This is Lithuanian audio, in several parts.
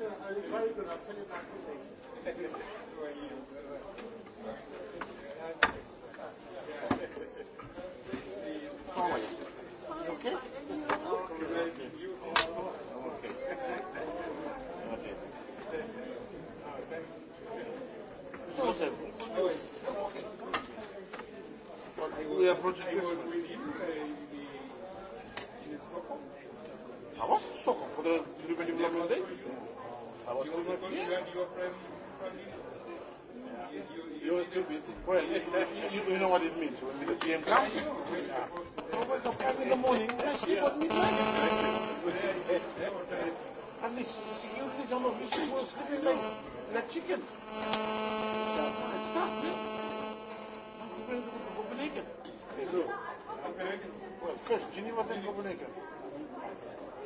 uh, very good. I'll tell you about something. How are you? You okay? Okay. Okay. okay. Joseph. We are project. I was in Stockholm for the Development Day. I was you were going yeah. to have your prime, prime minister. Yeah. You, you, you, you was too busy. Well, you, you, you know what it means when the PM comes. I know. Yeah. I wake up early in the morning and she yeah. got me back. and the security, some of you were sleeping like, like chickens. It's not, man. I'm preparing to go to Copenhagen. Well, first Geneva, then Copenhagen.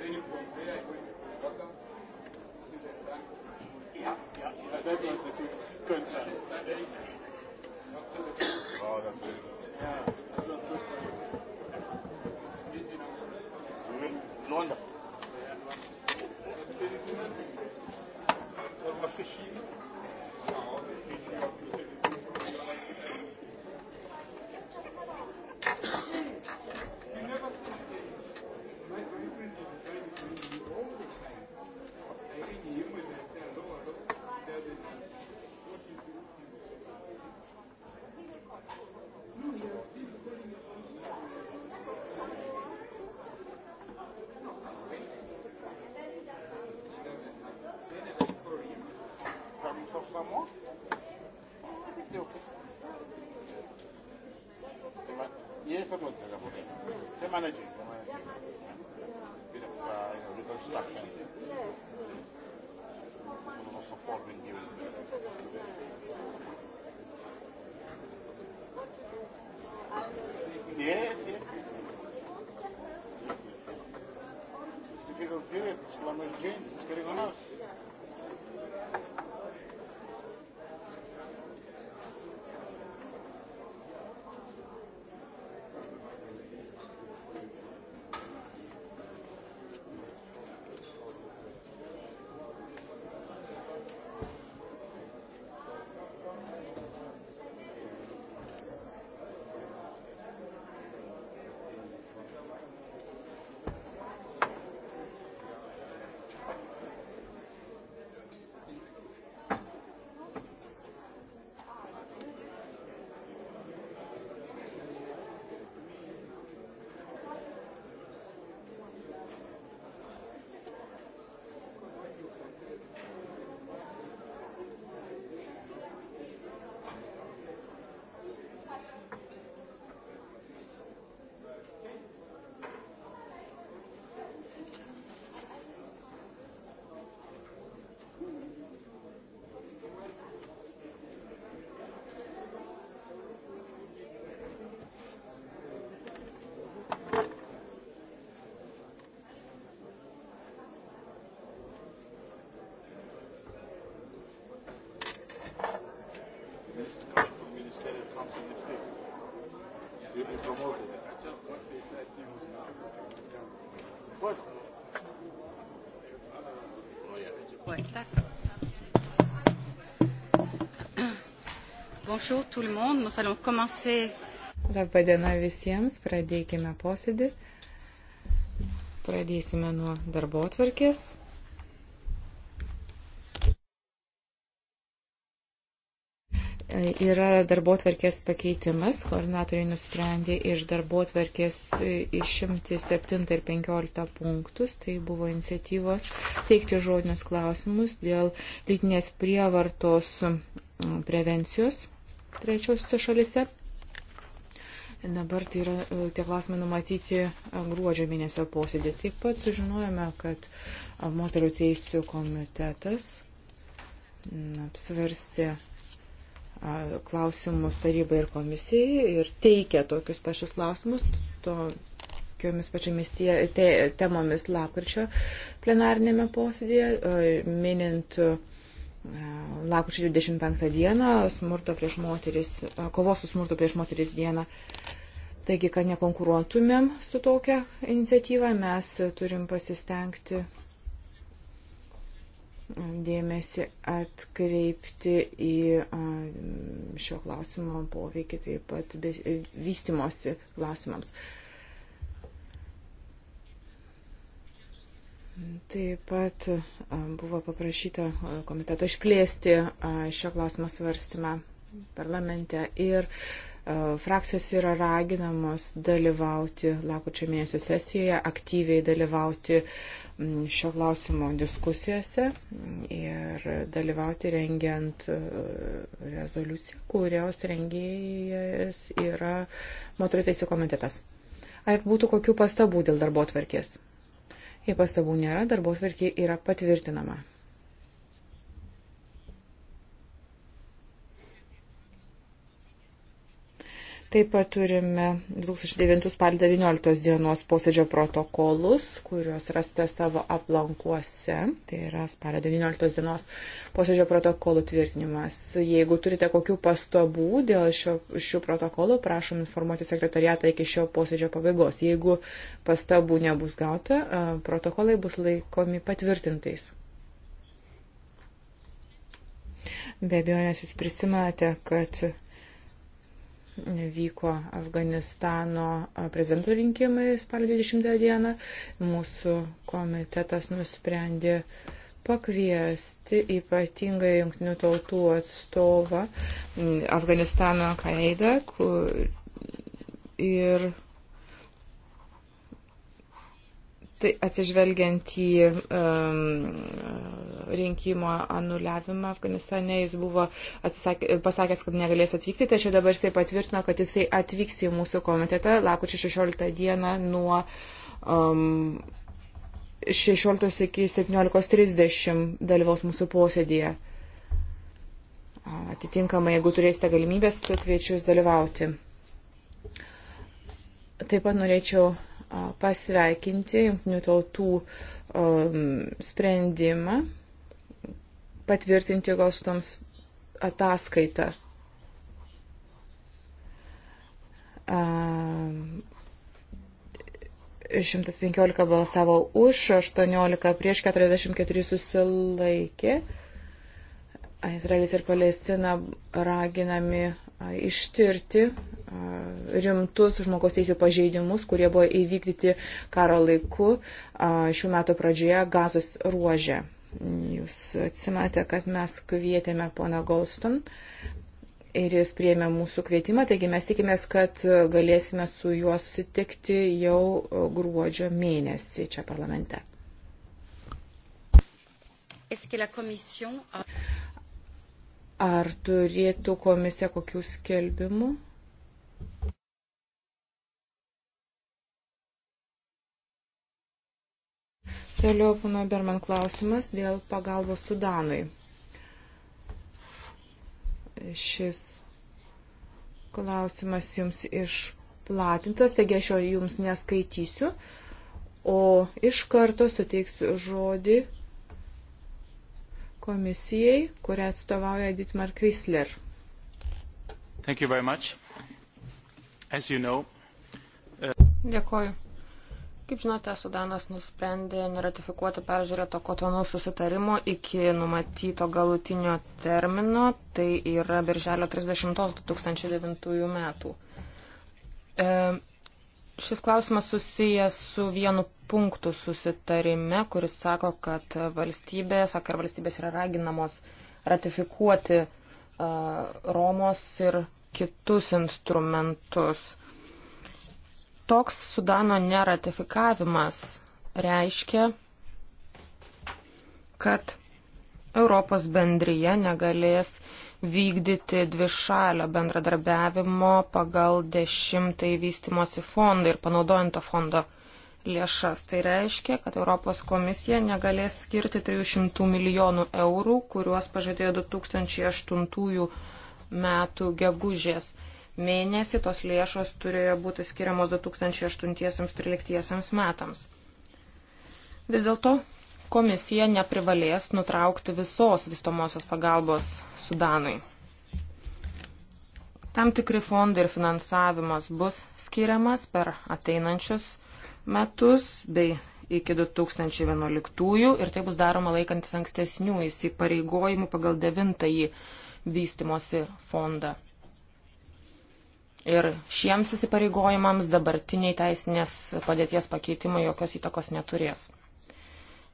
Then you from there, I went to Rotterdam that was a good contrast. Oh, that's really good. Yeah, that was good for you. Luanda. Outra fichinha. Uh, You'll be promoted. I just got the bad news now. What? Bonjour tout le monde, nous allons commencer. Labą dieną visiems, pradėkime posėdį. Pradėsime nuo darbo atvarkės. yra darbo tvarkės pakeitimas. Koordinatoriai nusprendė iš darbo tvarkės išimti 7 ir 15 punktus. Tai buvo iniciatyvos teikti žodinius klausimus dėl lytinės prievartos prevencijos trečiosiuose šalise. Dabar tai yra tie klausimai numatyti gruodžio mėnesio posėdį. Taip pat sužinojome, kad moterų teisų komitetas apsvarstė klausimus tarybai ir komisijai ir teikia tokius pačius klausimus tokiomis pačiomis tie, te, temomis lapkričio plenarinėme posėdėje, minint lapkričio 25 dieną smurto prieš moteris, kovos su smurto prieš moteris dieną. Taigi, kad nekonkuruotumėm su tokia iniciatyva, mes turim pasistengti dėmesį atkreipti į šio klausimo poveikį taip pat vystimosi klausimams. Taip pat buvo paprašyta komiteto išplėsti šio klausimo svarstymą parlamente ir uh, E, frakcijos yra raginamos dalyvauti lakučio mėnesio sesijoje, aktyviai dalyvauti šio klausimo diskusijose ir dalyvauti rengiant e, rezoliuciją, kurios rengėjas yra moterų teisų komitetas. Ar būtų kokių pastabų dėl darbo tvarkės? Jei pastabų nėra, darbo tvarkė yra patvirtinama. Taip pat turime 2009 spalio 19 dienos posėdžio protokolus, kuriuos rasta savo aplankuose. Tai yra spalio 19 dienos posėdžio protokolų tvirtinimas. Jeigu turite kokių pastabų dėl šio, šių protokolų, prašom informuoti sekretariatą iki šio posėdžio pabaigos. Jeigu pastabų nebus gauta, protokolai bus laikomi patvirtintais. Be abejo, nes jūs prisimenate, kad vyko Afganistano prezidento rinkimai spalio 20 dieną. Mūsų komitetas nusprendė pakviesti ypatingą jungtinių tautų atstovą Afganistano Kaidą kur... ir Tai atsižvelgiant į um, rinkimo anuliavimą Afganistane, jis buvo atsisakė, pasakęs, kad negalės atvykti, tačiau dabar jisai patvirtino, kad jisai atvyks į mūsų komitetą lakučio 16 dieną nuo um, 16 iki 17.30 dalyvaus mūsų posėdėje. Atitinkamai, jeigu turėsite galimybės, kviečiu jūs dalyvauti. Taip pat norėčiau pasveikinti jungtinių tautų sprendimą patvirtinti Gostoms ataskaitą. Um, 115 balsavo už, 18 prieš 44 susilaikė. Izraelis ir Palestina raginami ištirti rimtus žmogaus teisų pažeidimus, kurie buvo įvykdyti karo laiku šių metų pradžioje gazos ruožė. Jūs atsimate, kad mes kvietėme poną Golston ir jis priėmė mūsų kvietimą, taigi mes tikimės, kad galėsime su juo susitikti jau gruodžio mėnesį čia parlamente. Ar turėtų komisija kokių skelbimų? Toliau, pana Berman, klausimas dėl pagalbos Sudanui. Šis klausimas jums išplatintas, taigi aš jo jums neskaitysiu, o iš karto suteiksiu žodį komisijai, kurią atstovauja Dietmar Chrysler. You know, uh... Dėkoju. Kaip žinote, Sudanas nusprendė neratifikuoti peržiūrėto kotonų susitarimo iki numatyto galutinio termino, tai yra birželio 30 2009 metų. E, Šis klausimas susijęs su vienu punktu susitarime, kuris sako, kad valstybės, ar valstybės yra raginamos ratifikuoti uh, Romos ir kitus instrumentus. Toks Sudano neratifikavimas reiškia, kad Europos bendryje negalės uh, vykdyti dvišalio bendradarbiavimo pagal dešimtąjį vystimosi fondą ir panaudojant to fondo lėšas. Tai reiškia, kad Europos komisija negalės skirti 300 milijonų eurų, kuriuos pažadėjo 2008 metų gegužės mėnesį tos lėšos turėjo būti skiriamos 2008-2013 metams. Vis dėlto komisija neprivalės nutraukti visos vystomosios pagalbos Sudanui. Tam tikri fondai ir finansavimas bus skiriamas per ateinančius metus bei iki 2011 ir tai bus daroma laikantis ankstesnių įsipareigojimų pagal devintąjį vystimosi fondą. Ir šiems įsipareigojimams dabartiniai teisinės padėties pakeitimai jokios įtakos neturės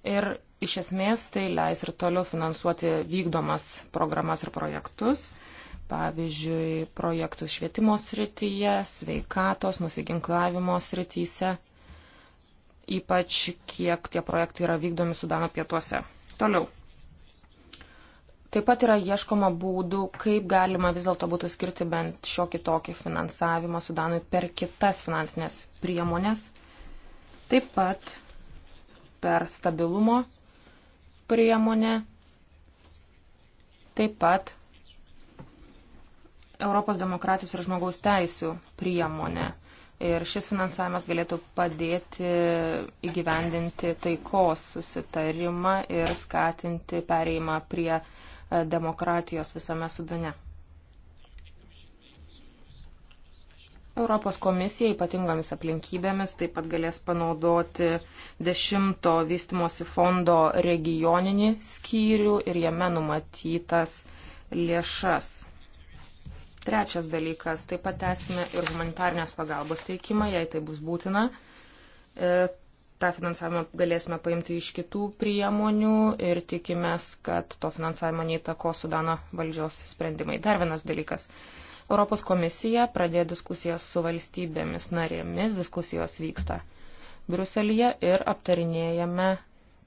ir iš esmės tai leis ir toliau finansuoti vykdomas programas ir projektus, pavyzdžiui, projektus švietimo srityje, sveikatos, nusiginklavimo srityse, ypač kiek tie projektai yra vykdomi Sudano pietuose. Toliau. Taip pat yra ieškoma būdų, kaip galima vis dėlto būtų skirti bent šiokį tokį finansavimą Sudanui per kitas finansinės priemonės. Taip pat per stabilumo priemonę. Taip pat Europos demokratijos ir žmogaus teisų priemonė. Ir šis finansavimas galėtų padėti įgyvendinti taikos susitarimą ir skatinti pereimą prie demokratijos visame sudane. Europos komisija ypatingomis aplinkybėmis taip pat galės panaudoti 10 vystimosi fondo regioninį skyrių ir jame numatytas lėšas. Trečias dalykas, taip pat esame ir humanitarnės pagalbos teikimą, jei tai bus būtina. E, Ta finansavimą galėsime paimti iš kitų priemonių ir tikimės, kad to finansavimo neįtako Sudano valdžios sprendimai. Dar vienas dalykas. Europos komisija pradėjo diskusijas su valstybėmis narėmis, diskusijos vyksta Bruselėje ir aptarinėjame,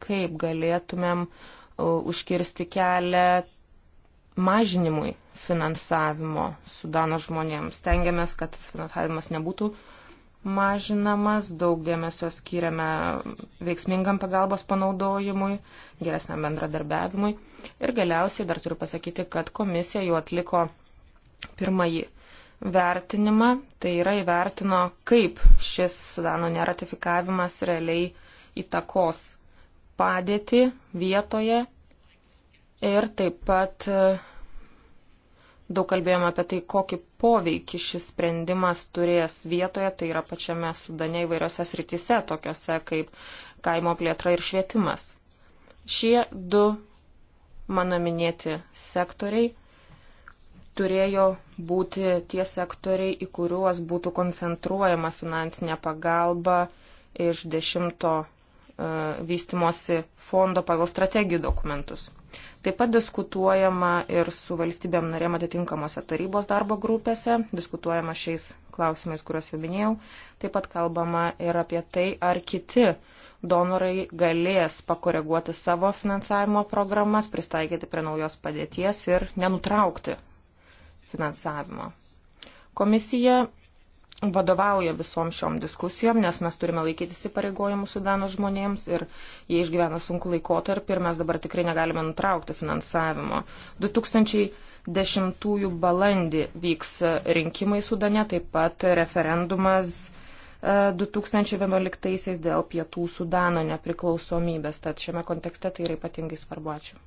kaip galėtumėm e, užkirsti kelią mažinimui finansavimo Sudano žmonėms. Tengiamės, kad finansavimas nebūtų mažinamas, daug dėmesio skiriame veiksmingam pagalbos panaudojimui, geresniam bendradarbiavimui. Ir galiausiai dar turiu pasakyti, kad komisija jau atliko pirmąjį vertinimą, tai yra įvertino, kaip šis Sudano neratifikavimas realiai įtakos padėtį vietoje ir taip pat e, daug kalbėjome apie tai, kokį poveikį šis sprendimas turės vietoje, tai yra pačiame Sudane įvairiose srityse, tokiuose kaip kaimo plėtra ir švietimas. Šie du mano minėti sektoriai turėjo būti tie sektoriai, į kuriuos būtų koncentruojama finansinė pagalba iš dešimto e, vystimosi fondo pagal strategijų dokumentus. Taip pat diskutuojama ir su valstybėm narėm atitinkamose tarybos darbo grupėse, diskutuojama šiais klausimais, kuriuos jau minėjau. Taip pat kalbama ir apie tai, ar kiti donorai galės pakoreguoti savo finansavimo programas, pristaikyti prie naujos padėties ir nenutraukti finansavimo. Komisija vadovauja visom šiom diskusijom, nes mes turime laikytis įpareigojimų Sudano žmonėms ir jie išgyvena sunku laikotarpį ir mes dabar tikrai negalime nutraukti finansavimo. 2010 balandį vyks e, rinkimai Sudane, taip pat referendumas 2011 e, dėl pietų Sudano nepriklausomybės, tad šiame kontekste tai yra ypatingai svarbu. Ačiū.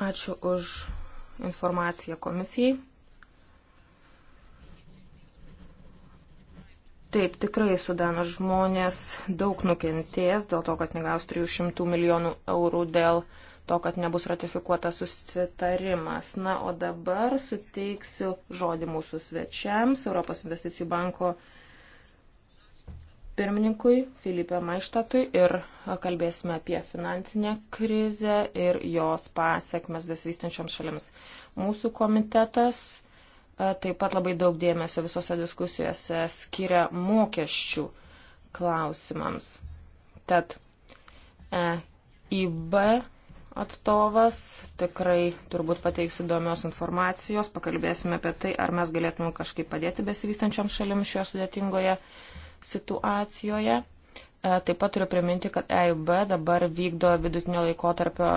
Ačiū už informaciją komisijai. Taip, tikrai Sudano žmonės daug nukentės dėl to, kad negaus 300 milijonų eurų dėl to, kad nebus ratifikuotas susitarimas. Na, o dabar suteiksiu žodį mūsų svečiams, Europos investicijų banko pirmininkui Filipe Maištatui ir kalbėsime apie finansinę krizę ir jos pasiekmes besivystančioms šalims. Mūsų komitetas e, taip pat labai daug dėmesio visose diskusijose skiria mokesčių klausimams. Tad EIB atstovas tikrai turbūt pateiks įdomios informacijos, pakalbėsime apie tai, ar mes galėtume kažkaip padėti besivystančiam šalim šioje sudėtingoje krizėje situacijoje. E, taip pat turiu priminti, kad EIB dabar vykdo vidutinio laikotarpio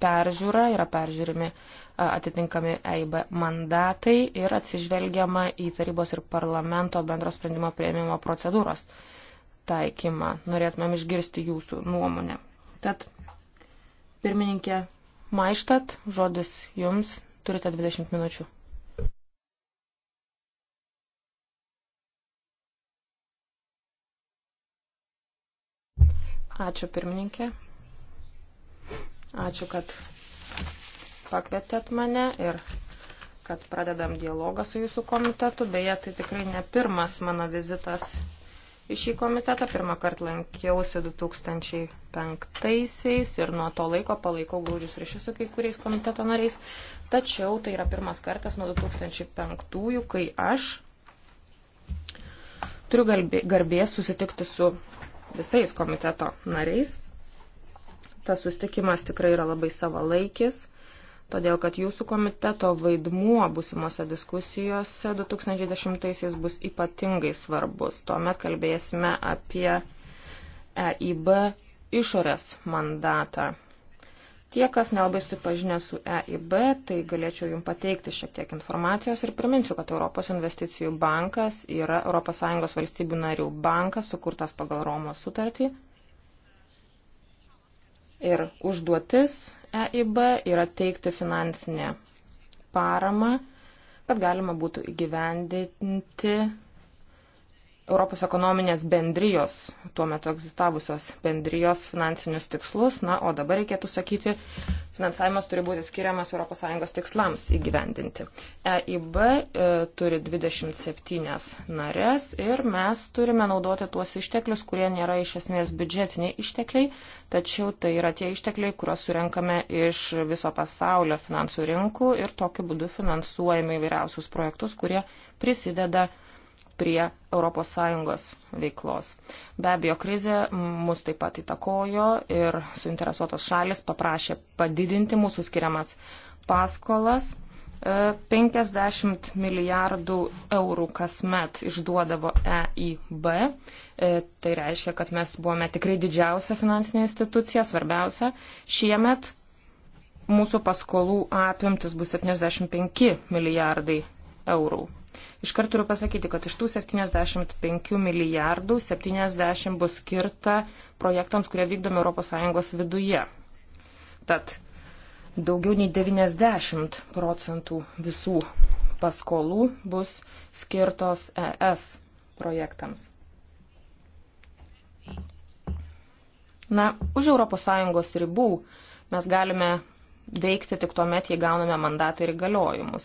peržiūrą, yra peržiūrimi e, atitinkami EIB mandatai ir atsižvelgiama į tarybos ir parlamento bendro sprendimo prieimimo procedūros taikymą. Norėtumėm išgirsti jūsų nuomonę. Tad, pirmininkė Maištat, žodis jums, turite 20 minučių. Ačiū pirmininkė. Ačiū, kad pakvietėt mane ir kad pradedam dialogą su jūsų komitetu. Beje, tai tikrai ne pirmas mano vizitas į šį komitetą. Pirmą kartą lankiausi 2005-aisiais ir nuo to laiko palaikau glaudžius ryšius su kai kuriais komiteto nariais. Tačiau tai yra pirmas kartas nuo 2005-ųjų, kai aš turiu garbės susitikti su visais komiteto nariais. Tas sustikimas tikrai yra labai savalaikis, todėl kad jūsų komiteto vaidmuo busimuose diskusijose 2010-aisiais bus ypatingai svarbus. Tuomet kalbėsime apie EIB išorės mandatą Tie, kas nelabai supažinę su EIB, tai galėčiau jums pateikti šiek tiek informacijos ir priminsiu, kad Europos investicijų bankas yra ES valstybių narių bankas, sukurtas pagal Romos sutartį. Ir užduotis EIB yra teikti finansinę paramą, kad galima būtų įgyvendinti Europos ekonominės bendrijos, tuo metu egzistavusios bendrijos finansinius tikslus, na, o dabar reikėtų sakyti, finansavimas turi būti skiriamas ES tikslams įgyvendinti. EIB e, turi 27 narės ir mes turime naudoti tuos išteklius, kurie nėra iš esmės biudžetiniai ištekliai, tačiau tai yra tie ištekliai, kuriuos surenkame iš viso pasaulio finansų rinkų ir tokiu būdu finansuojame įvairiausius projektus, kurie prisideda prie prie ES veiklos. Be abejo, krizė mus taip pat įtakojo ir suinteresuotos šalis paprašė padidinti mūsų skiriamas paskolas. 50 e, milijardų eurų kasmet išduodavo EIB. E, tai reiškia, kad mes buvome tikrai didžiausia finansinė institucija, svarbiausia. Šiemet mūsų paskolų apimtis bus 75 milijardai eurų. Iškart turiu pasakyti, kad iš tų 75 milijardų 70 bus skirta projektams, kurie vykdomi ES viduje. Tad daugiau nei 90 procentų visų paskolų bus skirtos ES projektams. Na, už ES ribų mes galime veikti tik tuo met, jei gauname mandatą ir įgaliojimus.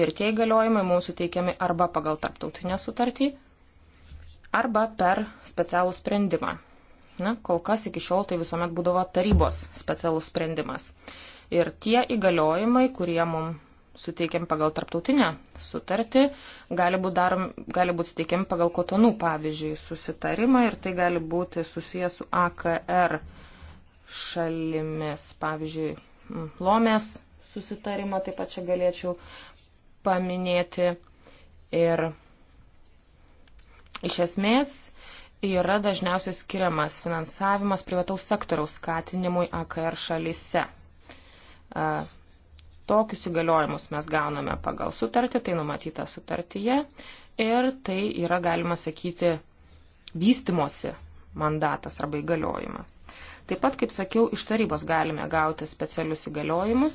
Ir tie įgaliojimai mums suteikiami arba pagal tarptautinę sutartį, arba per specialų sprendimą. Na, kol kas iki šiol tai visuomet būdavo tarybos specialus sprendimas. Ir tie įgaliojimai, kurie mums suteikiam pagal tarptautinę sutartį, gali būti būt, būt suteikiam pagal kotonų, pavyzdžiui, susitarimą ir tai gali būti susijęs su AKR šalimis, pavyzdžiui, Lomės susitarimą taip pat čia galėčiau paminėti. Ir iš esmės yra dažniausiai skiriamas finansavimas privataus sektoriaus skatinimui AKR šalyse. Tokius įgaliojimus mes gauname pagal sutartį, tai numatyta sutartyje ir tai yra, galima sakyti, vystimosi mandatas arba įgaliojimas. Taip pat, kaip sakiau, iš tarybos galime gauti specialius įgaliojimus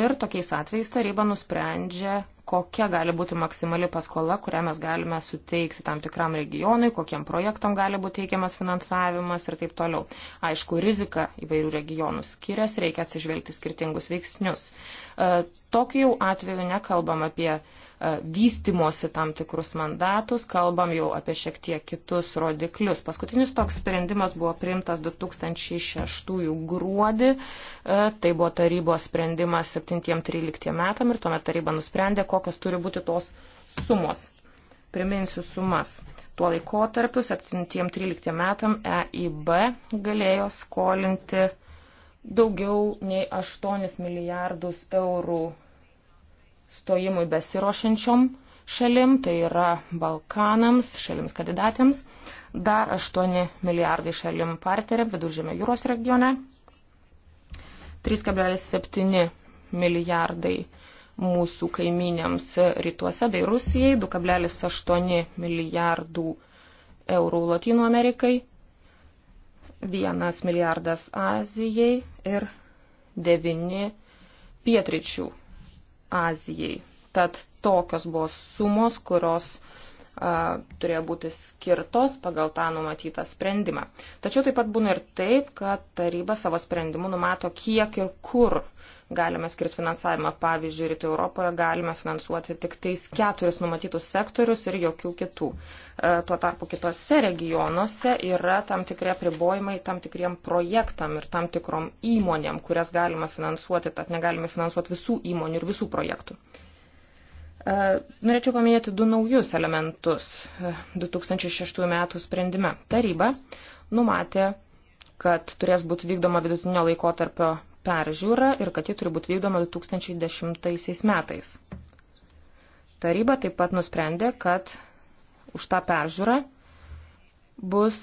ir tokiais atvejais taryba nusprendžia, kokia gali būti maksimali paskola, kurią mes galime suteikti tam tikram regionui, kokiem projektam gali būti teikiamas finansavimas ir taip toliau. Aišku, rizika įvairių regionų skiriasi, reikia atsižvelgti skirtingus veiksnius. E, tokiu atveju nekalbam apie E, vystimosi tam tikrus mandatus, kalbam jau apie šiek tiek kitus rodiklius. Paskutinis toks sprendimas buvo priimtas 2006 gruodį, e, tai buvo tarybos sprendimas 7-13 metam ir tuomet taryba nusprendė, kokios turi būti tos sumos. Priminsiu sumas. Tuo laikotarpiu 7-13 metam EIB galėjo skolinti daugiau nei 8 milijardus eurų stojimui besirošančiom šalim, tai yra Balkanams, šalims kandidatėms, dar 8 milijardai šalim partneriam viduržėmio jūros regione, 3,7 milijardai mūsų kaiminėms rytuose bei Rusijai, 2,8 milijardų eurų Latino Amerikai, 1 milijardas Azijai ir 9 pietričių Azijai. Tad tokios buvo sumos, kurios a, turėjo būti skirtos pagal tą numatytą sprendimą. Tačiau taip pat būna ir taip, kad taryba savo sprendimu numato, kiek ir kur galime skirti finansavimą. Pavyzdžiui, Rytų Europoje galime finansuoti tik tais keturis numatytus sektorius ir jokių kitų. E, tuo tarpu kitose regionuose yra tam tikrie pribojimai tam tikriem projektam ir tam tikrom įmonėm, kurias galima finansuoti, tad negalime finansuoti visų įmonių ir visų projektų. E, norėčiau paminėti du naujus elementus 2006 e, m. sprendime. Taryba numatė, kad turės būti vykdoma vidutinio laikotarpio peržiūra ir kad ji turi būti vykdoma 2010 metais. Taryba taip pat nusprendė, kad už tą peržiūrą bus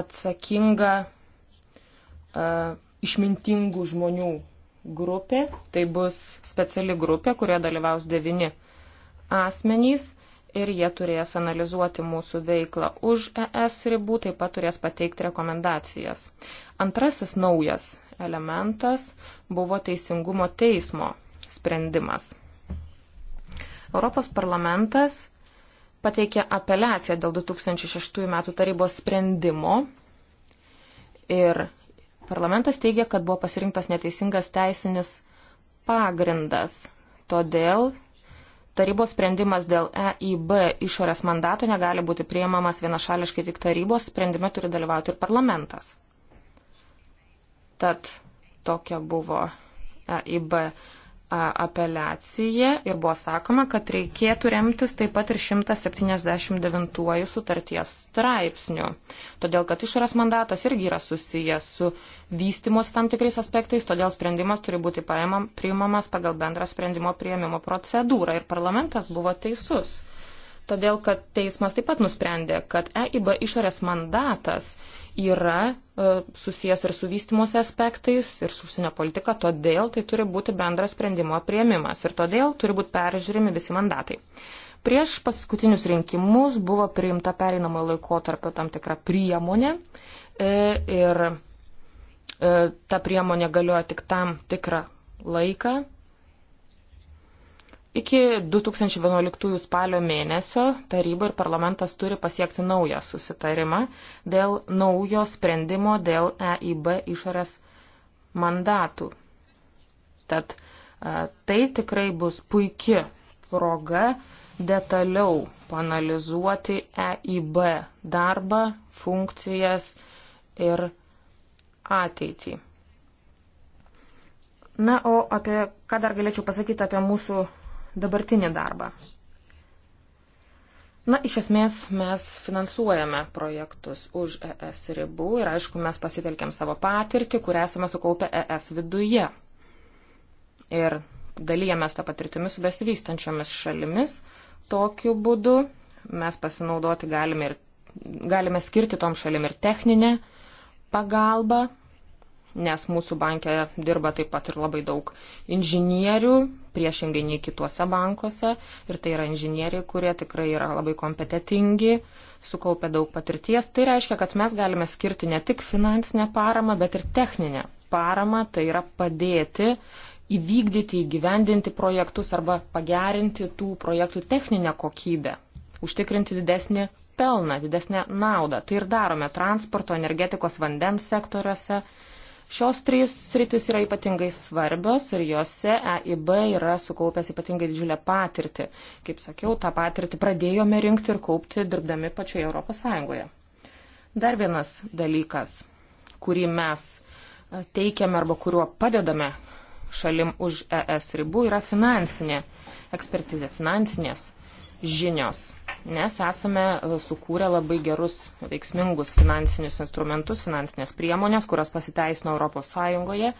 atsakinga uh, išmintingų žmonių grupė. Tai bus speciali grupė, kurioje dalyvaus devini asmenys ir jie turės analizuoti mūsų veiklą už ES ribų, taip pat turės pateikti rekomendacijas. Antrasis naujas elementas buvo Teisingumo teismo sprendimas. Europos parlamentas pateikė apeliaciją dėl 2006 metų tarybos sprendimo ir parlamentas teigia, kad buvo pasirinktas neteisingas teisinis pagrindas. Todėl tarybos sprendimas dėl EIB išorės mandato negali būti priimamas vienašališkai tik tarybos, sprendime turi dalyvauti ir parlamentas. Tad tokia buvo EIB e, apeliacija ir buvo sakoma, kad reikėtų remtis taip pat ir 179 sutarties straipsniu. Todėl, kad išorės mandatas irgi yra susijęs su vystimus tam tikrais aspektais, todėl sprendimas turi būti paimam, priimamas pagal bendrą sprendimo prieimimo procedūrą ir parlamentas buvo teisus todėl kad teismas taip pat nusprendė, kad EIB išorės mandatas yra e, susijęs ir su vystimosi aspektais, ir su užsienio politika, todėl tai turi būti bendras sprendimo prieimimas ir todėl turi būti peržiūrimi visi mandatai. Prieš paskutinius rinkimus buvo priimta pereinamojo laikotarpio tam tikra priemonė e, ir e, ta priemonė galioja tik tam tikrą laiką Iki 2011 spalio mėnesio taryba ir parlamentas turi pasiekti naują susitarimą dėl naujo sprendimo dėl EIB išorės mandatų. Tad tai tikrai bus puikia proga detaliau panalizuoti EIB darbą, funkcijas ir ateitį. Na, o apie ką dar galėčiau pasakyti apie mūsų dabartinį darbą. Na, iš esmės mes finansuojame projektus už ES ribų ir aišku, mes pasitelkiam savo patirtį, kurią esame sukaupę ES viduje. Ir dalyjamės tą patirtimį su besivystančiomis šalimis. Tokiu būdu mes pasinaudoti galime ir galime skirti tom šalim ir techninę pagalbą, nes mūsų banke dirba taip pat ir labai daug inžinierių, priešingai nei kituose bankuose. Ir tai yra inžinieriai, kurie tikrai yra labai kompetitingi, sukaupia daug patirties. Tai reiškia, kad mes galime skirti ne tik finansinę paramą, bet ir techninę paramą, tai yra padėti įvykdyti, įgyvendinti projektus arba pagerinti tų projektų techninę kokybę, užtikrinti didesnį pelną, didesnę naudą. Tai ir darome transporto, energetikos, vandens sektoriuose. Šios trys sritis yra ypatingai svarbios ir juose EIB yra sukaupęs ypatingai didžiulę patirtį. Kaip sakiau, tą patirtį pradėjome rinkti ir kaupti dirbdami pačioje ES. Dar vienas dalykas, kurį mes e, teikiame arba kuriuo padedame šalim už ES ribų, yra finansinė ekspertizė, finansinės žinios, nes esame sukūrę labai gerus, veiksmingus finansinius instrumentus, finansinės priemonės, kurios pasiteisino ES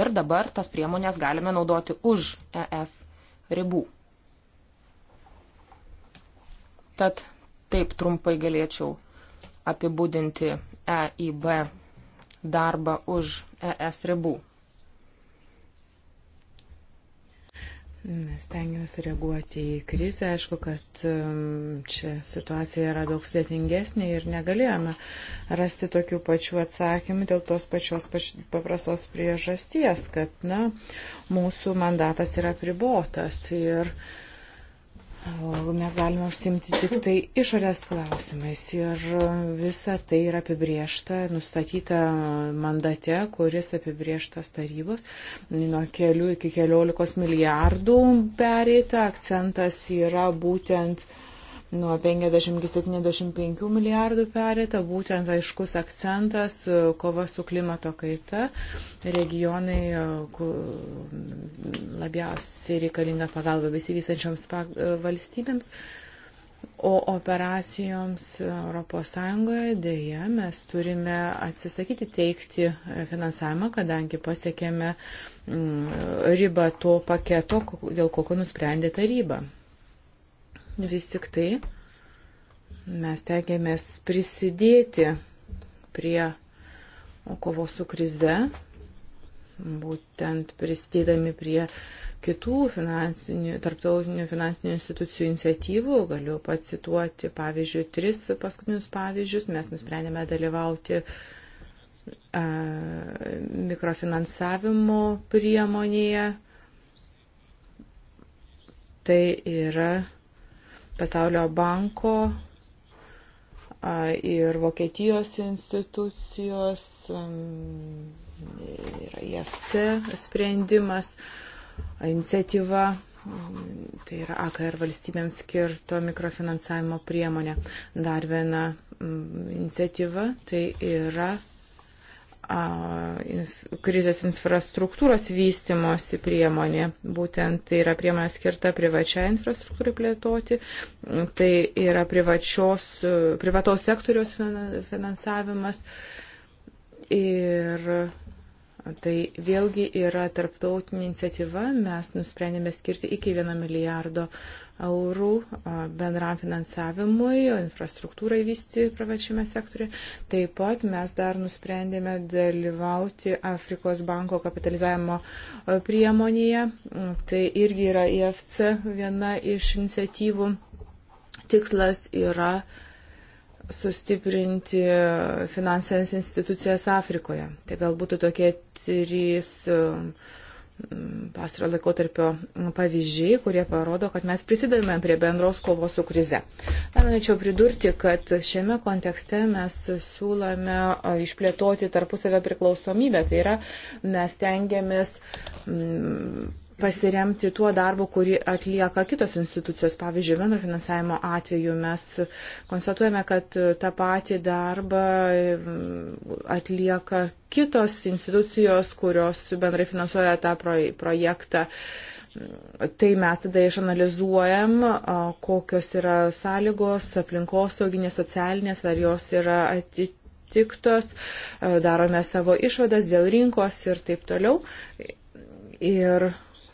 ir dabar tas priemonės galime naudoti už ES ribų. Tad taip trumpai galėčiau apibūdinti EIB darbą už ES ribų. Mes tengiamės reaguoti į krizę, aišku, kad um, čia situacija yra daug sudėtingesnė ir negalėjome rasti tokių pačių atsakymų dėl tos pačios pač, paprastos priežasties, kad na, mūsų mandatas yra pribotas ir uh, Mes galime užsimti tik tai išorės klausimais ir visa tai yra apibriešta, nustatyta mandate, kuris apibrieštas tarybos. Nuo kelių iki keliolikos milijardų pereita akcentas yra būtent uh, nuo 50 iki 75 milijardų perėta, būtent aiškus akcentas e, kova su klimato kaita, regionai e, labiausiai reikalinga pagalba besivysančioms e, valstybėms. O operacijoms ES dėja mes turime atsisakyti teikti finansavimą, kadangi pasiekėme mm, ribą to paketo, dėl kokio nusprendė taryba vis tik tai mes tengiamės prisidėti prie kovos su krize, būtent prisidėdami prie kitų finansinių, tarptautinių finansinių institucijų iniciatyvų. Galiu pacituoti, pavyzdžiui, tris paskutinius pavyzdžius. Mes nusprendėme dalyvauti a, mikrofinansavimo priemonėje. Tai yra Pasaulio banko ir Vokietijos institucijos, yra IFC sprendimas, iniciatyva Tai yra AKR valstybėms skirto mikrofinansavimo priemonė. Dar viena iniciatyva tai yra krizės infrastruktūros vystimosi priemonė. Būtent tai yra priemonė skirta privačiai infrastruktūrai plėtoti, tai yra privačios, privataus sektoriaus finansavimas ir tai vėlgi yra tarptautinė iniciatyva, mes nusprendėme skirti iki 1 milijardo eurų bendram finansavimui, infrastruktūrai vysti privačiame sektoriu. Taip pat mes dar nusprendėme dalyvauti Afrikos banko kapitalizavimo priemonėje. Mm, tai irgi yra IFC viena iš iniciatyvų. Tikslas yra sustiprinti finansinės institucijas Afrikoje. Tai galbūt tokie trys. Uh, pastaro laikotarpio pavyzdžiai, kurie parodo, kad mes prisidavime prie bendros kovos su krize. Dar norėčiau pridurti, kad šiame kontekste mes siūlome išplėtoti tarpusavę priklausomybę. Tai yra, mes tengiamės pasiremti tuo darbu, kurį atlieka kitos institucijos. Pavyzdžiui, bendro finansavimo atveju mes konstatuojame, kad tą patį darbą mm, atlieka kitos institucijos, kurios bendrai finansuoja tą projektą. Tai mes tada išanalizuojam, kokios yra sąlygos, aplinkos sauginės, socialinės, ar jos yra atitiktos, darome savo išvadas dėl rinkos ir taip toliau. Ir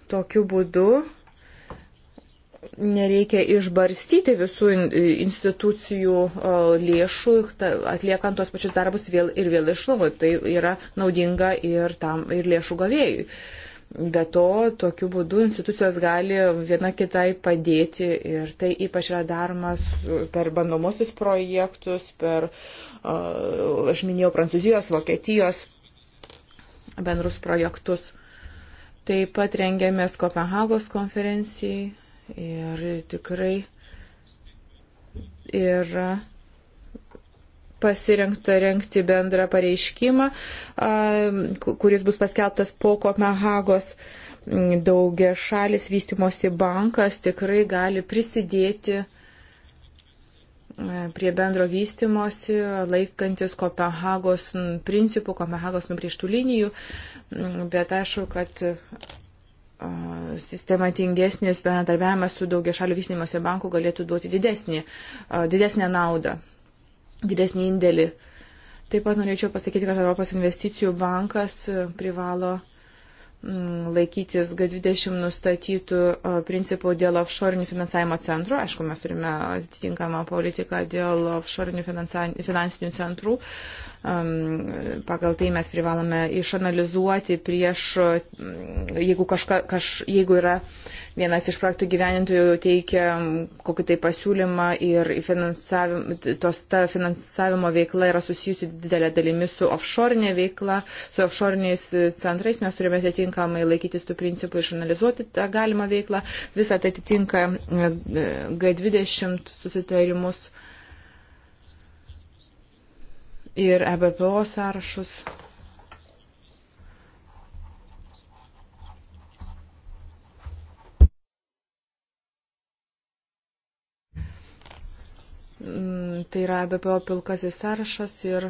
Tokiu būdu nereikia išbarstyti visų institucijų lėšų, atliekant tuos pačius darbus vėl ir vėl iš naujo. Tai yra naudinga ir, tam, ir lėšų gavėjui. Be to, tokiu būdu institucijos gali viena kitai padėti ir tai ypač yra daromas per bandomusius projektus, per, aš minėjau, Prancūzijos, Vokietijos bendrus projektus. Taip pat rengiamės Kopenhagos konferencijai ir tikrai yra pasirinkta renkti bendrą pareiškimą, kuris bus paskelbtas po Kopenhagos daugia šalis vystimosi bankas tikrai gali prisidėti prie bendro vystimosi, laikantis Kopenhagos principų, Kopenhagos nubrieštų linijų, bet aišku, kad sistematingesnis bendradarbiavimas su daugia šalių vystymosi banku galėtų duoti didesnį, didesnę naudą, didesnį indėlį. Taip pat norėčiau pasakyti, kad Europos investicijų bankas privalo Mm, laikytis G20 nustatytų principų dėl offshore finansavimo centrų. Aišku, mes turime atitinkamą politiką dėl offshore finansinių centrų. Pagal tai mes privalome išanalizuoti prieš, jeigu, kažka, kaž, jeigu yra vienas iš projektų gyvenintojų teikia kokį tai pasiūlymą ir tos, ta finansavimo veikla yra susijusi didelė dalimi su offshore'inė veikla, su offshore'iniais centrais, mes turime atitinkamai laikytis tų principų, išanalizuoti tą galimą veiklą. Visą tai atitinka G20 susitarimus ir EBPO sąrašus. Mm, tai yra EBPO pilkasis sąrašas ir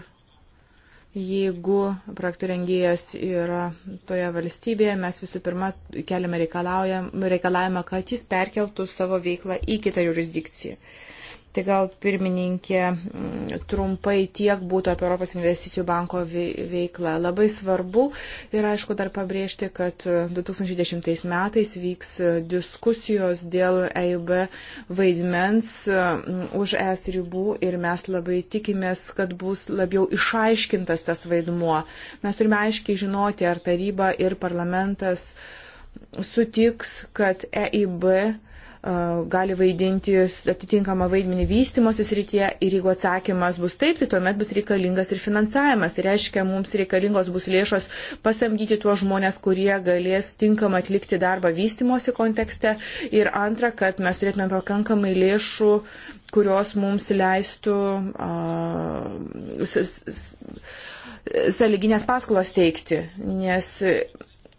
jeigu projektų rengėjas yra toje valstybėje, mes visų pirma keliame reikalavimą, kad jis perkeltų savo veiklą į kitą jurisdikciją. Uh, Tai gal pirmininkė mm, trumpai tiek būtų apie Europos investicijų banko veiklą. Labai svarbu ir aišku dar pabrėžti, kad 2010 metais vyks diskusijos dėl EIB vaidmens mm, už es ribų ir mes labai tikimės, kad bus labiau išaiškintas tas vaidmuo. Mes turime aiškiai žinoti, ar taryba ir parlamentas sutiks, kad EIB gali vaidinti atitinkamą vaidmenį vystimosi srityje ir jeigu atsakymas bus taip, tai tuomet bus reikalingas ir finansavimas. Tai reiškia, mums reikalingos bus lėšos pasamdyti tuos žmonės, kurie galės tinkamai atlikti darbą vystimosi kontekste. Ir antra, kad mes turėtume pakankamai lėšų, kurios mums leistų. Uh, saliginės paskolos teikti, nes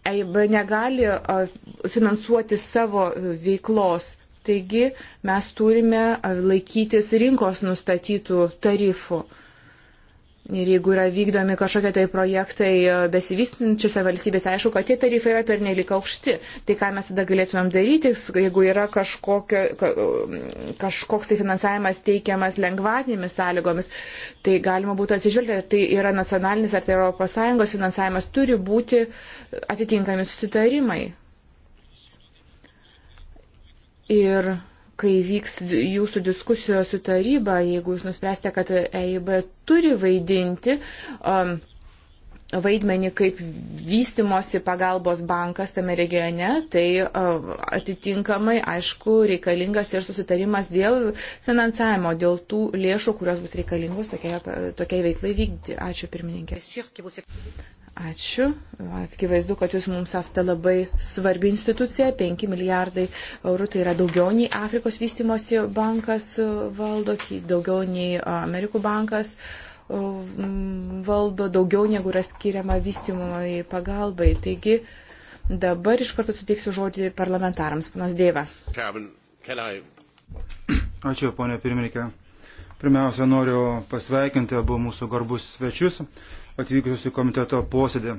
EIB negali finansuoti savo veiklos. Taigi mes turime laikytis rinkos nustatytų tarifų. Ir jeigu yra vykdomi kažkokie tai projektai e, besivystinčiose valstybėse, aišku, kad tie tarifai yra pernelik aukšti. Tai ką mes tada galėtumėm daryti, jeigu yra kažkokio, e, kažkoks tai finansavimas teikiamas lengvatinėmis sąlygomis, tai galima būtų atsižvelgti, ar tai yra nacionalinis ar tai ES finansavimas, turi būti atitinkami susitarimai. Ir kai vyks jūsų diskusijos su taryba, jeigu jūs nuspręsite, kad EIB turi vaidinti um, vaidmenį kaip vystimosi pagalbos bankas tame regione, tai um, atitinkamai, aišku, reikalingas ir susitarimas dėl finansavimo, dėl tų lėšų, kurios bus reikalingos tokiai, tokiai veiklai vykdyti. Ačiū pirmininkė. Ačiū. Atkivaizdu, kad jūs mums esate labai svarbi institucija. 5 milijardai eurų tai yra daugiau nei Afrikos vystimosi bankas e, valdo, daugiau nei e, Amerikų bankas e, valdo, daugiau negu yra skiriama vystimoji pagalbai. Taigi dabar iš karto suteiksiu žodį parlamentarams. Panas Dėva. Ačiū, ponė pirmininkė. Pirmiausia, noriu pasveikinti abu mūsų garbus svečius atvykusius į komiteto posėdį.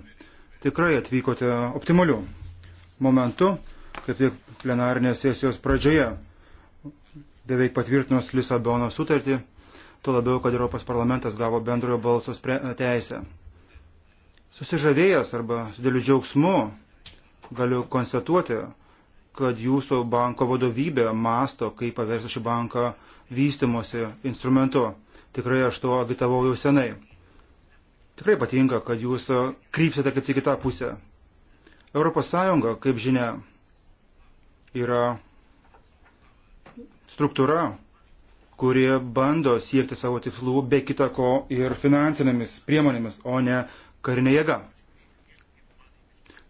Tikrai atvykote optimaliu momentu, kaip tik plenarinės sesijos pradžioje, beveik patvirtinus Lisabono sutartį, tuo labiau, kad Europos parlamentas gavo bendrojo balsos teisę. Susižavėjęs arba su dėliu džiaugsmu galiu konstatuoti, kad jūsų banko vadovybė masto, kaip paversti šį banką vystimosi instrumentu. Tikrai aš to agitavau jau senai. Tikrai patinka, kad jūs e, krypsite kaip tik į tą pusę. ES, kaip žinia, yra struktūra, kurie bando siekti savo tikslų be kita ko ir finansinėmis priemonėmis, o ne karinė jėga.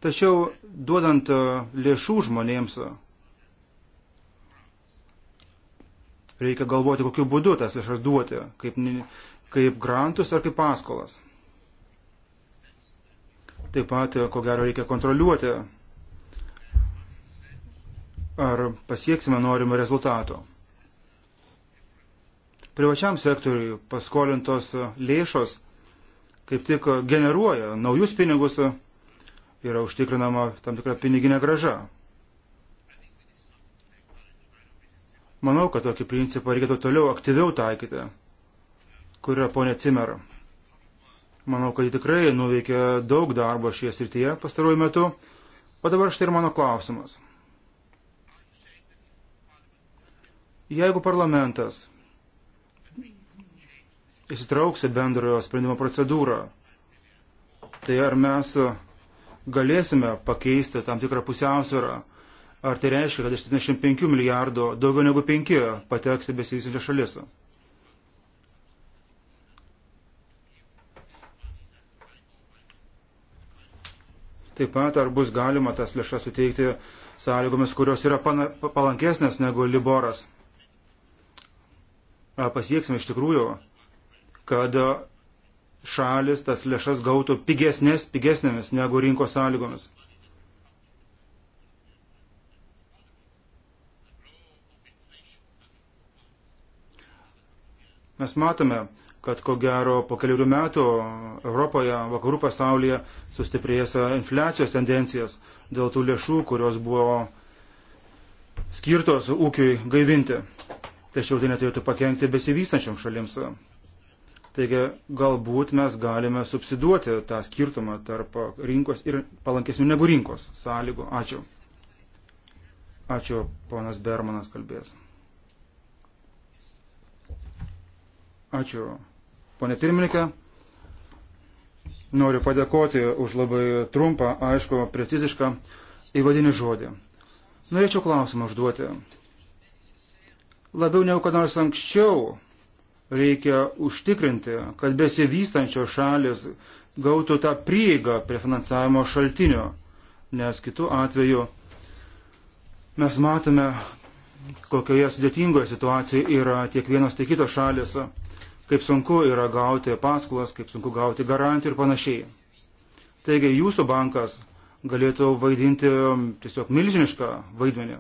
Tačiau duodant e, lėšų žmonėms, e, reikia galvoti, kokiu būdu tas lėšas duoti, kaip, kaip grantus ar kaip paskolas. Taip pat, e, ko gero, reikia kontroliuoti, ar pasieksime norimo rezultato. Privačiam sektoriui paskolintos lėšos kaip tik generuoja naujus pinigus, e, yra užtikrinama tam tikra piniginė graža. Manau, kad tokį principą reikėtų toliau aktyviau taikyti, kur yra ponė Cimera. Manau, kad ji tikrai nuveikė daug darbo šioje srityje pastaruoju metu. O dabar štai ir mano klausimas. Jeigu parlamentas įsitrauks į bendrojo sprendimo procedūrą, tai ar mes galėsime pakeisti tam tikrą pusiausvyrą? Ar tai reiškia, kad iš 75 milijardų daugiau negu 5 pateks į besivysinčią šalis? Taip pat, ar bus galima tas lėšas suteikti sąlygomis, kurios yra palankesnės negu Liboras. Ar pasieksime iš tikrųjų, kad šalis tas lėšas gautų pigesnės, pigesnėmis negu rinkos sąlygomis. Mes matome, kad ko gero po keliarių metų Europoje, vakarų pasaulyje sustiprėjęs infliacijos tendencijas dėl tų lėšų, kurios buvo skirtos ūkiui gaivinti. Tačiau tai neturėtų pakengti besivystančiam šalims. Taigi galbūt mes galime subsiduoti tą skirtumą tarp rinkos ir palankesnių negu rinkos sąlygų. Ačiū. Ačiū, ponas Bermanas kalbės. Ačiū, Pone pirmininkė, noriu padėkoti už labai trumpą, aišku, precizišką įvadinį žodį. Norėčiau klausimą užduoti. Labiau negu kad nors anksčiau reikia užtikrinti, kad besivystančios šalis gautų tą prieigą prie finansavimo šaltinio, nes kitų atveju mes matome, kokioje sudėtingoje situacijoje yra tiek vienos, tiek kitos šalis kaip sunku yra gauti paskolas, kaip sunku gauti garantijų ir panašiai. Taigi jūsų bankas galėtų vaidinti um, tiesiog milžinišką vaidmenį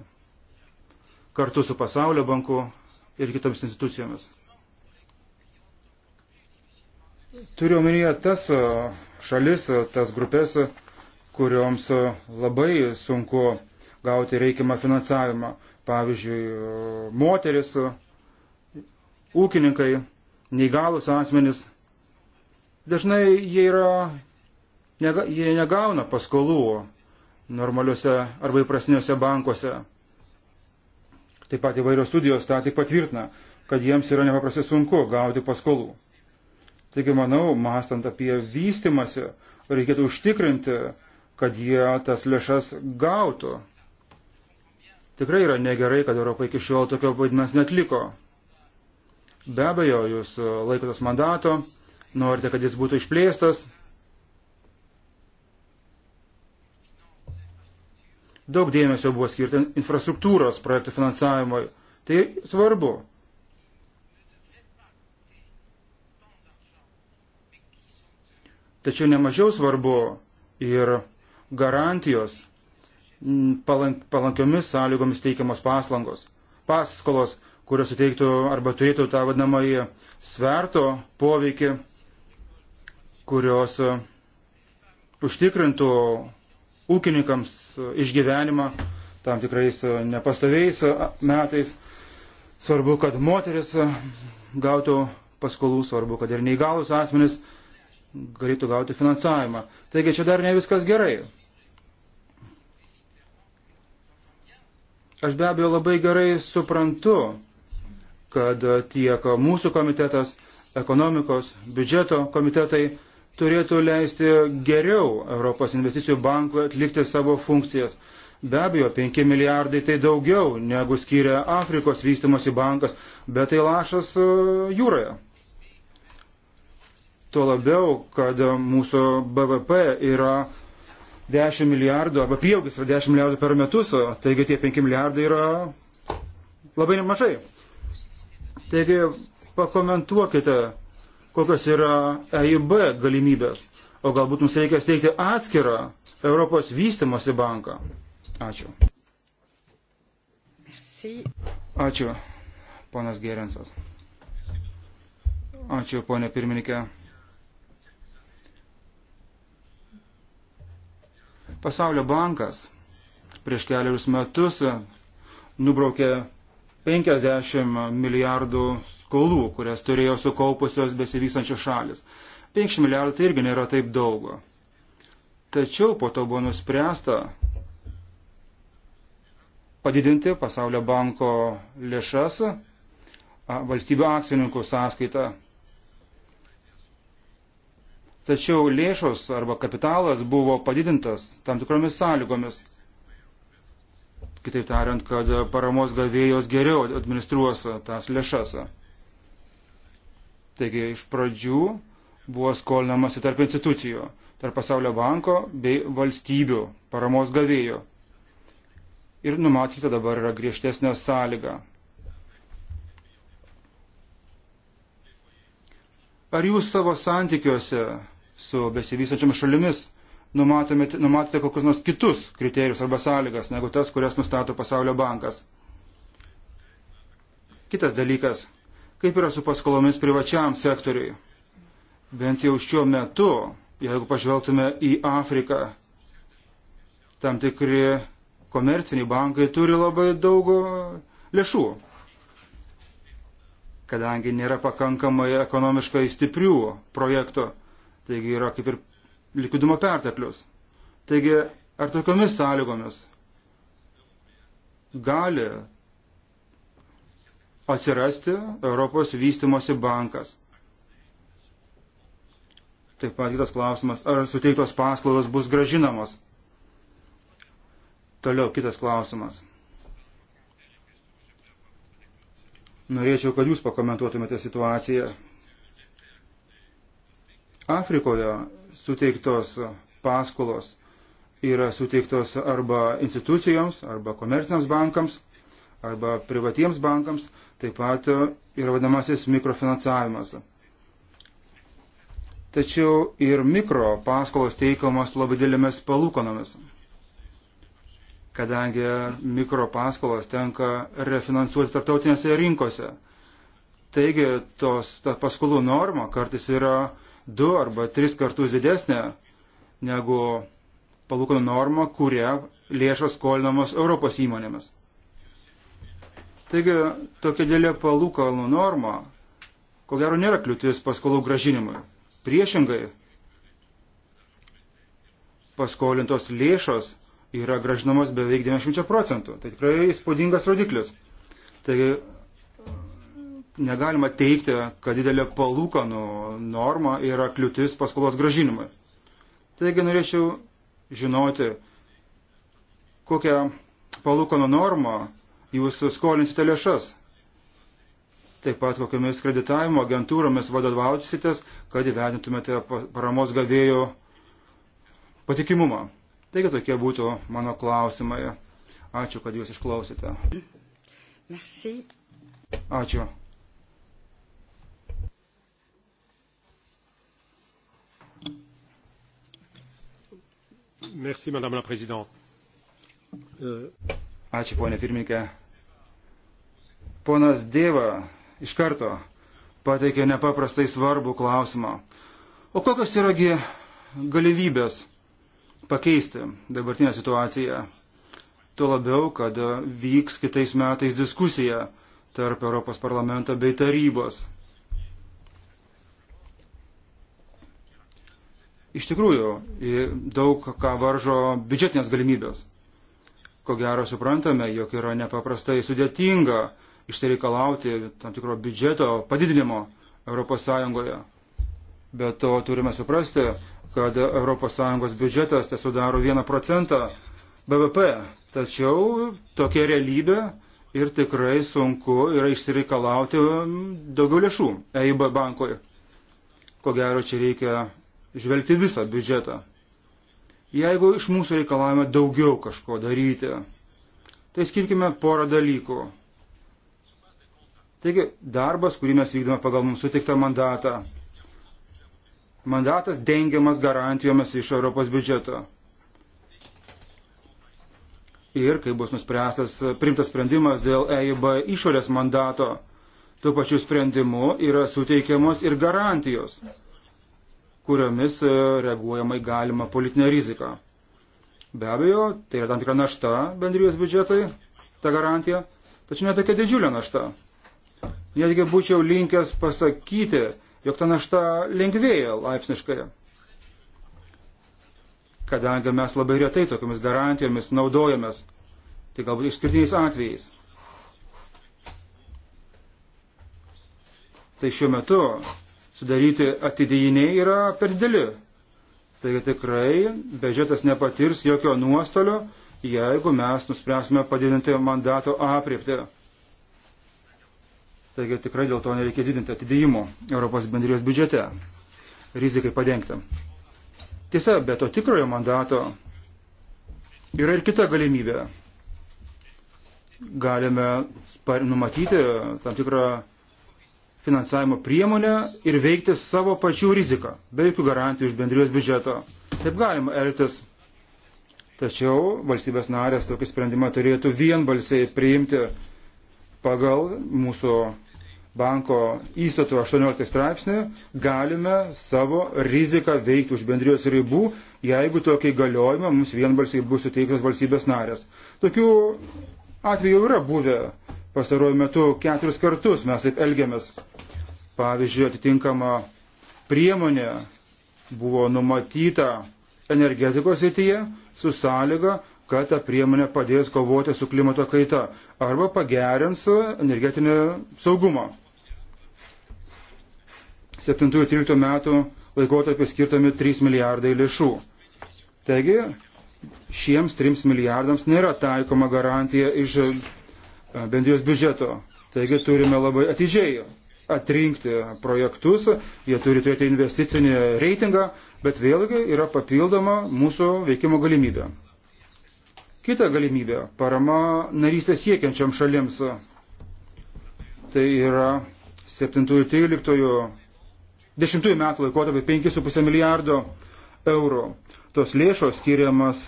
kartu su pasaulio banku ir kitomis institucijomis. Turiu omenyje tas uh, šalis, uh, tas grupės, uh, kurioms labai sunku gauti reikiamą finansavimą. Pavyzdžiui, moteris, ūkininkai, neįgalus asmenys, dažnai jie, yra, nega, jie negauna paskolų normaliuose arba įprasniuose bankuose. Taip pat įvairios studijos tą tik patvirtina, kad jiems yra nepaprastai sunku gauti paskolų. Taigi, manau, mąstant apie vystimąsi, reikėtų užtikrinti, kad jie tas lėšas gautų. Tikrai yra negerai, kad Europa iki šiol tokio vaidmens netliko. Be abejo, jūs e, laikotės mandato, norite, kad jis būtų išplėstas. Daug dėmesio buvo skirta infrastruktūros projektų finansavimui. Tai svarbu. Tačiau nemažiau svarbu ir garantijos palank, palankiomis sąlygomis teikiamos paslangos, paskolos kurios suteiktų arba turėtų tą vadinamąjį sverto poveikį, kurios e, užtikrintų ūkininkams e, išgyvenimą tam tikrais e, nepastoviais metais. Svarbu, kad moteris gautų paskolų, svarbu, kad ir neįgalus asmenys galėtų gauti finansavimą. Taigi čia dar ne viskas gerai. Aš be abejo labai gerai suprantu, kad e, tiek mūsų komitetas, ekonomikos, biudžeto komitetai turėtų leisti geriau Europos investicijų bankui atlikti savo funkcijas. Be abejo, 5 milijardai tai daugiau negu skiria Afrikos vystimosi bankas, bet tai lašas e, jūroje. Tuo labiau, kad mūsų BVP yra 10 milijardų, arba prieaugis yra 10 milijardų per metus, taigi tie 5 milijardai yra labai nemažai. Taigi pakomentuokite, kokios yra EIB galimybės, o galbūt mums reikia steigti atskirą Europos vystimosi banką. Ačiū. Merci. Ačiū, ponas Gerensas. Ačiū, ponė pirmininkė. Pasaulio bankas prieš keliarius metus nubraukė 50 milijardų skolų, kurias turėjo sukaupusios besivysančios šalis. 50 milijardų tai irgi nėra taip daug. Tačiau po to buvo nuspręsta padidinti pasaulio banko lėšas valstybių akcininkų sąskaitą. Tačiau lėšos arba kapitalas buvo padidintas tam tikromis sąlygomis. Kitaip tariant, kad paramos gavėjos geriau administruos tas lėšas. Taigi iš pradžių buvo skolinamasi tarp institucijų, tarp pasaulio banko bei valstybių paramos gavėjų. Ir numatyta dabar yra griežtesnė sąlyga. Ar jūs savo santykiuose su besivysančiam šalimis numatote kokius nors kitus kriterijus arba sąlygas, negu tas, kurias nustato Pasaulio bankas. Kitas dalykas. Kaip yra su paskolomis privačiam sektoriui? Bent jau šiuo metu, jeigu pažvelgtume į Afriką, tam tikri komerciniai bankai turi labai daug e, lėšų, kadangi nėra pakankamai ekonomiškai stiprių projektų. Taigi yra kaip ir likvidumo perteklius. Taigi, ar tokiomis sąlygomis gali atsirasti Europos vystimosi bankas? Taip pat kitas klausimas, ar suteiktos paslaugos bus gražinamos? Toliau kitas klausimas. Norėčiau, kad jūs pakomentuotumėte situaciją. Afrikoje suteiktos paskolos yra suteiktos arba institucijoms, arba komerciniams bankams, arba privatiems bankams, taip pat yra vadinamasis mikrofinansavimas. Tačiau ir mikro paskolos teikiamas labai didelėmis palūkanomis, kadangi mikro paskolos tenka refinansuoti tarptautinėse rinkose. Taigi tos ta paskolų norma kartais yra du arba tris kartus didesnė negu palūkanų norma, kuria lėšos skolinamos Europos įmonėmis. Taigi tokia dėlė palūkanų norma, ko gero, nėra kliūtis paskolų gražinimui. Priešingai, paskolintos lėšos yra gražinamos beveik 90 procentų. Tai tikrai įspūdingas rodiklis. Taigi negalima teikti, kad didelė palūkanų norma yra kliūtis paskolos gražinimui. Taigi norėčiau žinoti, kokią palūkanų normą jūs skolinsite lėšas. Taip pat kokiamis kreditavimo agentūromis vadovausitės, kad įvertintumėte paramos gavėjo patikimumą. Taigi tokie būtų mano klausimai. Ačiū, kad jūs išklausėte. Merci. Ačiū. Merci, Madame la Présidente. Uh, Ačiū, ponė pirmininkė. Ponas Dėva iš karto pateikė nepaprastai svarbų klausimą. O kokios yragi galimybės pakeisti dabartinę situaciją? Tuo labiau, kad vyks kitais metais diskusija tarp Europos parlamento bei tarybos Iš tikrųjų, daug ką varžo biudžetinės galimybės. Ko gero suprantame, jog yra nepaprastai sudėtinga išsireikalauti tam tikro biudžeto padidinimo ES. Bet to turime suprasti, kad ES biudžetas tai sudaro 1 procentą BVP. Tačiau tokia realybė ir tikrai sunku yra išsireikalauti daugiau lėšų EIB bankui. Ko gero, čia reikia žvelgti visą biudžetą. Jeigu iš mūsų reikalavime daugiau kažko daryti, tai skirkime porą dalykų. Taigi, darbas, kurį mes vykdome pagal mums sutiktą mandatą. Mandatas dengiamas garantijomis iš Europos biudžeto. Ir kai bus nuspręstas primtas sprendimas dėl EIB išorės mandato, tuo pačiu sprendimu yra suteikiamos ir garantijos kuriomis e, reaguojamai galima politinė rizika. Be abejo, tai yra tam tikra našta bendrijos biudžetui, ta garantija, tačiau netokia didžiulė našta. Netgi būčiau linkęs pasakyti, jog ta našta lengvėja laipsniškai, kadangi mes labai retai tokiamis garantijomis naudojamės, tai galbūt išskirtiniais atvejais. Tai šiuo metu sudaryti atidėjiniai yra per dideli. Taigi tikrai biudžetas nepatirs jokio nuostolio, jeigu mes nuspręsime padidinti mandato apriepti. Taigi tikrai dėl to nereikia didinti atidėjimo Europos bendrijos biudžete. Rizikai padengti. Tiesa, be to tikrojo mandato yra ir kita galimybė. Galime numatyti tam tikrą finansavimo priemonę ir veikti savo pačių riziką, be jokių garantijų iš bendrijos biudžeto. Taip galima elgtis. Tačiau valstybės narės tokį sprendimą turėtų vienbalsiai priimti pagal mūsų banko įstatų 18 straipsnį, galime savo riziką veikti už bendrijos ribų, jeigu tokį galiojimą mums vienbalsiai bus suteiktas valstybės narės. Tokių atvejų yra buvę pastaruoju metu keturis kartus mes taip elgiamės. Pavyzdžiui, atitinkama priemonė buvo numatyta energetikos rytyje su sąlyga, kad ta priemonė padės kovoti su klimato kaita arba pagerins energetinį saugumą. 7-13 metų laikotarpį skirtami 3 milijardai lėšų. Taigi šiems 3 milijardams nėra taikoma garantija iš bendrijos biudžeto. Taigi turime labai atidžiai atrinkti projektus, jie turi turėti investicinį reitingą, bet vėlgi yra papildoma mūsų veikimo galimybė. Kita galimybė - parama narysę siekiančiam šalims. Tai yra 7-13-10 metų laikotarpį 5,5 milijardo eurų. Tos lėšos skiriamas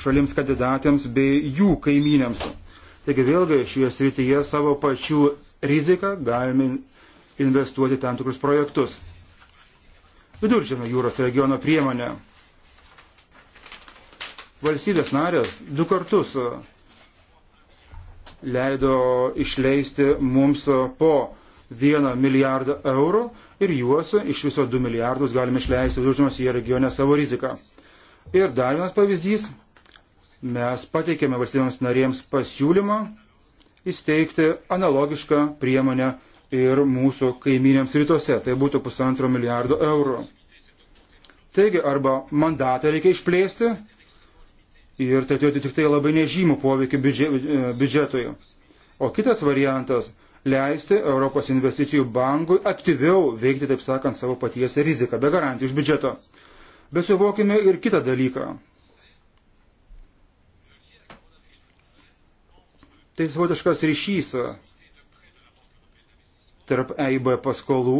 šalims kandidatėms bei jų kaimynėms Taigi vėlgi šioje srityje savo pačių riziką galime investuoti tam tikrus projektus. Viduržėmio jūros regiono priemonė. Valstybės narės du kartus e, leido išleisti mums e, po vieną milijardą eurų ir juos iš viso 2 milijardus galime išleisti viduržymos į regionę savo riziką. Ir dar vienas pavyzdys mes pateikėme valstybėms narėms pasiūlymą įsteigti analogišką priemonę ir mūsų kaiminėms rytuose. Tai būtų pusantro milijardo eurų. Taigi, arba mandatą reikia išplėsti ir tai turėtų tik tai labai nežymų poveikį biudžetui. O kitas variantas - leisti Europos investicijų bankui aktyviau veikti, taip sakant, savo paties riziką, be garantijų iš biudžeto. Bet suvokime ir kitą dalyką. Tai savotiškas ryšys tarp EIB paskolų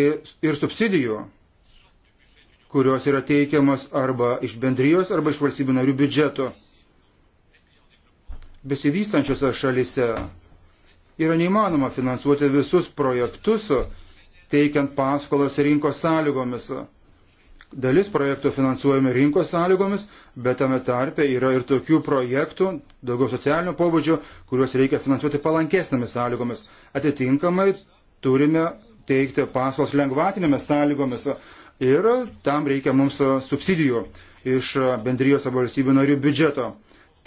ir, ir subsidijų, kurios yra teikiamas arba iš bendrijos, arba iš valstybių narių biudžeto. Besivystančiose šalise yra neįmanoma finansuoti visus projektus, teikiant paskolas rinkos sąlygomis. Dalis projektų finansuojami rinkos sąlygomis, bet tame tarpe yra ir tokių projektų, daugiau socialinio pobūdžio, kuriuos reikia finansuoti palankesnėmis sąlygomis. Atitinkamai turime teikti paskolas lengvatinėmis sąlygomis ir tam reikia mums subsidijų iš bendrijos arba valstybių narių biudžeto.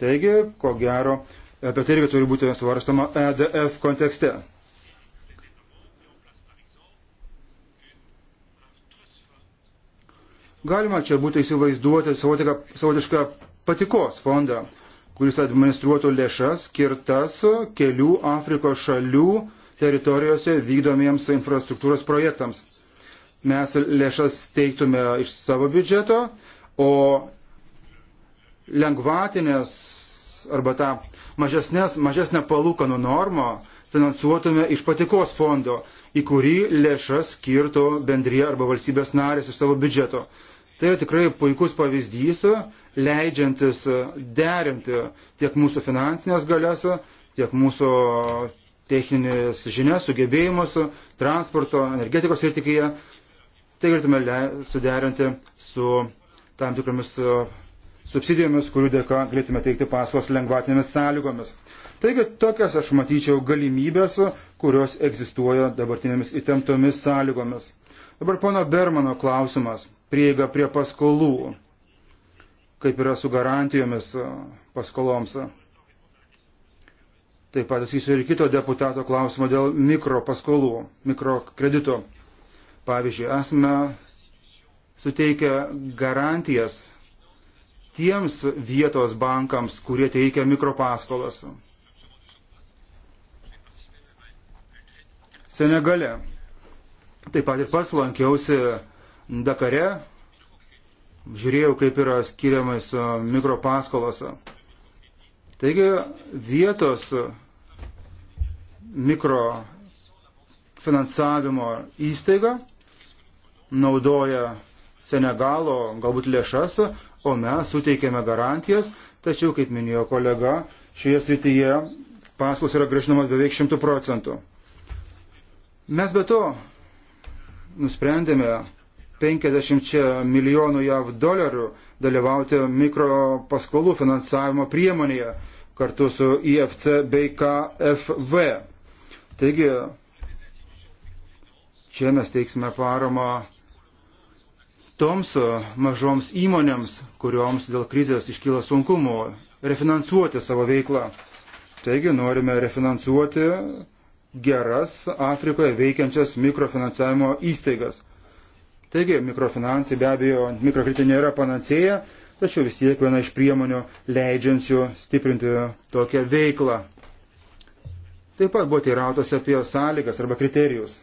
Taigi, ko gero, apie tai irgi turi būti svarstama EDF kontekste. Galima čia būtų įsivaizduoti savotišką patikos fondą, kuris administruotų lėšas skirtas kelių Afrikos šalių teritorijose vykdomiems infrastruktūros projektams. Mes lėšas teiktume iš savo biudžeto, o lengvatinės arba tą mažesnės, mažesnę palūkanų normą finansuotume iš patikos fondo, į kurį lėšas skirtų bendrija arba valstybės narės iš savo biudžeto. Tai yra tikrai puikus pavyzdys, leidžiantis derinti tiek mūsų finansinės galės, tiek mūsų techninės žinias, sugebėjimus, transporto, energetikos srityje. Tai galėtume suderinti su tam tikromis subsidijomis, kurių dėka galėtume teikti paskolas lengvatinėmis sąlygomis. Taigi tokias aš matyčiau galimybės, kurios egzistuoja dabartinėmis įtemptomis sąlygomis. Dabar pono Bermano klausimas prieigą prie paskolų, kaip yra su garantijomis e, paskoloms. Taip pat atsakysiu ir kito deputato klausimo dėl mikropaskolų, mikrokredito. Pavyzdžiui, esame suteikę garantijas tiems vietos bankams, kurie teikia mikropaskolas. Senegale. Taip pat ir pats lankiausi Dakare, žiūrėjau, kaip yra skiriamas mikropaskolos. Taigi vietos mikrofinansavimo įstaiga naudoja Senegalo galbūt lėšas, o mes suteikėme garantijas, tačiau, kaip minėjo kolega, šioje srityje paskolos yra gražinamos beveik 100 procentų. Mes be to nusprendėme 50 milijonų JAV dolerių dalyvauti mikropaskolų finansavimo priemonėje kartu su IFC bei KFV. Taigi, čia mes teiksime paramą toms mažoms įmonėms, kurioms dėl krizės iškyla sunkumų refinansuoti savo veiklą. Taigi, norime refinansuoti geras Afrikoje veikiančias mikrofinansavimo įstaigas. Taigi mikrofinansai be abejo, mikrokreditai nėra panacėja, tačiau vis tiek viena iš priemonių leidžiančių stiprinti tokią veiklą. Taip pat buvo teirautos apie sąlygas arba kriterijus.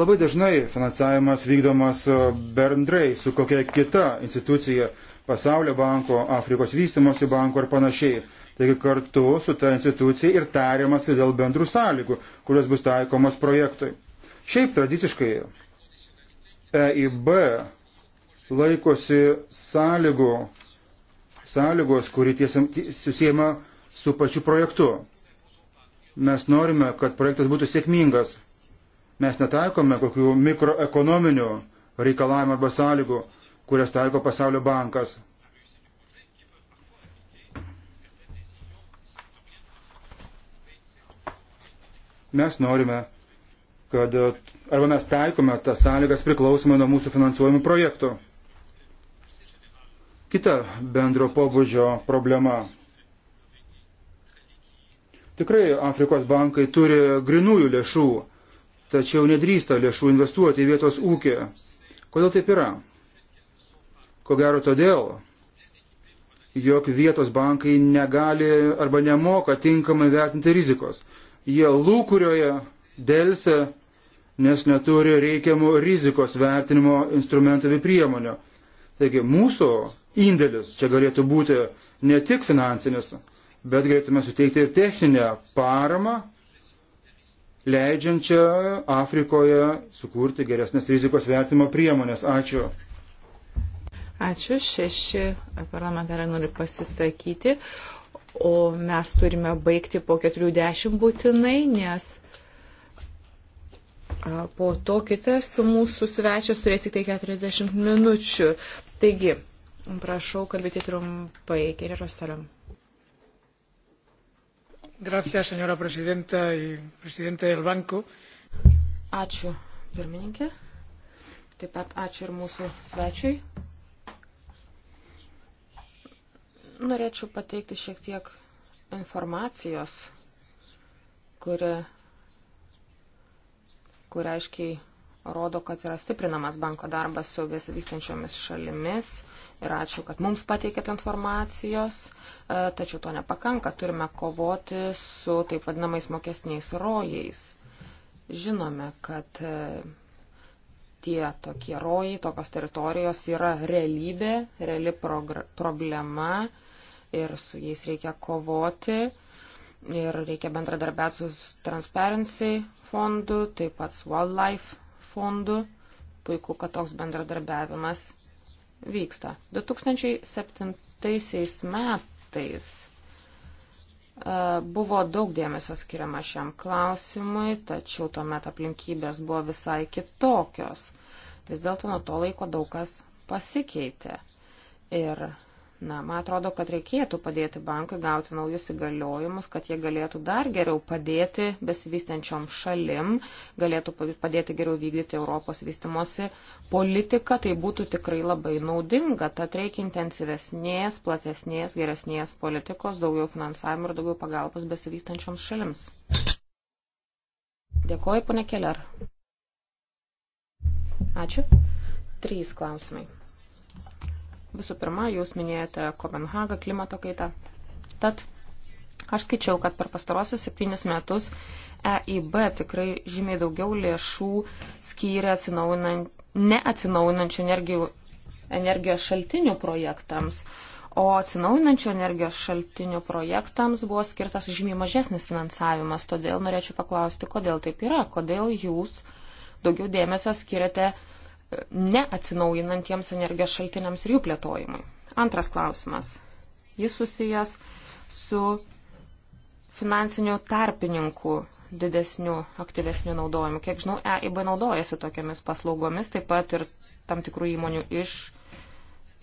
Labai dažnai finansavimas vykdomas e, bendrai su kokia kita institucija - pasaulio banko, Afrikos vystimosi banko ir panašiai. Taigi kartu su ta institucija ir tariamasi dėl bendrų sąlygų, kurios bus taikomos projektui. Šiaip tradiciškai EIB laikosi sąlygų, sąlygos, kuri tiesiam, susijama su pačiu projektu. Mes norime, kad projektas būtų sėkmingas. Mes netaikome kokių mikroekonominių reikalavimų arba sąlygų, kurias taiko pasaulio bankas. Mes norime kad e, arba mes taikome tas sąlygas priklausomai nuo mūsų finansuojamų projektų. Kita bendro pobūdžio problema. Tikrai Afrikos bankai turi grinųjų lėšų, tačiau nedrįsta lėšų investuoti į vietos ūkį. Kodėl taip yra? Ko gero todėl, jog vietos bankai negali arba nemoka tinkamai vertinti rizikos. Jie lūkurioje dėlse nes neturi reikiamų rizikos vertinimo instrumentų bei priemonių. Taigi mūsų indėlis čia galėtų būti ne tik finansinis, bet galėtume suteikti ir techninę paramą, leidžiančią Afrikoje sukurti geresnės rizikos vertimo priemonės. Ačiū. Ačiū. Šeši parlamentarai nori pasisakyti, o mes turime baigti po 40 būtinai, nes Po to kitas mūsų svečias turės tik tai 40 minučių. Taigi, prašau kalbėti trumpai. Gereros salam. Gracias, señora presidenta y presidente del banco. Ačiū, pirmininkė. Taip pat ačiū ir mūsų svečiui. Norėčiau pateikti šiek tiek informacijos, kuri kur aiškiai rodo, kad yra stiprinamas banko darbas su besivystančiomis šalimis. Ir ačiū, kad mums pateikėt informacijos, e, tačiau to nepakanka. Turime kovoti su taip vadinamais mokesniais rojais. Žinome, kad e, tie tokie rojai, tokios teritorijos yra realybė, reali problema ir su jais reikia kovoti ir reikia bendradarbiauti su Transparency fondu, taip pat su Wildlife fondu. Puiku, kad toks bendradarbiavimas vyksta. 2007 metais e, buvo daug dėmesio skiriama šiam klausimui, tačiau tuomet aplinkybės buvo visai kitokios. Vis dėlto nuo to laiko daug kas pasikeitė. Ir Na, man atrodo, kad reikėtų padėti bankui gauti naujus įgaliojimus, kad jie galėtų dar geriau padėti besivystančiom šalim, galėtų padėti geriau vykdyti Europos vystimosi politiką, tai būtų tikrai labai naudinga. Tad reikia intensyvesnės, platesnės, geresnės politikos, daugiau finansavimo ir daugiau pagalbos besivystančiom šalims. Dėkuoju, ponė Keller. Ačiū. Trys klausimai. Visų pirma, jūs minėjote Kopenhagą, klimato kaitą. Tad aš skaičiau, kad per pastarosius septynis metus EIB tikrai žymiai daugiau lėšų skyrė neatsinaujinančių energijų, energijos šaltinių projektams, o atsinaujinančių energijos šaltinių projektams buvo skirtas žymiai mažesnis finansavimas. Todėl norėčiau paklausti, kodėl taip yra, kodėl jūs daugiau dėmesio skiriate neatsinaujinantiems energijos šaltiniams ir jų plėtojimui. Antras klausimas. Jis susijęs su finansinių tarpininkų didesnių, aktyvesnių naudojimų. Kiek žinau, EIB naudojasi tokiamis paslaugomis, taip pat ir tam tikrų įmonių iš,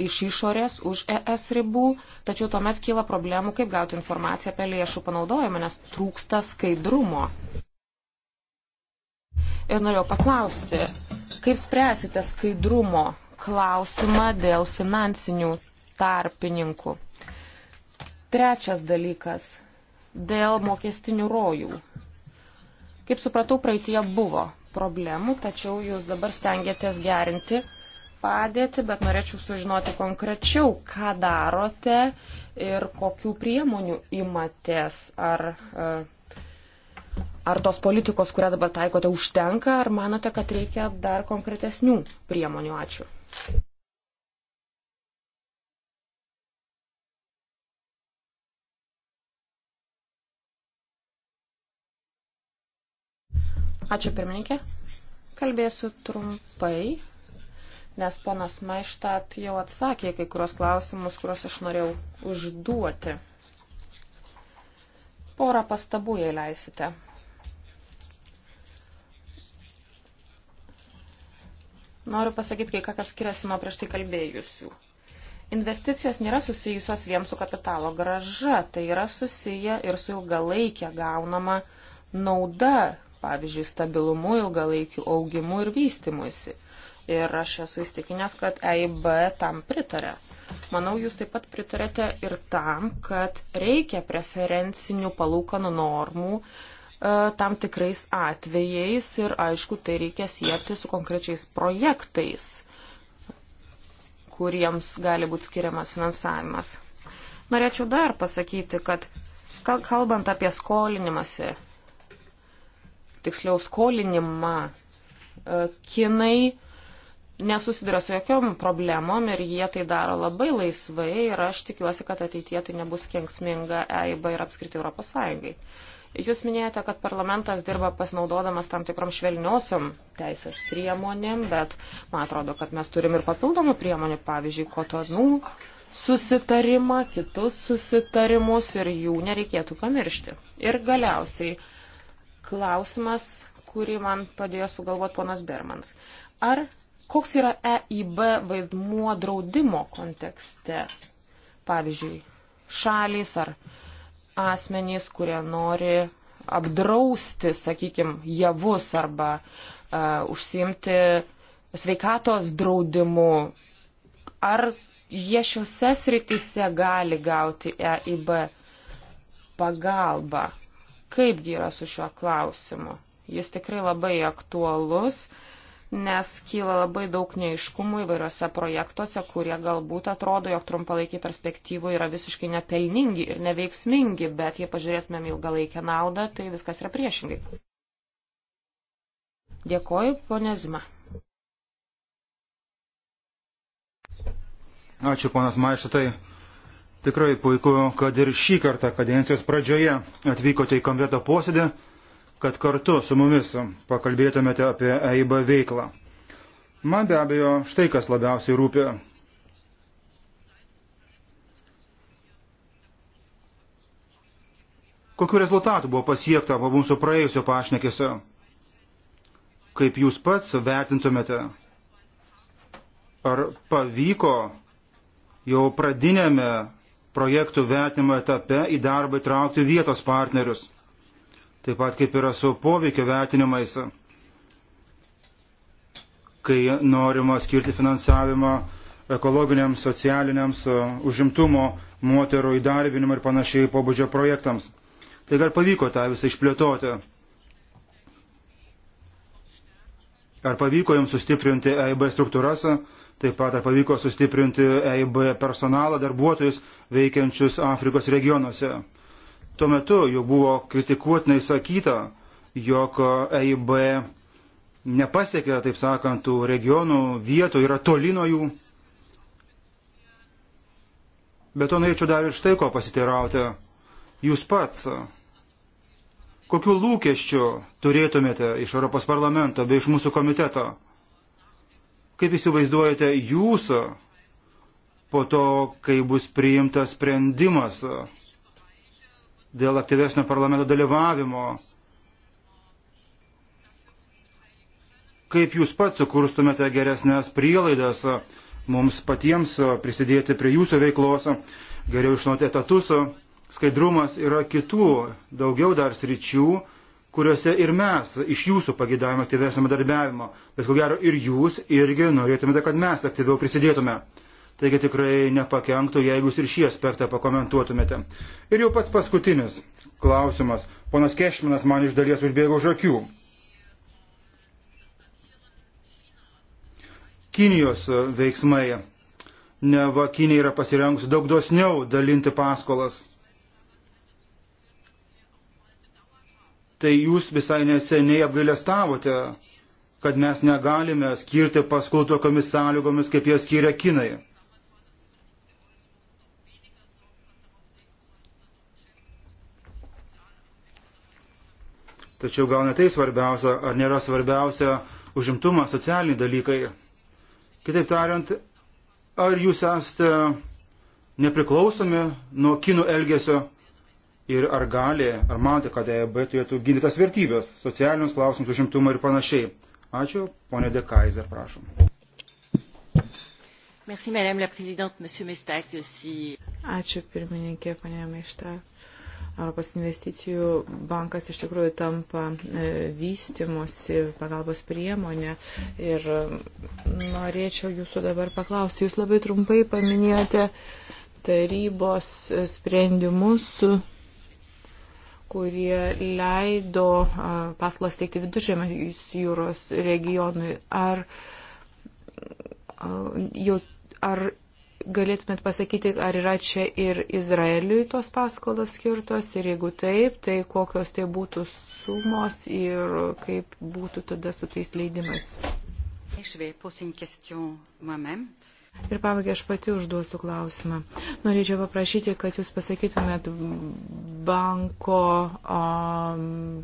iš išorės, už ES ribų, tačiau tuomet kyla problemų, kaip gauti informaciją apie lėšų panaudojimą, nes trūksta skaidrumo ir norėjau paklausti, kaip spręsite skaidrumo klausimą dėl finansinių tarpininkų. Trečias dalykas - dėl mokestinių rojų. Kaip supratau, praeitie buvo problemų, tačiau jūs dabar stengiatės gerinti padėtį, bet norėčiau sužinoti konkrečiau, ką darote ir kokių priemonių imatės. Ar uh, Ar tos politikos, kurią dabar taikote, užtenka, ar manote, kad reikia dar konkretesnių priemonių? Ačiū. Ačiū pirmininkė. Kalbėsiu trumpai, nes ponas Maištat jau atsakė kai kurios klausimus, kuriuos aš norėjau užduoti. Porą pastabų, jei leisite. Noriu pasakyti, kai kas skiriasi nuo prieš tai kalbėjusių. Investicijos nėra susijusios vien su kapitalo graža, tai yra susiję ir su ilgalaikė gaunama nauda, pavyzdžiui, stabilumu, ilgalaikiu augimu ir vystimuisi. Ir aš esu įstikinęs, kad EIB tam pritarė. Manau, jūs taip pat pritarėte ir tam, kad reikia preferencinių palūkanų normų E, tam tikrais atvejais ir aišku, tai reikia sieti su konkrečiais projektais, kuriems gali būti skiriamas finansavimas. Norėčiau dar pasakyti, kad kalbant apie skolinimąsi, tiksliau skolinimą, e, kinai nesusiduria su jokiom problemom ir jie tai daro labai laisvai ir aš tikiuosi, kad ateitie tai nebus kenksminga EIB ir apskritai Europos Sąjungai. Uh, Jūs minėjote, kad parlamentas dirba pasinaudodamas tam tikrom švelniosiom teisės priemonėm, bet man atrodo, kad mes turim ir papildomų priemonių, pavyzdžiui, kotonų susitarimą, kitus susitarimus ir jų nereikėtų pamiršti. Ir galiausiai klausimas, kurį man padėjo sugalvoti ponas Bermans. Ar koks yra EIB vaidmuo draudimo kontekste? Pavyzdžiui, šalys ar asmenys, kurie nori apdrausti, sakykime, javus arba uh, e, užsimti sveikatos draudimu. Ar jie šiuose srityse gali gauti EIB pagalbą? Kaipgi yra su šiuo klausimu? Jis tikrai labai aktualus. Uh, nes kyla labai daug neiškumų įvairiose projektuose, kurie galbūt atrodo, jog trumpalaikiai perspektyvų yra visiškai nepelningi ir neveiksmingi, bet jei pažiūrėtumėm ilgalaikę naudą, tai viskas yra priešingai. Dėkoju, ponė Zima. Ačiū, ponas Maištai. Tikrai puiku, kad ir šį kartą kadencijos pradžioje atvykote į komiteto posėdį kad kartu su mumis pakalbėtumėte apie EIB veiklą. Man be abejo, štai kas labiausiai rūpi. Kokiu rezultatu buvo pasiekta po mūsų praėjusio pašnekėse? Kaip jūs pats vertintumėte? Ar pavyko jau pradinėme projektų vertinimo etape į darbą įtraukti vietos partnerius? taip pat kaip yra su poveikio vertinimais, kai norima skirti finansavimą ekologiniams, socialiniams, užimtumo, moterų įdarbinimo ir panašiai pobūdžio projektams. Tai ar pavyko tą visą išplėtoti? Ar pavyko jums sustiprinti EIB struktūras, taip pat ar pavyko sustiprinti EIB personalą, darbuotojus veikiančius Afrikos regionuose? Tuo metu jau buvo kritikuotinai sakyta, jog EIB nepasiekia, taip sakant, tų regionų vietų, yra toli nuo jų. Bet to norėčiau dar ir štai ko pasiteirauti. Jūs pats, kokiu lūkesčiu turėtumėte iš Europos parlamento bei iš mūsų komiteto? Kaip įsivaizduojate jūs po to, kai bus priimtas sprendimas dėl aktyvesnio parlamento dalyvavimo. Kaip jūs pats sukurstumėte geresnės prielaidas mums patiems prisidėti prie jūsų veiklos, geriau išnoti etatus, skaidrumas yra kitų, daugiau dar sričių, kuriuose ir mes iš jūsų pagėdavimo aktyvesnio darbiavimo, bet ko gero ir jūs irgi norėtumėte, kad mes aktyviau prisidėtume. Taigi tikrai nepakenktų, jeigu jūs ir šį aspektą pakomentuotumėte. Ir jau pats paskutinis klausimas. Ponas Kešminas man iš dalies užbėgo už akių. Kinijos veiksmai. Neva Kinija yra pasirengusi daug dosniau dalinti paskolas. Tai jūs visai neseniai apgailestavote, kad mes negalime skirti paskolų tokiomis sąlygomis, kaip jie skiria Kinai. Tačiau gal ne tai svarbiausia, ar nėra svarbiausia užimtumas, socialiniai dalykai. Kitaip tariant, ar jūs esate nepriklausomi nuo kinų elgesio ir ar gali, ar manote, kad EIB turėtų ginti tas vertybės, socialinius klausimus, užimtumą ir panašiai. Ačiū, ponė Dekaiser, prašom. Merci, Madame la Présidente, Monsieur Mestak, aussi. Ačiū, pirmininkė, ponė Mestak. Europos investicijų bankas iš tikrųjų tampa e, vystimosi pagalbos priemonė. Ir mm, norėčiau jūsų dabar paklausti, jūs labai trumpai paminėjote tarybos e, sprendimus, kurie leido paskolas teikti viduržėmės jūros regionui. Ar, jau, ar galėtumėt pasakyti, ar yra čia ir Izraeliui tos paskolos skirtos ir jeigu taip, tai kokios tai būtų sumos ir kaip būtų tada su tais leidimais. Ir pabaigai aš pati užduosiu klausimą. Norėčiau paprašyti, kad jūs pasakytumėt banko um,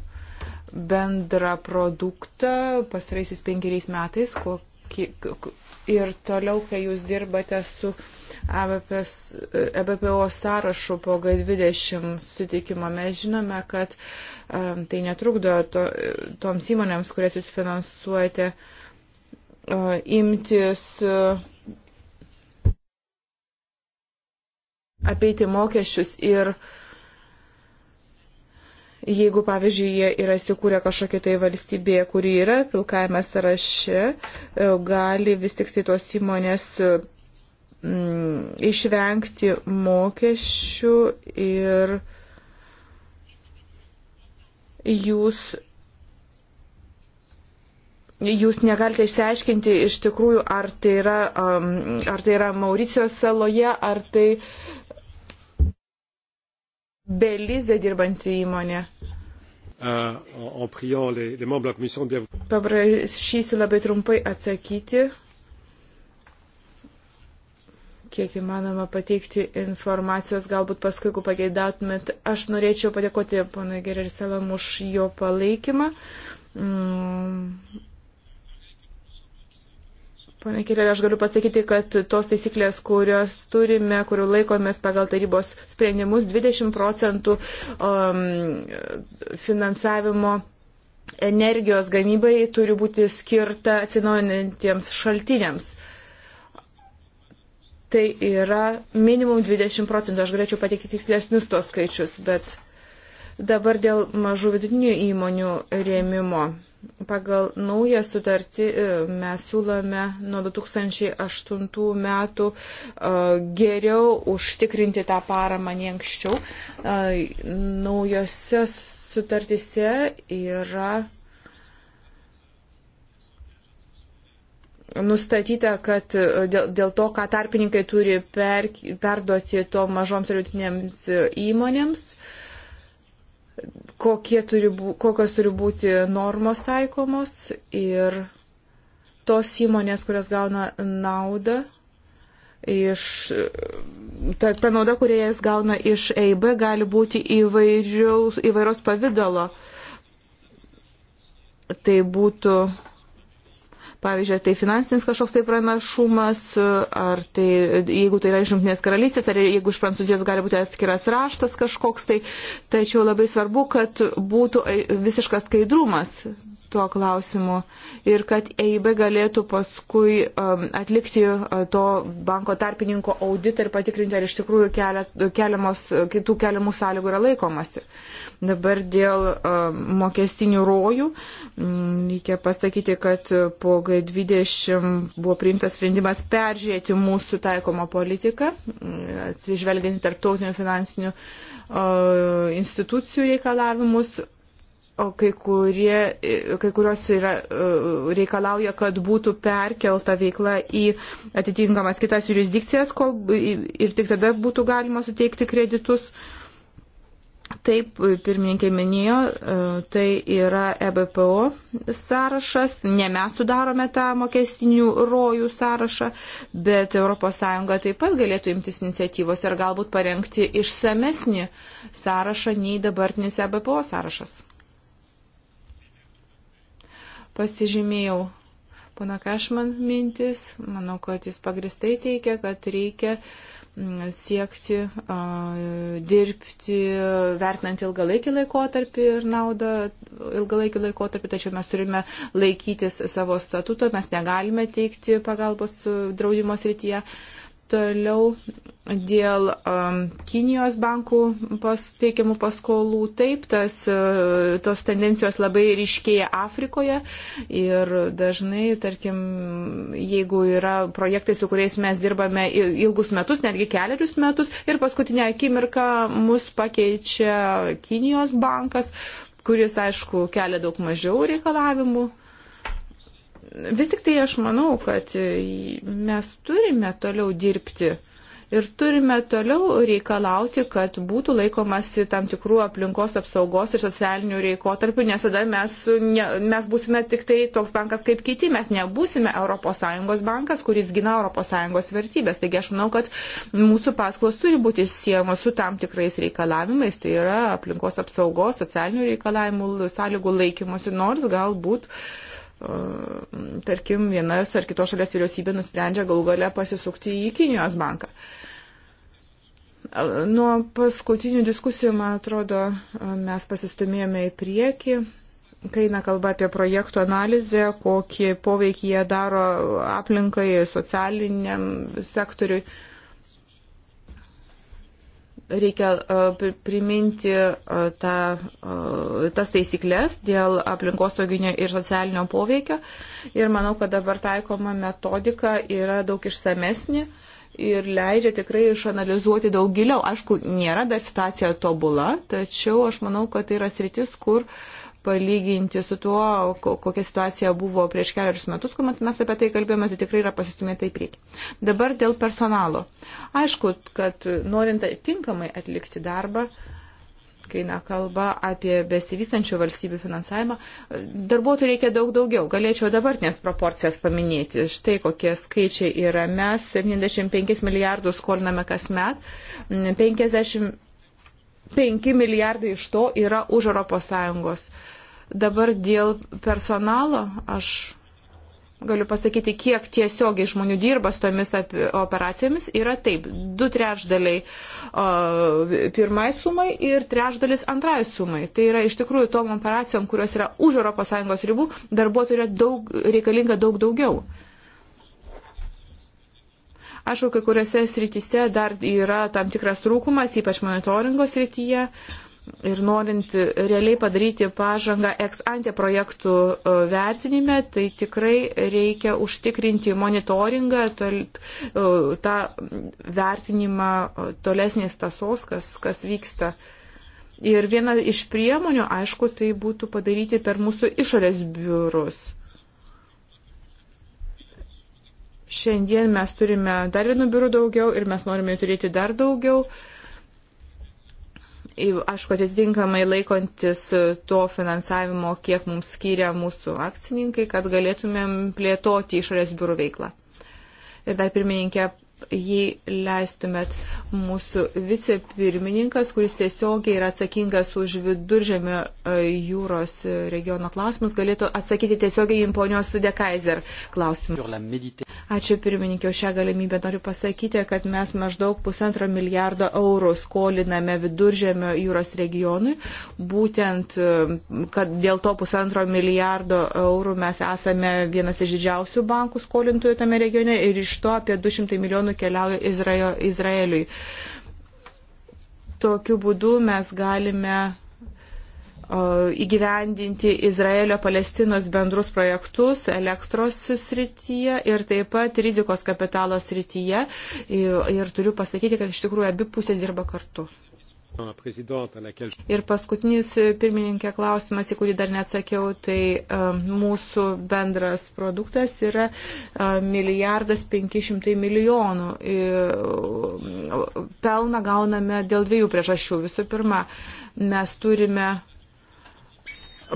bendrą produktą pastaraisiais penkeriais metais, kokį, ir toliau, kai jūs dirbate su EBPO sąrašu po G20 sutikimo, mes žinome, kad um, tai netrukdo to, toms įmonėms, kurias jūs finansuojate, uh, imtis uh, apeiti mokesčius ir uh, Jeigu, pavyzdžiui, jie yra įsikūrę kažkokia tai valstybėje, kuri yra pilkajame sąraše, e, gali vis tik tai tos įmonės m, mm, išvengti mokesčių ir jūs jūs negalite išsiaiškinti iš tikrųjų, ar tai yra, um, ar tai yra Mauricijos saloje, ar tai Belizė dirbanti įmonė. Uh, Paprašysiu labai trumpai atsakyti, kiek įmanoma pateikti informacijos, galbūt paskui, jeigu pageidautumėt. Aš norėčiau padėkoti ponui Gereriselam už jo palaikymą. Mm, Pane Kirelė, aš galiu pasakyti, kad tos taisyklės, kurios turime, kurių laikomės pagal tarybos sprendimus, 20 procentų um, finansavimo energijos gamybai turi būti skirta atsinaujinantiems šaltiniams. Tai yra minimum 20 procentų, aš galėčiau pateikti tikslesnius tos skaičius, bet dabar dėl mažų vidutinių įmonių rėmimo Pagal naują sutartį e, mes siūlome nuo 2008 metų e, geriau užtikrinti tą paramą nei anksčiau. E, naujose sutartise yra nustatyta, kad dėl, dėl to, ką tarpininkai turi per, perduoti to mažoms ir vidutinėms įmonėms, uh, turi, kokios turi būti normos taikomos ir tos įmonės, kurios gauna naudą iš, ta, ta nauda, kurią jis gauna iš EIB, gali būti įvairiaus, įvairios pavydalo. Tai būtų Pavyzdžiui, ar tai finansinis kažkoks tai pranašumas, ar tai, jeigu tai yra iš Junktinės karalystės, ar jeigu iš Prancūzijos gali būti atskiras raštas kažkoks tai. Tačiau labai svarbu, kad būtų e, visiškas skaidrumas tuo klausimu ir kad EIB galėtų paskui um, atlikti uh, to banko tarpininko auditą ir patikrinti, ar iš tikrųjų kelia, keliamos, kitų keliamų sąlygų yra laikomasi. Dabar dėl um, mokestinių rojų um, reikia pasakyti, kad po G20 buvo priimtas sprendimas peržiūrėti mūsų taikomą politiką, mm, atsižvelgiant tarptautinių finansinių uh, institucijų reikalavimus O kai, kurie, kai kurios yra, e, reikalauja, kad būtų perkelta veikla į atitinkamas kitas jurisdikcijas kol, ir tik tada būtų galima suteikti kreditus. Taip, pirmininkė minėjo, e, tai yra EBPO sąrašas, ne mes sudarome tą mokestinių rojų sąrašą, bet ES taip pat galėtų imtis iniciatyvos ir galbūt parengti išsamesnį sąrašą nei dabartinis EBPO sąrašas. Pasižymėjau pana Kešman mintis, manau, kad jis pagristai teikia, kad reikia mm, siekti dirbti, vertinant ilgalaikį laikotarpį ir naudą ilgalaikį laikotarpį, tačiau mes turime laikytis savo statuto, mes negalime teikti pagalbos draudimo srityje. Toliau dėl um, Kinijos bankų teikiamų paskolų, taip, tas, uh, tos tendencijos labai ryškėja Afrikoje ir dažnai, tarkim, jeigu yra projektai, su kuriais mes dirbame ilgus metus, netgi keliarius metus ir paskutinę akimirką mus pakeičia Kinijos bankas, kuris, aišku, kelia daug mažiau reikalavimų vis tik tai aš manau, kad mes turime toliau dirbti ir turime toliau reikalauti, kad būtų laikomasi tam tikrų aplinkos apsaugos ir socialinių reikotarpių, nes tada mes, ne, mes būsime tik tai toks bankas kaip kiti, mes nebūsime ES bankas, kuris gina ES vertybės. Taigi aš manau, kad mūsų pasklos turi būti siejamos su tam tikrais reikalavimais, tai yra aplinkos apsaugos, socialinių reikalavimų, sąlygų laikymosi, nors galbūt uh, tarkim, vienas ar kitos šalies vyriausybė nusprendžia galų gale pasisukti į Kinijos banką. Nuo paskutinių diskusijų, man atrodo, mes pasistumėjome į priekį, kai eina kalba apie projektų analizę, kokį poveikį jie daro aplinkai, socialiniam sektoriui reikia e, priminti e, ta, e, tas taisyklės dėl aplinkosauginio ir socialinio poveikio. Ir manau, kad dabar taikoma metodika yra daug išsamesnė ir leidžia tikrai išanalizuoti daug giliau. Aišku, nėra dar situacija tobula, tačiau aš manau, kad tai yra sritis, kur uh, palyginti su tuo, kokia situacija buvo prieš keliarius metus, kuomet mes apie tai kalbėjome, tai tikrai yra pasistumėta į priekį. Dabar dėl personalo. Aišku, kad norint tinkamai atlikti darbą, kai na, kalba apie besivystančių valstybių finansavimą, darbuotojų reikia daug daugiau. Galėčiau dabartinės proporcijas paminėti. Štai kokie skaičiai yra. Mes 75 milijardus skoliname kasmet, 50 5 milijardai iš to yra už ES. Dabar dėl personalo aš galiu pasakyti, kiek tiesiogiai žmonių dirba su tomis operacijomis, yra taip, du trečdaliai pirmai sumai ir trečdalis antrai sumai. Tai yra iš tikrųjų tom operacijom, kurios yra už ES ribų, darbuotojų yra daug, reikalinga daug daugiau. Aišku, kai kuriuose srityse dar yra tam tikras trūkumas, ypač monitoringo srityje. Ir norint realiai padaryti pažangą ex ante projektų e, vertinime, tai tikrai reikia užtikrinti monitoringą, tol, e, tą vertinimą e, tolesnės tasos, kas, kas vyksta. Ir viena iš priemonių, aišku, tai būtų padaryti per mūsų išorės biurus. Šiandien mes turime dar vienu biuru daugiau ir mes norime turėti dar daugiau. Aišku, atitinkamai laikantis to finansavimo, kiek mums skiria mūsų akcininkai, kad galėtumėm plėtoti išorės biurų veiklą. Ir dar pirmininkė jei leistumėt, mūsų vicepirmininkas, kuris tiesiogiai yra atsakingas už viduržėmio e, jūros regiono klausimus, galėtų atsakyti tiesiogiai į ponios Dekaiser klausimą. Ačiū pirmininkė, šią galimybę noriu pasakyti, kad mes maždaug pusantro milijardo eurų skoliname viduržėmio jūros regionui. Būtent, e, kad dėl to pusantro milijardo eurų mes esame vienas iš didžiausių bankų skolintojų tame regione ir iš to apie 200 milijonų milijonų keliauja Izraelio, Izraeliui. Tokiu būdu mes galime įgyvendinti Izraelio Palestinos bendrus projektus elektros srityje ir taip pat rizikos kapitalo srityje. Ir, ir turiu pasakyti, kad iš tikrųjų abi pusės dirba kartu. Ir paskutinis e, pirmininkė klausimas, į kurį dar neatsakiau, tai e, mūsų bendras produktas yra e, milijardas penkišimtai milijonų. Pelną gauname dėl dviejų priežasčių. Visų pirma, mes turime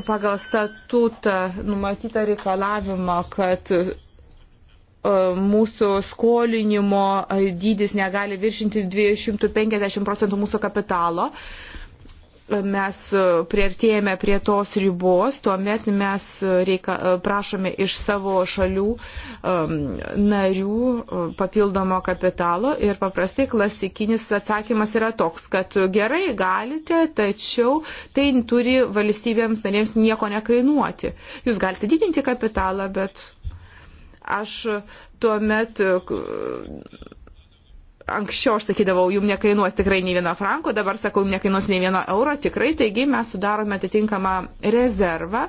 pagal statutą numatytą reikalavimą, kad E, mūsų skolinimo e, dydis negali viršinti 250 procentų mūsų kapitalo, e, mes prieartėjame prie tos ribos, tuomet mes reika, prašome iš savo šalių um, narių papildomo kapitalo ir paprastai klasikinis atsakymas yra toks, kad gerai galite, tačiau tai turi valstybėms narėms nieko nekainuoti. Jūs galite didinti kapitalą, bet Aš tuo metu e, anksčiau aš sakydavau, jum nekainuos tikrai nei vieno franko, dabar sakau, jum nekainuos nei vieno euro, tikrai, taigi mes sudarome atitinkamą rezervą,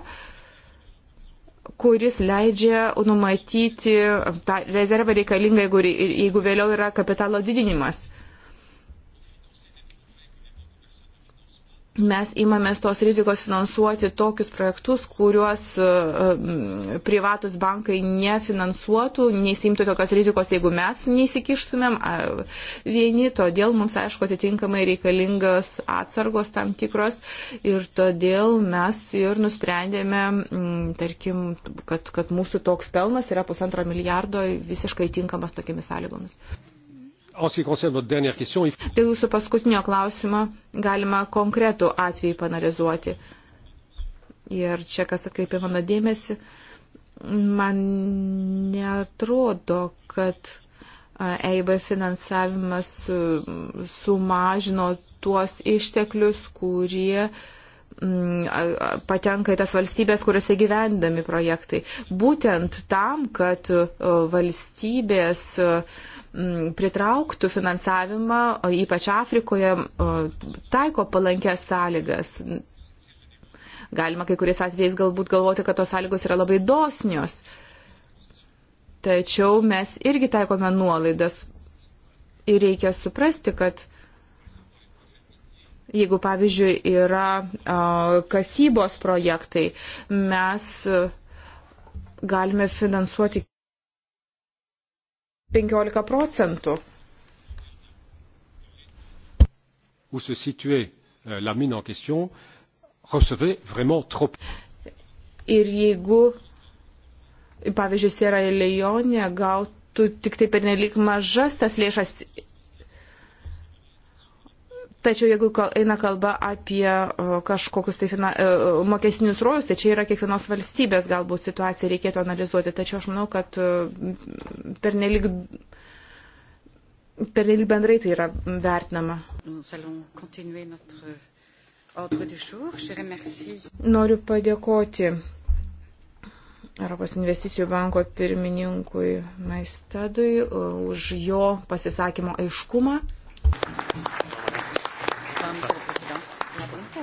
kuris leidžia numatyti tą rezervą reikalingą, jeigu, jeigu vėliau yra kapitalo didinimas. mes imamės tos rizikos finansuoti tokius projektus, kuriuos e, privatus bankai nefinansuotų, neįsimtų tokios rizikos, jeigu mes neįsikištumėm vieni, todėl mums, aišku, atitinkamai reikalingos atsargos tam tikros ir todėl mes ir nusprendėme, tarkim, kad, kad mūsų toks pelnas yra pusantro milijardo visiškai tinkamas tokiamis sąlygomis. Dėl jūsų paskutinio klausimo galima konkretų atvejį panalizuoti. Ir čia kas atkreipė mano dėmesį, man netrodo, kad EIB finansavimas sumažino tuos išteklius, kurie mm, patenka į tas valstybės, kuriuose gyvendami projektai. Būtent tam, kad valstybės uh, pritrauktų finansavimą, ypač Afrikoje, taiko palankės sąlygas. Galima kai kuriais atvejais galbūt galvoti, kad tos sąlygos yra labai dosnios. Tačiau mes irgi taikome nuolaidas. Ir reikia suprasti, kad jeigu, pavyzdžiui, yra kasybos projektai, mes galime finansuoti 15 procentų. Où se situait euh, la mine en question recevait vraiment trop. Ir jeigu, pavyzdžiui, Sierra Leone gautų tik tai pernelyg mažas tas lėšas Tačiau jeigu eina kalba apie kažkokius tai fina, e, mokesinius rojus, tai čia yra kiekvienos valstybės galbūt situacija reikėtų analizuoti. Tačiau aš manau, kad pernelik, pernelik bendrai tai yra vertinama. Noriu padėkoti Europos investicijų banko pirmininkui Maistadui e, už jo pasisakymo aiškumą. Thank you. Madame la Présidente. La pregunta.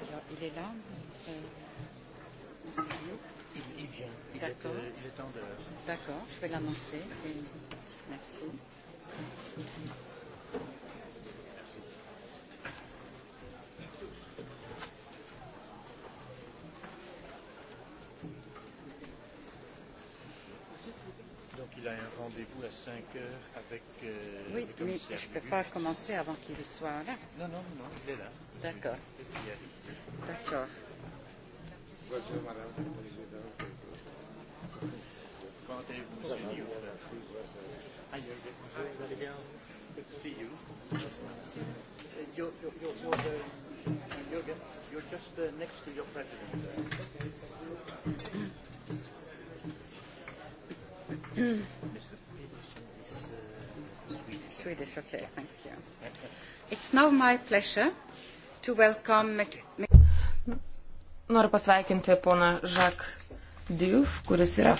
Alors, il est là euh, il, il vient. Il D'accord. Est, euh, D'accord, je vais l'annoncer. Et... Merci. a un rendez-vous à 5 heures avec euh, oui, le commissaire. Oui, mais je ne peux pas commencer avant qu'il soit là. Non, non, non, il est là. D'accord. D'accord. Bonjour, madame la présidente. Comment allez-vous, monsieur Diouf Aïe, aïe, vous allez bien Good to see you. Uh, you're, you're, you're, you're, the, you're, you're just uh, next to your president. Uh. Mr. Pedersen is uh, Swedish. Swedish, okay, thank you. It's now my pleasure to welcome... Noriu pasveikinti poną Jacques Diouf, kuris yra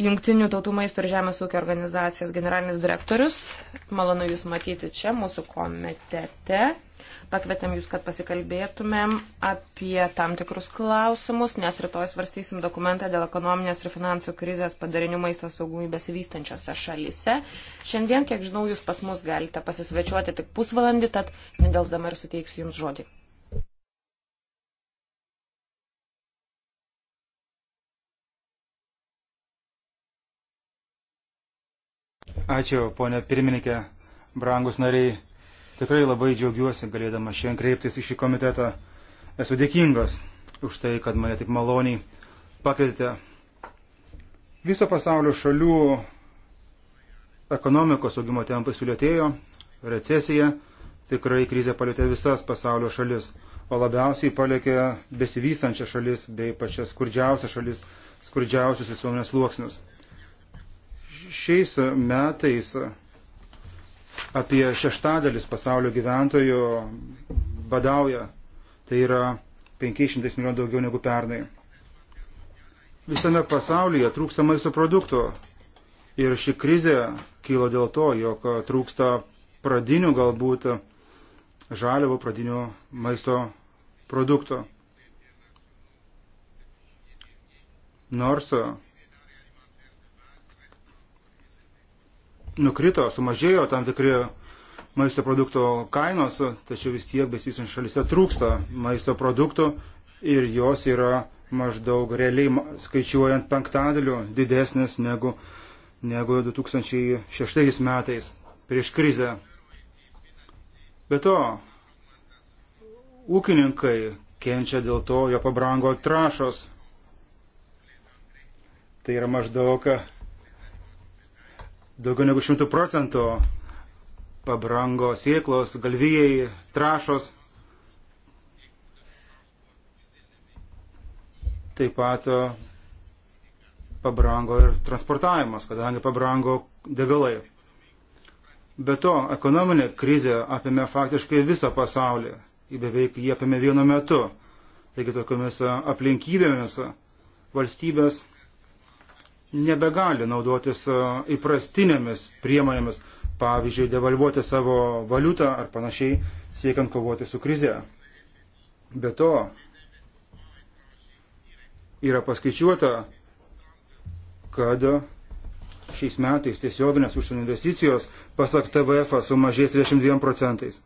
Jungtinių tautų maisto ir žemės ūkio organizacijos generalinis direktorius. Malonu Jūs matyti čia mūsų komitete. Pakvietėm jūs, kad pasikalbėtumėm apie tam tikrus klausimus, nes rytoj svarstysim dokumentą dėl ekonominės ir finansų krizės padarinių maisto saugumui besivystančiose šalyse. Šiandien, kiek žinau, jūs pas mus galite pasisvečiuoti tik pusvalandį, tad nedelsdama ir suteiksiu jums žodį. Ačiū, ponė pirmininkė, brangus nariai Tikrai labai džiaugiuosi galėdama šiandien kreiptis į šį komitetą. Esu dėkingas už tai, kad mane taip maloniai pakvietėte. Viso pasaulio šalių ekonomikos augimo tempai sulėtėjo, recesija, tikrai krizė palėtė visas pasaulio šalis, o labiausiai palėtė besivystančias šalis bei pačias skurdžiausias šalis, skurdžiausius visuomenės sluoksnius. Šiais metais Apie šeštadalis pasaulio gyventojų badauja. Tai yra 500 milijonų daugiau negu pernai. Visame pasaulyje trūksta maisto produktų. Ir ši krizė kyla dėl to, jog trūksta pradinių galbūt žaliavų, pradinių maisto produktų. Nors nukrito, sumažėjo tam tikri maisto produktų kainos, tačiau vis tiek besivystančiose vis šalise trūksta maisto produktų ir jos yra maždaug realiai skaičiuojant penktadaliu didesnės negu, negu 2006 metais prieš krizę. Be to, ūkininkai kenčia dėl to, jo pabrango trašos. Tai yra maždaug Daugiau negu 100 procentų pabrango sieklos, galvijai, trašos. Taip pat e, pabrango ir transportavimas, kadangi pabrango degalai. Be to, ekonominė krizė apėmė faktiškai visą pasaulį. Į beveik jį apėmė vienu metu. Taigi tokiamis aplinkybėmis valstybės nebegali naudotis e, įprastinėmis priemonėmis, pavyzdžiui, devalvuoti savo valiutą ar panašiai, siekiant kovoti su krize. Be to, yra paskaičiuota, kad šiais metais tiesioginės užsienio investicijos pasak TVF sumažės 22 procentais.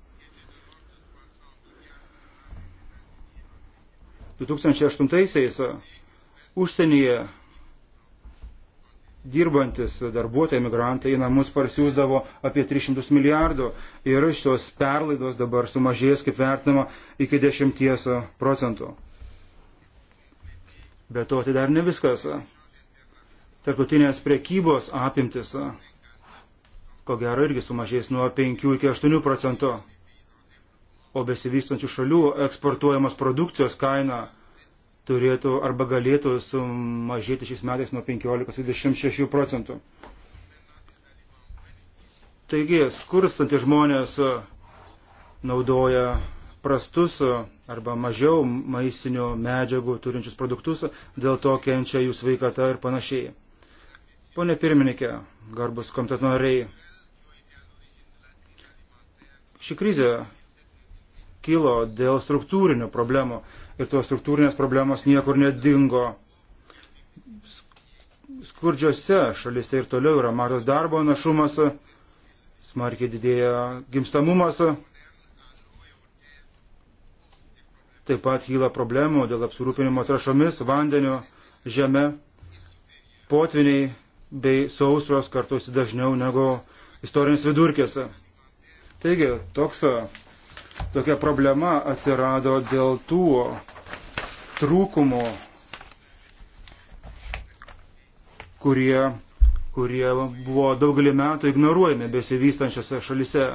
2008-aisiais užsienyje dirbantis darbuotojai, migrantai į namus parsiūsdavo apie 300 milijardų ir šios perlaidos dabar sumažės, kaip vertinama, iki 10 procentų. Bet to tai dar ne viskas. Tarptautinės priekybos apimtis, ko gero, irgi sumažės nuo 5 iki 8 procentų. O besivystančių šalių eksportuojamos produkcijos kaina turėtų arba galėtų sumažėti šiais metais nuo 15-26 procentų. Taigi, skurstantys žmonės naudoja prastus arba mažiau maistinių medžiagų turinčius produktus, dėl to kenčia jų sveikata ir panašiai. Pone pirmininkė, garbus komiteto nariai, ši krizė kilo dėl struktūrinių problemų ir tos struktūrinės problemos niekur nedingo. Skurdžiose šalise ir toliau yra mažas darbo našumas, smarkiai didėja gimstamumas, taip pat kyla problemų dėl apsirūpinimo trašomis, vandeniu, žeme, potviniai bei saustros kartuosi dažniau negu istorinis vidurkis. Taigi, toks tokia problema atsirado dėl tų trūkumų, kurie, kurie buvo daugelį metų ignoruojami besivystančiose šalise.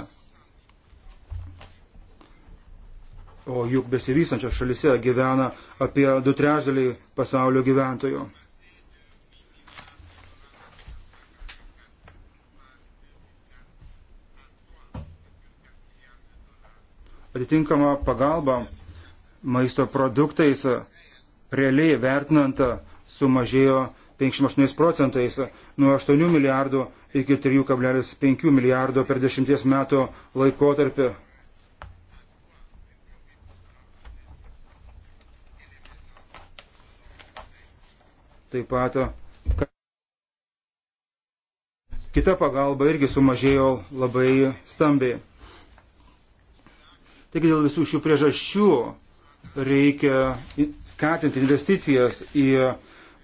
O juk besivystančiose šalise gyvena apie du trešdaliai pasaulio gyventojų. atitinkama pagalba maisto produktais realiai vertinant sumažėjo 58 procentais nuo 8 milijardų iki 3,5 milijardo per dešimties metų laikotarpį. Taip pat kita pagalba irgi sumažėjo labai stambiai. Taigi dėl visų šių priežasčių reikia skatinti investicijas į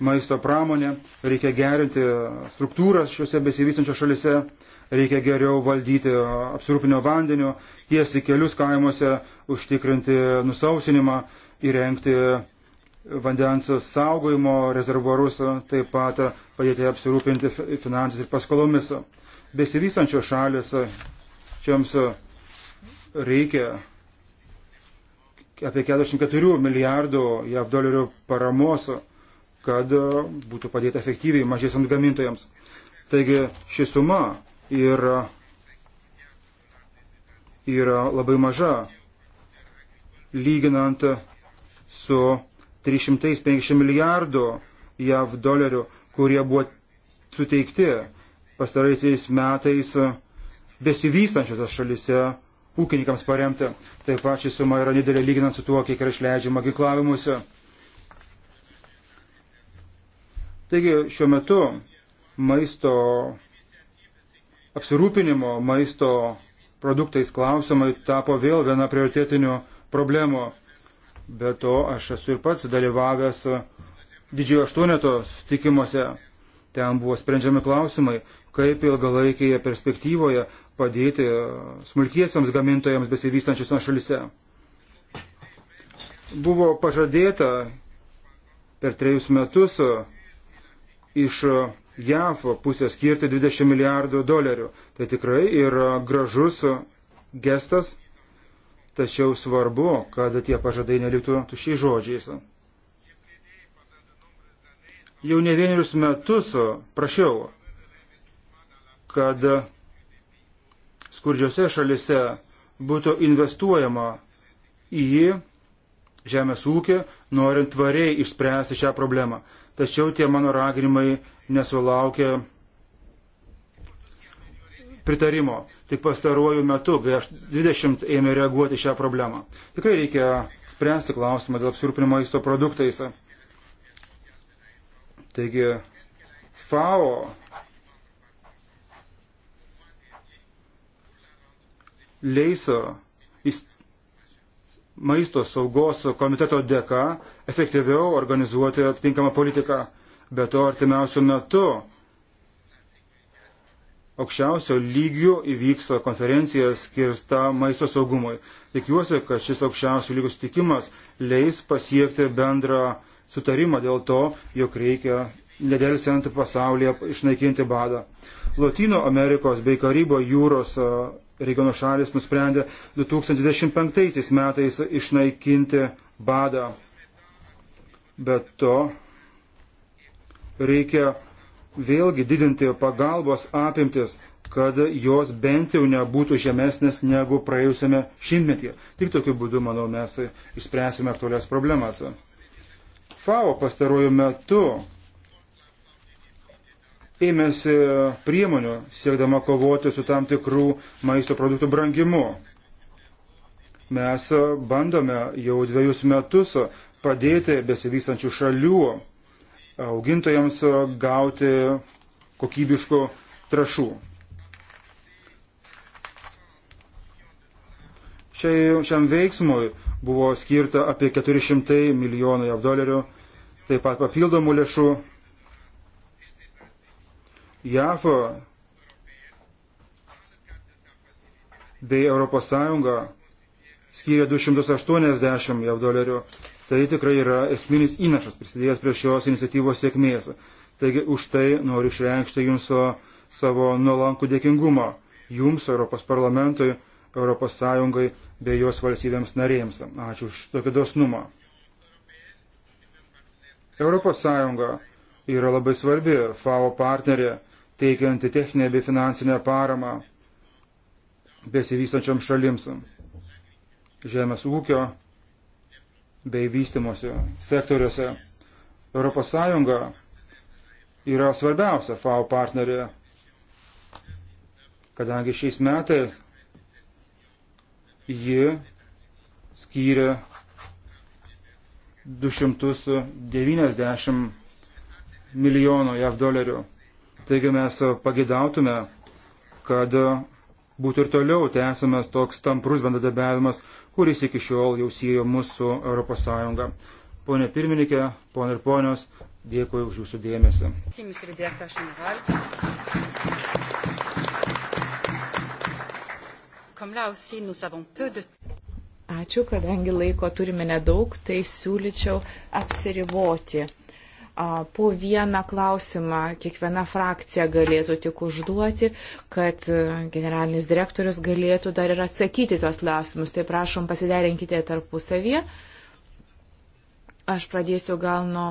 maisto pramonę, reikia gerinti struktūras šiuose besivystančios šalise, reikia geriau valdyti apsirūpinio vandeniu, tiesti kelius kaimuose, užtikrinti nusausinimą, įrengti vandens saugojimo rezervuarus, taip pat padėti apsirūpinti finansais ir paskolomis. Besivystančios šalis šiems reikia apie 44 milijardų JAV dolerių paramos, kad e, būtų padėta efektyviai mažiesiams gamintojams. Taigi ši suma yra, yra labai maža, lyginant su 350 milijardų JAV dolerių, kurie buvo suteikti pastaraisiais metais besivystančiose šalise ūkininkams paremti. Taip pat ši suma yra didelė lyginant su tuo, kiek yra išleidžiama ginklavimuose. Taigi šiuo metu maisto apsirūpinimo, maisto produktais klausimai tapo vėl viena prioritetinių problemų. Be to aš esu ir pats dalyvavęs didžiojo aštuoneto sutikimuose. Ten buvo sprendžiami klausimai, kaip ilgalaikėje perspektyvoje padėti smulkiesiams gamintojams besivystančiose šalise. Buvo pažadėta per trejus metus iš JAV pusės skirti 20 milijardų dolerių. Tai tikrai yra gražus gestas, tačiau svarbu, kad tie pažadai neliktų tušiai žodžiais. Jau ne vienerius metus prašiau, kad skurdžiose šalise būtų investuojama į žemės ūkį, norint tvariai išspręsti šią problemą. Tačiau tie mano raginimai nesulaukia pritarimo. Tik pastaruoju metu, kai aš 20 ėmė reaguoti šią problemą. Tikrai reikia spręsti klausimą dėl apsirūpinimo maisto produktais. Taigi, FAO leis maisto saugos komiteto dėka efektyviau organizuoti atitinkamą politiką. Be to, artimiausių metų aukščiausio lygio įvyks konferencija skirta maisto saugumui. Tikiuosi, kad šis aukščiausio lygio sutikimas leis pasiekti bendrą sutarimą dėl to, jog reikia nedelsiant pasaulyje išnaikinti badą. Latino Amerikos bei Karybo jūros regiono šalis nusprendė 2025 metais išnaikinti badą. Bet to reikia vėlgi didinti pagalbos apimtis, kad jos bent jau nebūtų žemesnės negu praėjusiame šimtmetyje. Tik tokiu būdu, manau, mes išspręsime aktualias problemas. FAO pastaruoju metu ėmėsi priemonių siekdama kovoti su tam tikrų maisto produktų brangimu. Mes bandome jau dviejus metus padėti besivystančių šalių augintojams gauti kokybiškų trašų. Šiai, šiam veiksmui buvo skirta apie 400 milijonų jav dolerių, taip pat papildomų lėšų JAV bei ES skyrė 280 JAV dolerių. Tai tikrai yra esminis įnašas prisidėjęs prie šios iniciatyvos sėkmės. Taigi už tai noriu išreikšti Jums savo nuolankų dėkingumą. Jums, Europos parlamentui, Europos Sąjungai bei jos valstybėms narėms. Ačiū už tokį dosnumą. Europos Sąjunga yra labai svarbi FAO partnerė teikianti techninę bei finansinę paramą besivystančiam šalims žemės ūkio bei vystimosi sektoriuose. ES yra svarbiausia FAO partnerė, kadangi šiais metais ji skyrė 290 milijonų JAV dolerių Taigi mes pagidautume, kad būtų ir toliau tęsiamas toks tamprus bendradabiavimas, kuris iki šiol jau siejo mus su ES. Pone pirmininkė, pone ir ponios, dėkui už jūsų dėmesį. Ačiū, kadangi laiko turime nedaug, tai siūlyčiau apsiriboti po vieną klausimą kiekviena frakcija galėtų tik užduoti, kad e, generalinis direktorius galėtų dar ir atsakyti tos klausimus. Tai prašom pasiderinkite tarpusavie. Aš pradėsiu gal nuo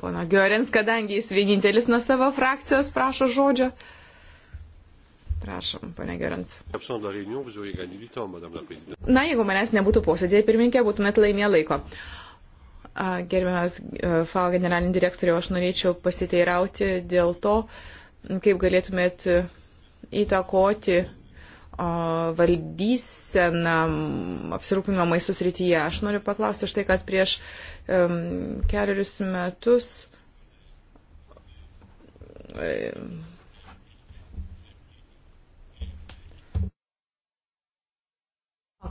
pono Giorins, kadangi jis vienintelis nuo savo frakcijos prašo žodžio. Prašom, pane Gerants. Na, jeigu manęs nebūtų posėdėje, pirmininkė, būtumėt laimė laiko. Uh, Gerbiamas e, FAO generalinį direktorių, aš norėčiau pasiteirauti dėl to, kaip galėtumėt įtakoti valdyseną apsirūpinimo maistų srityje. Aš noriu paklausti štai, kad prieš um, keliarius metus um,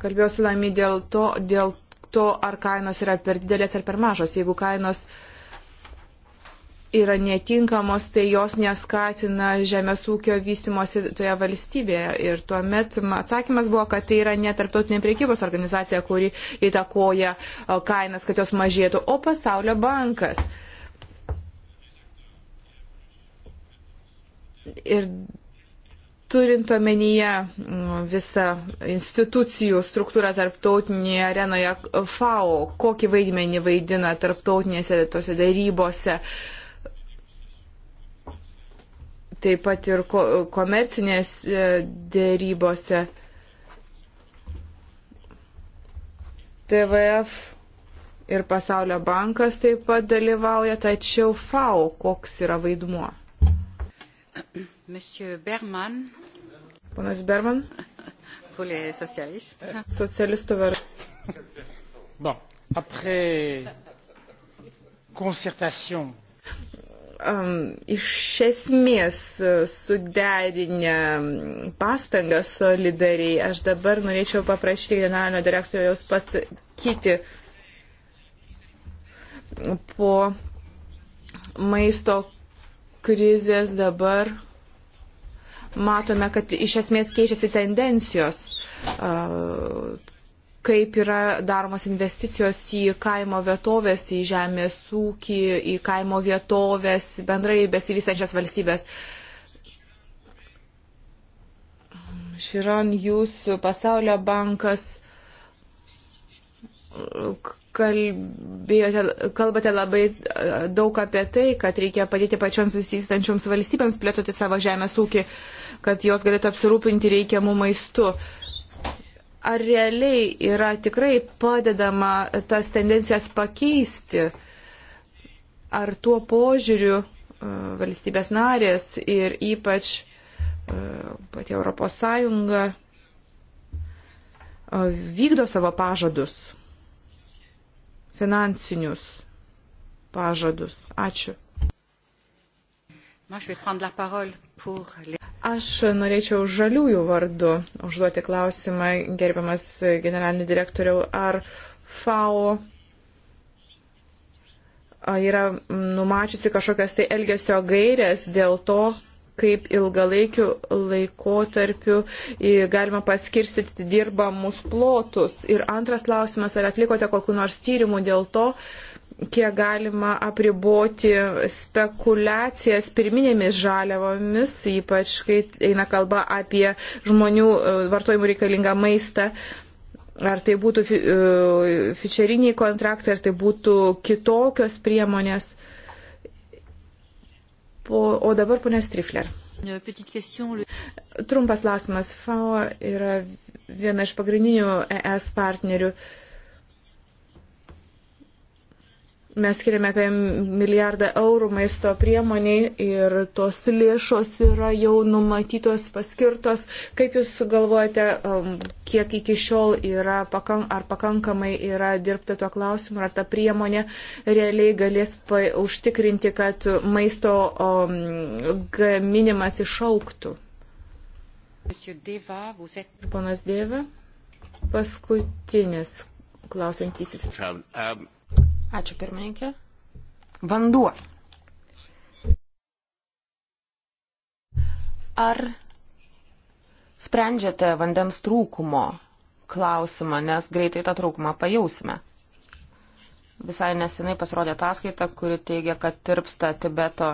kalbėjau su Lami dėl to, dėl to, ar kainos yra per didelės ar per mažos. Jeigu kainos yra netinkamos, tai jos neskatina žemės ūkio vystimosi toje valstybėje. Ir tuomet atsakymas buvo, kad tai yra ne tarptautinė priekybos organizacija, kuri įtakoja kainas, kad jos mažėtų, o pasaulio bankas. Ir turint omenyje mm, visą institucijų struktūrą tarptautinėje arenoje FAO, kokį vaidmenį vaidina tarptautinėse tose darybose, taip pat ir ko, komercinės e, darybose. TVF ir Pasaulio bankas taip pat dalyvauja, tačiau FAO koks yra vaidmuo? Monsieur Berman. Ponas Berman. Pulė socialistų. Socialistų vardu. Bon, après concertation um, iš esmės e, suderinę pastangą solidariai, aš dabar norėčiau paprašyti generalinio direktoriaus pasakyti po maisto krizės dabar matome, kad iš esmės keičiasi tendencijos, kaip yra daromos investicijos į kaimo vietovės, į žemės ūkį, į kaimo vietovės, bendrai besivystančias valstybės. Širon, jūs pasaulio bankas kalbėjote, kalbate labai e, daug apie tai, kad reikia padėti pačioms susistančioms valstybėms plėtoti savo žemės ūkį, kad jos galėtų apsirūpinti reikiamų maistų. Ar realiai yra tikrai padedama tas tendencijas pakeisti? Ar tuo požiūriu e, valstybės narės ir ypač e, pati Europos Sąjunga vykdo savo pažadus? finansinius pažadus. Ačiū. Aš norėčiau žaliųjų vardu užduoti klausimą, gerbiamas generaliniu direktoriau, ar FAO yra numačiusi kažkokias tai elgesio gairės dėl to, kaip ilgalaikiu laikotarpiu galima paskirstyti dirbamus plotus. Ir antras klausimas, ar atlikote kokiu nors tyrimu dėl to, kiek galima apriboti spekulacijas pirminėmis žaliavomis, ypač kai eina kalba apie žmonių e, vartojimų reikalingą maistą. Ar tai būtų e, fičeriniai kontraktai, ar tai būtų kitokios priemonės. Po, o dabar ponė Strifler. Trumpas klausimas. FAO yra viena iš pagrindinių ES partnerių. Uh, Mes skiriame apie milijardą eurų maisto priemoniai ir tos lėšos yra jau numatytos, paskirtos. Kaip Jūs galvojate, um, kiek iki šiol yra, ar pakankamai yra dirbta tuo klausimu, ar ta priemonė realiai galės užtikrinti, kad maisto um, gaminimas išauktų? Ponas Dėva, paskutinis klausantisis. Um, Ačiū pirmininkė. Vanduo. Ar sprendžiate vandens trūkumo klausimą, nes greitai tą trūkumą pajausime? Visai nesenai pasirodė ataskaita, kuri teigia, kad tirpsta Tibeto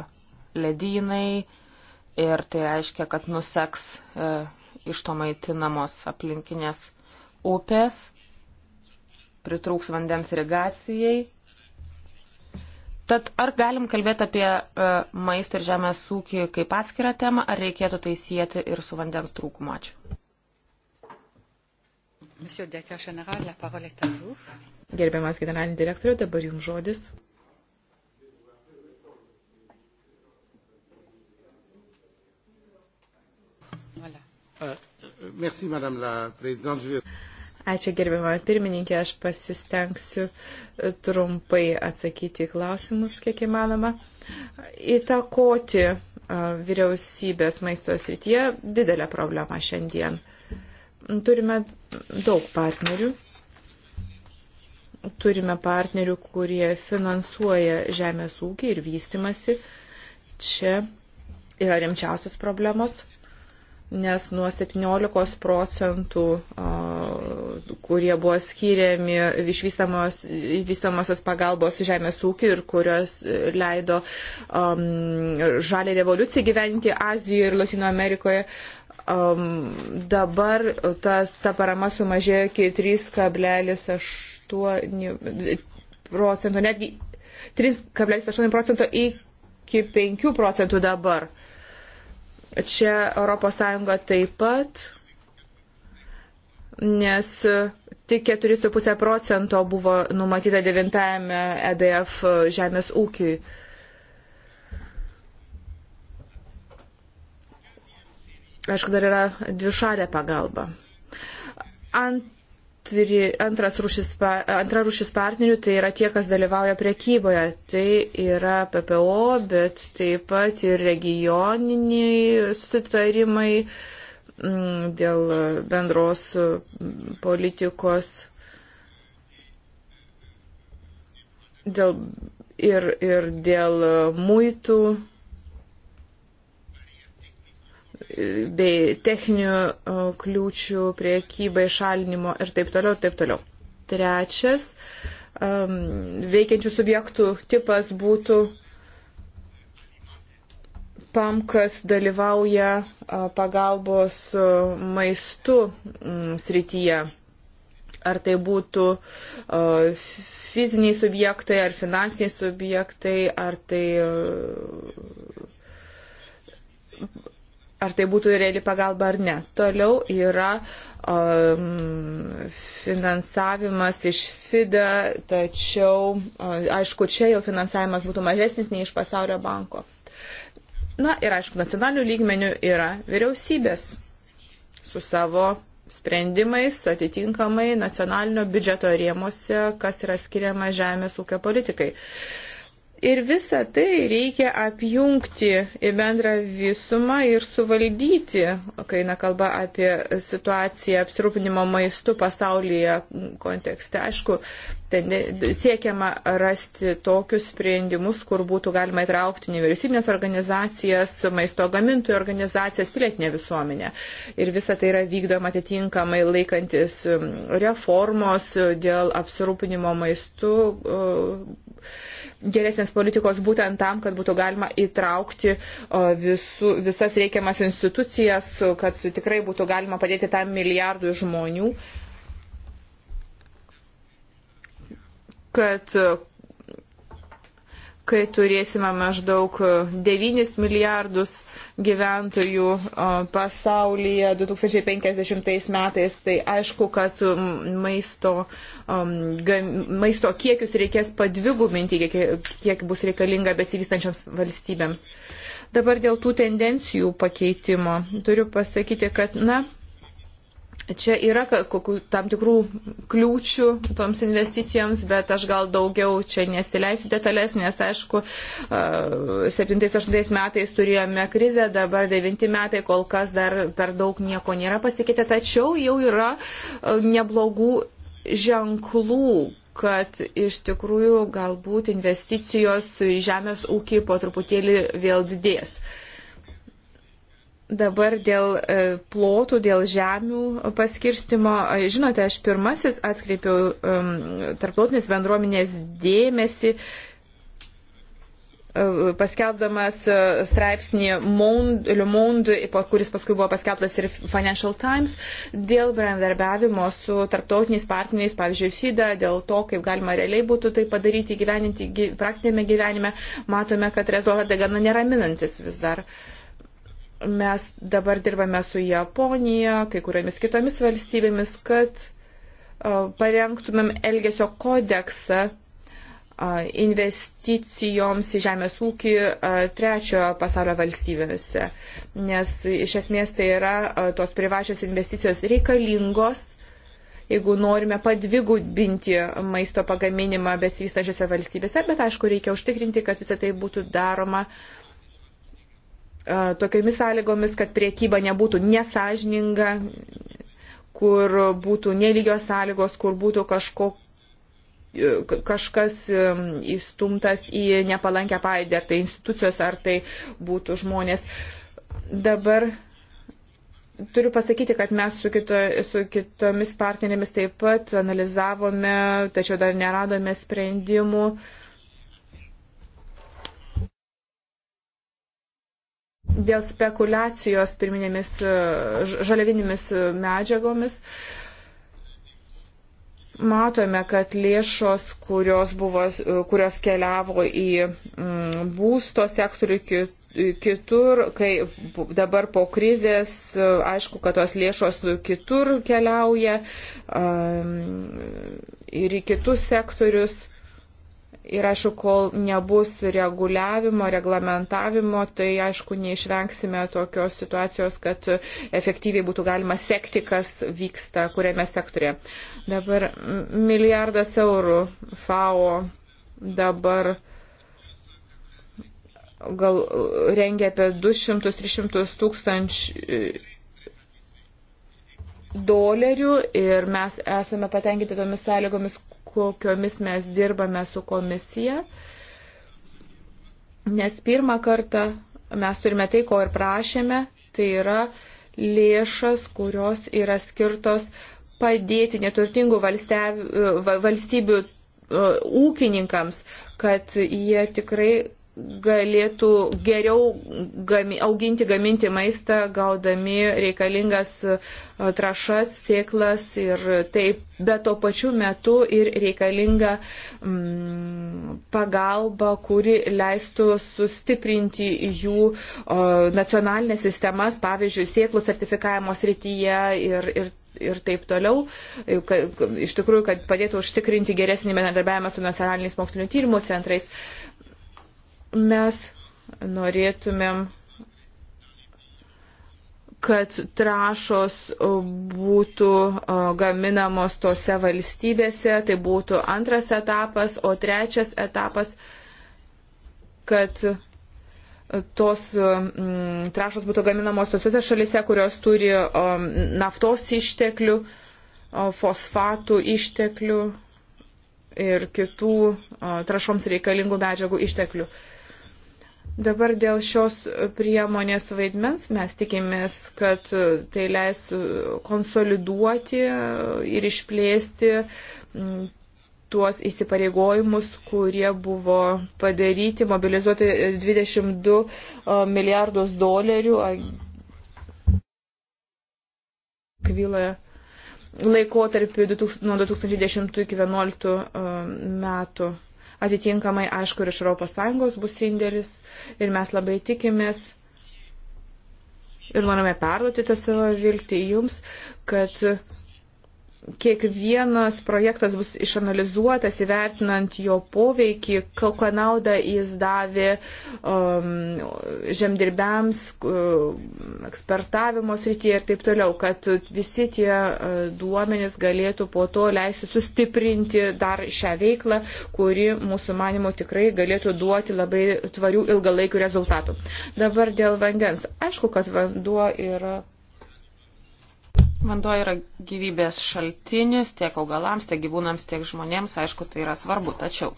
ledynai ir tai reiškia, kad nuseks e, iš to maitinamos aplinkinės upės, pritrūks vandens irigacijai Tad ar galim kalbėti apie e, maistą ir žemės ūkį kaip atskirą temą, ar reikėtų tai sieti ir su vandens trūkumu? Ačiū. Gerbiamas generalinį direktorių, dabar jums žodis. Voilà. Euh, euh, merci, Madame la Présidente. Ačiū gerbimo pirmininkė, aš pasistengsiu e, trumpai atsakyti į klausimus, kiek įmanoma. Įtakoti e, vyriausybės maisto srityje didelė problema šiandien. Turime daug partnerių. Turime partnerių, kurie finansuoja žemės ūkį ir vystimasi. Čia yra rimčiausios problemos nes nuo 17 procentų, kurie buvo skiriami išvystamosios pagalbos žemės ūkiui ir kurios leido um, žalį revoliuciją gyventi Azijoje ir Latino Amerikoje, um, dabar tas, ta parama sumažėjo iki 3,8 procento, netgi 3,8 procento iki 5 procentų dabar. Čia ES taip pat, nes tik 4,5 procento buvo numatyta 9 EDF žemės ūkiui. Aišku, dar yra dvišalė pagalba. Ant antri, antras rūšis, antra rūšis partnerių tai yra tie, kas dalyvauja prekyboje. Tai yra PPO, bet taip pat ir regioniniai sutarimai mm, dėl bendros mm, politikos. Dėl, ir, ir dėl muitų bei techninių kliūčių priekybai šalinimo ir taip toliau ir taip toliau. Trečias um, veikiančių subjektų tipas būtų tam, kas dalyvauja pagalbos maistu mm, srityje. Ar tai būtų fiziniai subjektai, ar finansiniai subjektai, ar tai ar tai būtų reali pagalba ar ne. Toliau yra um, finansavimas iš FIDA, e, tačiau, uh, aišku, čia jau finansavimas būtų mažesnis nei iš pasaulio banko. Na ir aišku, nacionalinių lygmenių yra vyriausybės su savo sprendimais atitinkamai nacionalinio biudžeto rėmose, kas yra skiriama žemės ūkio politikai. Uh, Ir visą tai reikia apjungti į bendrą visumą ir suvaldyti, kai eina kalba apie situaciją apsirūpinimo maistu pasaulyje kontekste. Aišku, siekiama rasti tokius sprendimus, kur būtų galima įtraukti nevyriausybinės organizacijas, maisto gamintojų organizacijas, pilietinę visuomenę. Ir visa tai yra vykdoma atitinkamai laikantis um, reformos dėl apsirūpinimo maistu uh, geresnės politikos būtent tam, kad būtų galima įtraukti uh, visu, visas reikiamas institucijas, kad tikrai būtų galima padėti tam milijardui žmonių. Uh, kad kai turėsime maždaug 9 milijardus gyventojų pasaulyje 2050 metais, tai aišku, kad maisto, maisto kiekius reikės padviguminti, kiek, kiek bus reikalinga besivystančiams valstybėms. Dabar dėl tų tendencijų pakeitimo turiu pasakyti, kad, na, čia yra kokių tam tikrų kliūčių toms investicijoms, bet aš gal daugiau čia nesileisiu detalės, nes aišku, 7-8 metais turėjome krizę, dabar 9 metai kol kas dar per daug nieko nėra pasikeitę, tačiau jau yra neblogų ženklų kad iš tikrųjų galbūt investicijos į žemės ūkį po truputėlį vėl didės. Uh, Dabar dėl e, plotų, dėl žemių paskirstimo. Žinote, aš pirmasis atkreipiau um, tarptautinės bendruomenės dėmesį, um, paskelbdamas e, straipsnį Monde, Le Monde, kuris paskui buvo paskelbtas ir Financial Times, dėl bendarbiavimo su tarptautiniais partneriais, pavyzdžiui, FIDA, dėl to, kaip galima realiai būtų tai padaryti, gyveninti praktinėme gyvenime. Matome, kad rezultatai gana neraminantis vis dar. Uh, Mes dabar dirbame su Japonija, kai kuriomis kitomis valstybėmis, kad parengtumėm Elgesio kodeksą investicijoms į žemės ūkį trečiojo pasaulio valstybėse. Nes iš esmės tai yra tos privačios investicijos reikalingos, jeigu norime padvigubinti maisto pagaminimą besivystančiose valstybėse, bet aišku, reikia užtikrinti, kad visą tai būtų daroma uh, tokiamis sąlygomis, kad priekyba nebūtų nesažininga, kur būtų nelygios sąlygos, kur būtų kažko, e, kažkas e, įstumtas į nepalankę paėdį, ar tai institucijos, ar tai būtų žmonės. Dabar turiu pasakyti, kad mes su, kito, su kitomis partnerėmis taip pat analizavome, tačiau dar neradome sprendimų. Uh, dėl spekulacijos pirminėmis e, žaliavinėmis e, medžiagomis. Matome, kad lėšos, kurios, buvo, e, kurios keliavo į mm, būsto sektorių kitų, kitur, kai dabar po krizės, aišku, kad tos lėšos kitur keliauja ir į kitus sektorius. Ir aišku, kol nebus reguliavimo, reglamentavimo, tai aišku, neišvengsime tokios situacijos, kad efektyviai būtų galima sekti, kas vyksta, kuriame sektorė. Dabar milijardas eurų FAO dabar gal rengia apie 200-300 tūkstančių dolerių ir mes esame patenkinti tomis sąlygomis, kokiomis mes dirbame su komisija, nes pirmą kartą mes turime tai, ko ir prašėme, tai yra lėšas, kurios yra skirtos padėti neturtingų valstybių e, ūkininkams, kad jie tikrai galėtų geriau gami, auginti, gaminti maistą, gaudami reikalingas trašas, sėklas ir taip, bet tuo pačiu metu ir reikalinga mm, pagalba, kuri leistų sustiprinti jų o, nacionalinės sistemas, pavyzdžiui, sėklų sertifikavimo srityje ir, ir ir taip toliau. Iš tikrųjų, kad padėtų užtikrinti geresnį bendradarbiavimą su nacionaliniais mokslinio tyrimų centrais. Mes norėtumėm, kad trašos būtų gaminamos tose valstybėse, tai būtų antras etapas, o trečias etapas, kad tos trašos būtų gaminamos tose šalise, kurios turi naftos išteklių, fosfatų išteklių ir kitų trašoms reikalingų medžiagų išteklių. Dabar dėl šios priemonės vaidmens mes tikimės, kad tai leis konsoliduoti ir išplėsti mm, tuos įsipareigojimus, kurie buvo padaryti, mobilizuoti 22 e, milijardus dolerių kvyloje laikotarpį nuo 2010 iki 2011 e, metų. Atitinkamai, aišku, ir iš ES bus indėlis ir mes labai tikimės ir norime perduoti tą savo viltį jums, kad kiekvienas projektas bus išanalizuotas įvertinant jo poveikį, kokią naudą jis davė um, žemdirbiams, um, ekspertavimo srityje ir taip toliau, kad visi tie uh, duomenys galėtų po to leisti sustiprinti dar šią veiklą, kuri mūsų manimo tikrai galėtų duoti labai tvarių ilgalaikių rezultatų. Dabar dėl vandens. Aišku, kad vanduo yra Vanduo yra gyvybės šaltinis tiek augalams, tiek gyvūnams, tiek žmonėms, aišku, tai yra svarbu, tačiau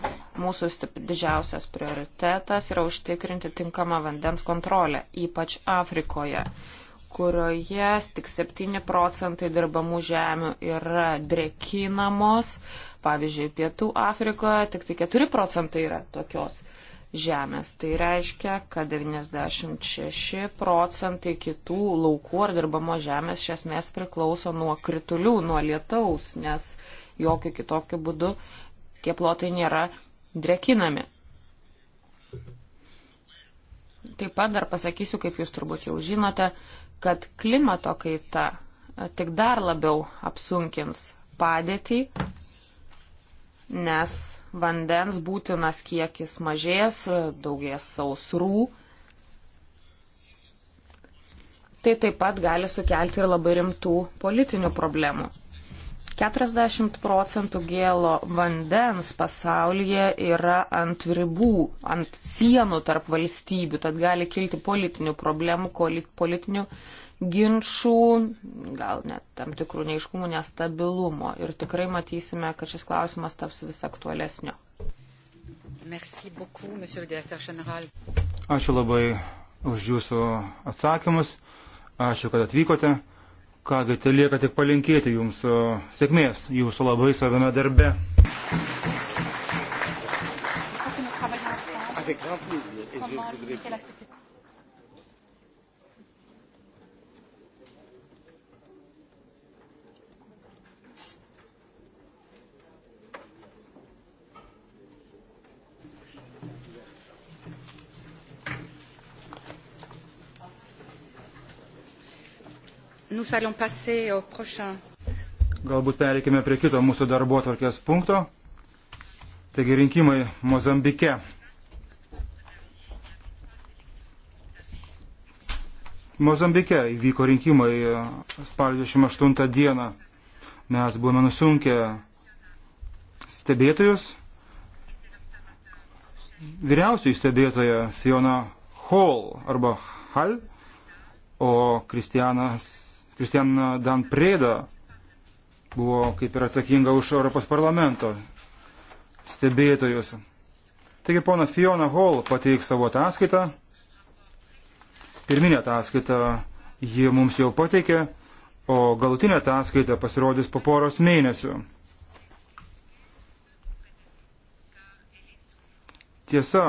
mūsų didžiausias prioritetas yra užtikrinti tinkamą vandens kontrolę, ypač Afrikoje, kurioje tik 7 procentai dirbamų žemių yra drekinamos, pavyzdžiui, Pietų Afrikoje tik tai 4 procentai yra tokios žemės. Tai reiškia, kad 96 procentai kitų laukų ar dirbamo žemės iš esmės priklauso nuo kritulių, nuo lietaus, nes jokių kitokių būdų tie plotai nėra drekinami. Taip pat dar pasakysiu, kaip jūs turbūt jau žinote, kad klimato kaita tik dar labiau apsunkins padėtį, nes vandens būtinas kiekis mažės, daugės sausrų. Tai taip pat gali sukelti ir labai rimtų politinių problemų. 40 procentų gėlo vandens pasaulyje yra ant ribų, ant sienų tarp valstybių, tad gali kilti politinių problemų, politinių ginčių, gal net tam tikrų neiškumų, nestabilumo. Ir tikrai matysime, kad šis klausimas taps vis aktualesnio. Beaucoup, Ačiū labai už jūsų atsakymus. Ačiū, kad atvykote. Kągi, tai lieka tik palinkėti jums sėkmės jūsų labai savame darbe. Avec grand plaisir. Et je voudrais... Galbūt pereikime prie kito mūsų darbo atvarkės punkto. Taigi rinkimai Mozambike. Mozambike įvyko rinkimai spalio 28 dieną. Mes buvome nusunkę stebėtojus. Vyriausiai stebėtoja Fiona Hall arba Hall, o Kristianas Kristian Dan Prėda buvo kaip ir atsakinga už Europos parlamento stebėtojus. Taigi pona Fiona Hall pateiks savo ataskaitą. Pirminę ataskaitą ji mums jau pateikė, o galutinė ataskaita pasirodys po poros mėnesių. Tiesa,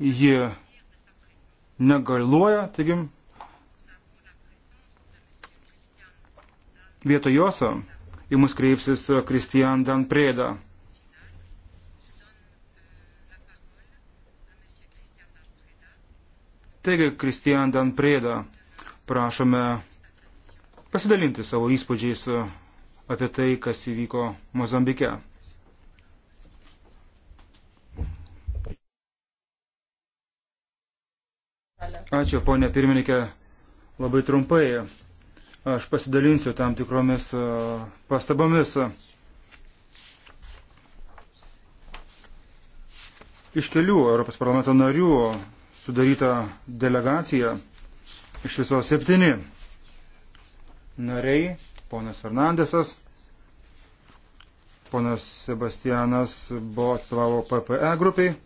ji negaluoja, taigi Vietoj jos į mus kreipsis Kristijan Danprėda. Taigi, Kristijan Danprėda, prašome pasidalinti savo įspūdžiais apie tai, kas įvyko Mozambike. Ačiū, ponė pirmininkė, labai trumpai. Aš pasidalinsiu tam tikromis e, pastabomis. Iš kelių Europos parlamento narių sudaryta delegacija, iš viso septyni nariai, ponas Fernandesas, ponas Sebastianas buvo atstovavo PPE grupiai,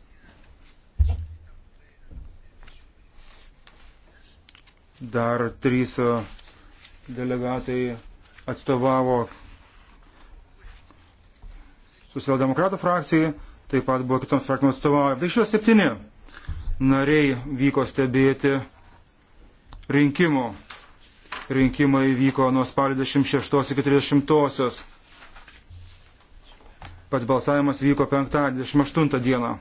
dar trys delegatai atstovavo socialdemokratų frakcijai, taip pat buvo kitoms frakcijoms atstovavo. Iš jos septyni nariai vyko stebėti rinkimų. Rinkimai vyko nuo spalio 26 iki 30. Pats balsavimas vyko penktadienį, 28 dieną.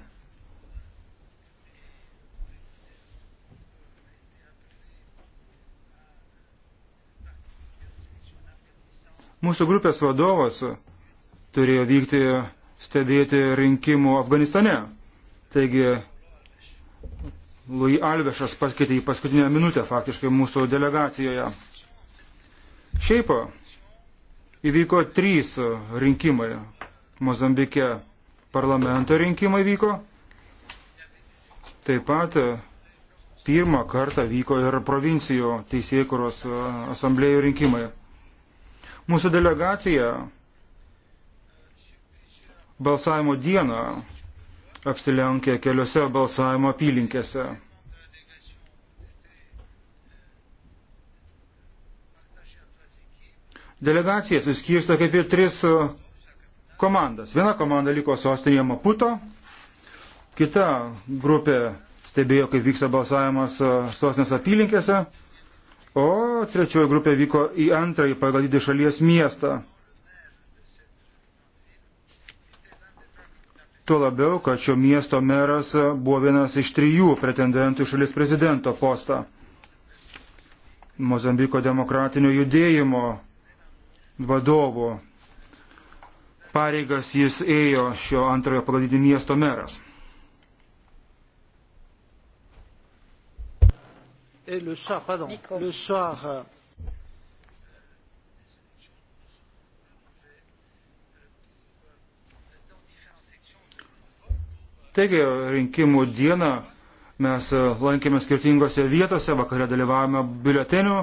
Mūsų grupės vadovas turėjo vykti stebėti rinkimų Afganistane. Taigi, Lui Alvešas paskaitė į paskutinę minutę faktiškai mūsų delegacijoje. Šiaip įvyko trys rinkimai. Mozambike parlamento rinkimai vyko. Taip pat pirmą kartą vyko ir provincijų teisėkuros asamblėjų rinkimai. Mūsų delegacija balsavimo dieną apsilenkė keliose balsavimo apylinkėse. Delegacija suskirsta kaip ir tris komandas. Viena komanda liko sostinėje Maputo, kita grupė stebėjo, kaip vyksta balsavimas sostinės apylinkėse o trečioji grupė vyko į antrąjį pagal dydį šalies miestą. Tuo labiau, kad šio miesto meras buvo vienas iš trijų pretendentų į šalies prezidento postą. Mozambiko demokratinio judėjimo vadovo pareigas jis ėjo šio antrojo pagal dydį miesto meras. et le soir, pardon, Micro. le soir. Euh, Taigi rinkimų dieną mes e, lankėme skirtingose vietose, vakare dalyvavome biuletenių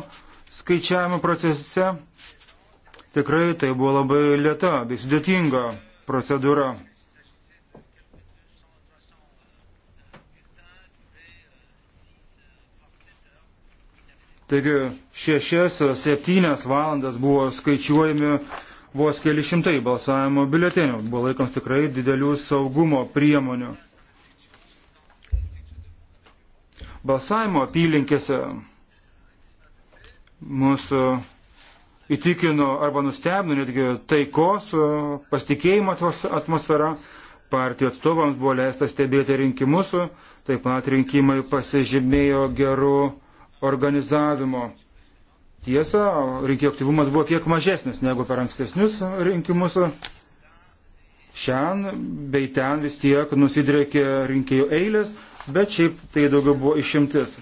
skaičiavimo procese. Tikrai tai buvo labai lėta bei sudėtinga procedūra. Taigi šešias, septynias valandas buvo skaičiuojami vos keli šimtai balsavimo biuletenių. Buvo laikoms tikrai didelių saugumo priemonių. Balsavimo apylinkėse mūsų e, įtikino arba nustebino netgi taikos, e, pasitikėjimo atmosfera. Partijų atstovams buvo leista stebėti rinkimus, taip pat rinkimai pasižymėjo gerų organizavimo. Tiesa, rinkėjų aktyvumas buvo kiek mažesnis negu per ankstesnius rinkimus. Šiandien bei ten vis tiek nusidriekė rinkėjų eilės, bet šiaip tai daugiau buvo išimtis.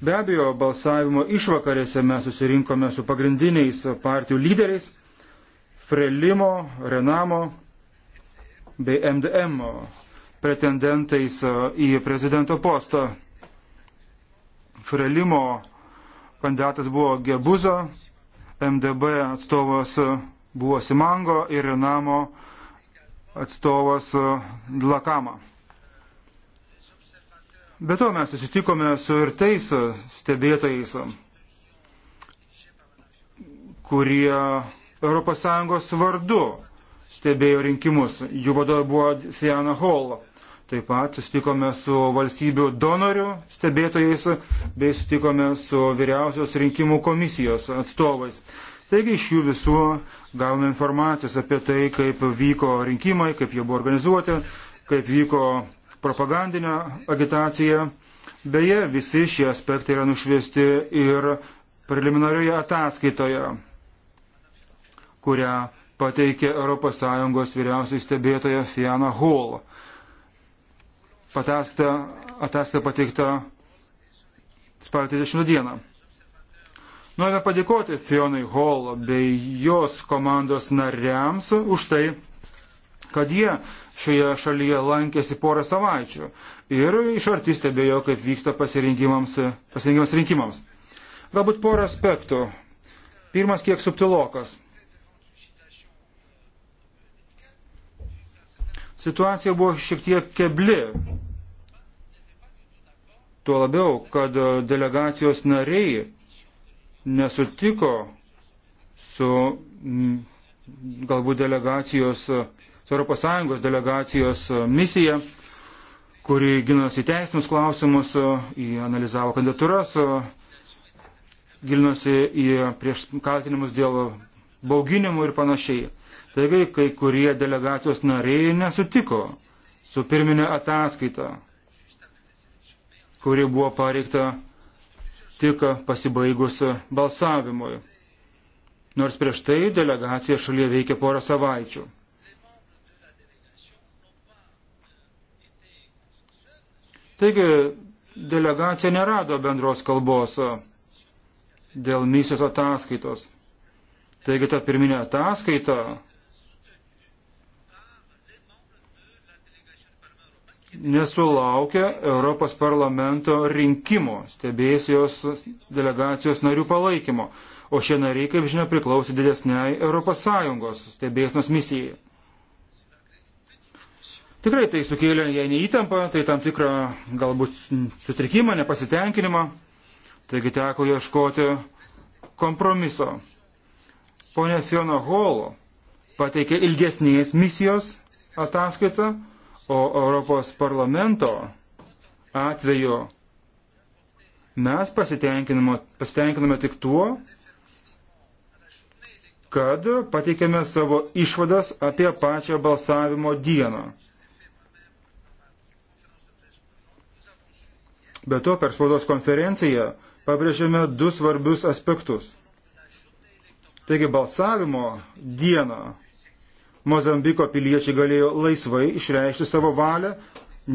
Be abejo, balsavimo išvakarėse mes susirinkome su pagrindiniais partijų lyderiais Frelimo, Renamo bei MDM pretendentais į prezidento postą. Frelimo kandidatas buvo Gebuzo, MDB atstovas buvo Simango ir Renamo atstovas Dlakama. Be to mes susitikome su ir tais stebėtojais, kurie ES vardu stebėjo rinkimus. Jų vadovai buvo Fiona Hall. Taip pat sustikome su valstybių donorių stebėtojais bei sutikome su vyriausios rinkimų komisijos atstovais. Taigi iš jų visų gauna informacijos apie tai, kaip vyko rinkimai, kaip jie buvo organizuoti, kaip vyko propagandinė agitacija. Beje, visi šie aspektai yra nušviesti ir preliminarioje ataskaitoje, kurią pateikė ES vyriausiai stebėtoja Fiona Hall ataskaita, ataskaita pateikta spalio 30 dieną. Norime padėkoti Fionai Hall bei jos komandos nariams už tai, kad jie šioje šalyje lankėsi porą savaičių ir iš arti stebėjo, kaip vyksta pasirinkimams, pasirinkimams rinkimams. Galbūt porą aspektų. Pirmas kiek subtilokas. situacija buvo šiek tiek kebli. Tuo labiau, kad e, delegacijos nariai nesutiko su galbūt delegacijos, e, su ES delegacijos e, misija, kuri ginosi teisinius klausimus, analizavo kandidatūras, gilinosi į prieš kaltinimus dėl bauginimų ir panašiai. Taigi kai kurie delegacijos nariai nesutiko su pirminė ataskaita, kuri buvo pareikta tik pasibaigus balsavimui. Nors prieš tai delegacija šalyje veikė porą savaičių. Taigi delegacija nerado bendros kalbos dėl misijos ataskaitos. Taigi ta pirminė ataskaita nesulaukia Europos parlamento rinkimo, stebėsijos delegacijos narių palaikymo, o šie nariai, kaip žinia, priklausė didesniai ES stebėsnos misijai. Tikrai tai sukėlė, jei neįtampą, tai tam tikrą galbūt sutrikimą, nepasitenkinimą, taigi teko ieškoti kompromiso. Pone Fiona Holo pateikė ilgesnės misijos ataskaitą, O Europos parlamento atveju mes pasitenkiname tik tuo, kad pateikėme savo išvadas apie pačią balsavimo dieną. Be to, per spaudos konferenciją pabrėžėme du svarbius aspektus. Taigi balsavimo dieną Mozambiko piliečiai galėjo laisvai išreikšti savo valią,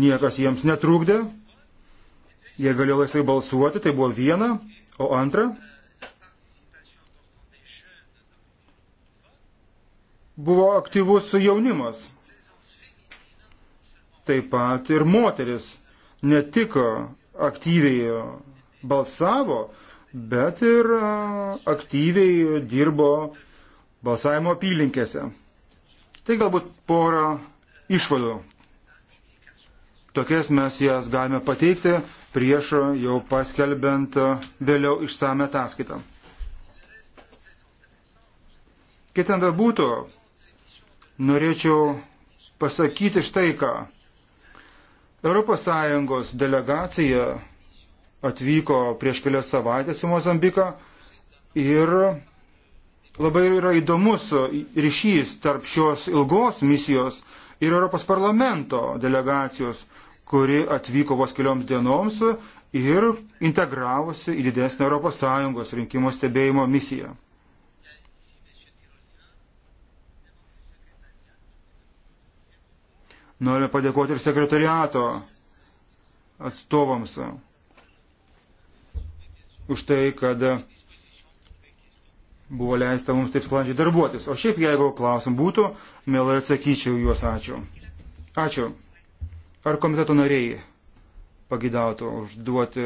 niekas jiems netrukdė, jie galėjo laisvai balsuoti, tai buvo viena, o antra, buvo aktyvus jaunimas, taip pat ir moteris ne tik aktyviai balsavo, bet ir aktyviai dirbo balsavimo apylinkėse. Tai galbūt porą išvadų. Tokias mes jas galime pateikti prieš jau paskelbent vėliau išsame ataskaitą. Kaip ten bebūtų, norėčiau pasakyti štai ką. ES delegacija atvyko prieš kelias savaitės į Mozambiką ir Labai yra įdomus ryšys tarp šios ilgos misijos ir Europos parlamento delegacijos, kuri atvyko vos kelioms dienoms ir integravosi į didesnę ES rinkimo stebėjimo misiją. Norime padėkoti ir sekretariato atstovams už tai, kad buvo leista mums taip sklandžiai darbuotis. O šiaip, jeigu klausim būtų, mielai atsakyčiau juos ačiū. Ačiū. Ar komiteto nariai pagidautų užduoti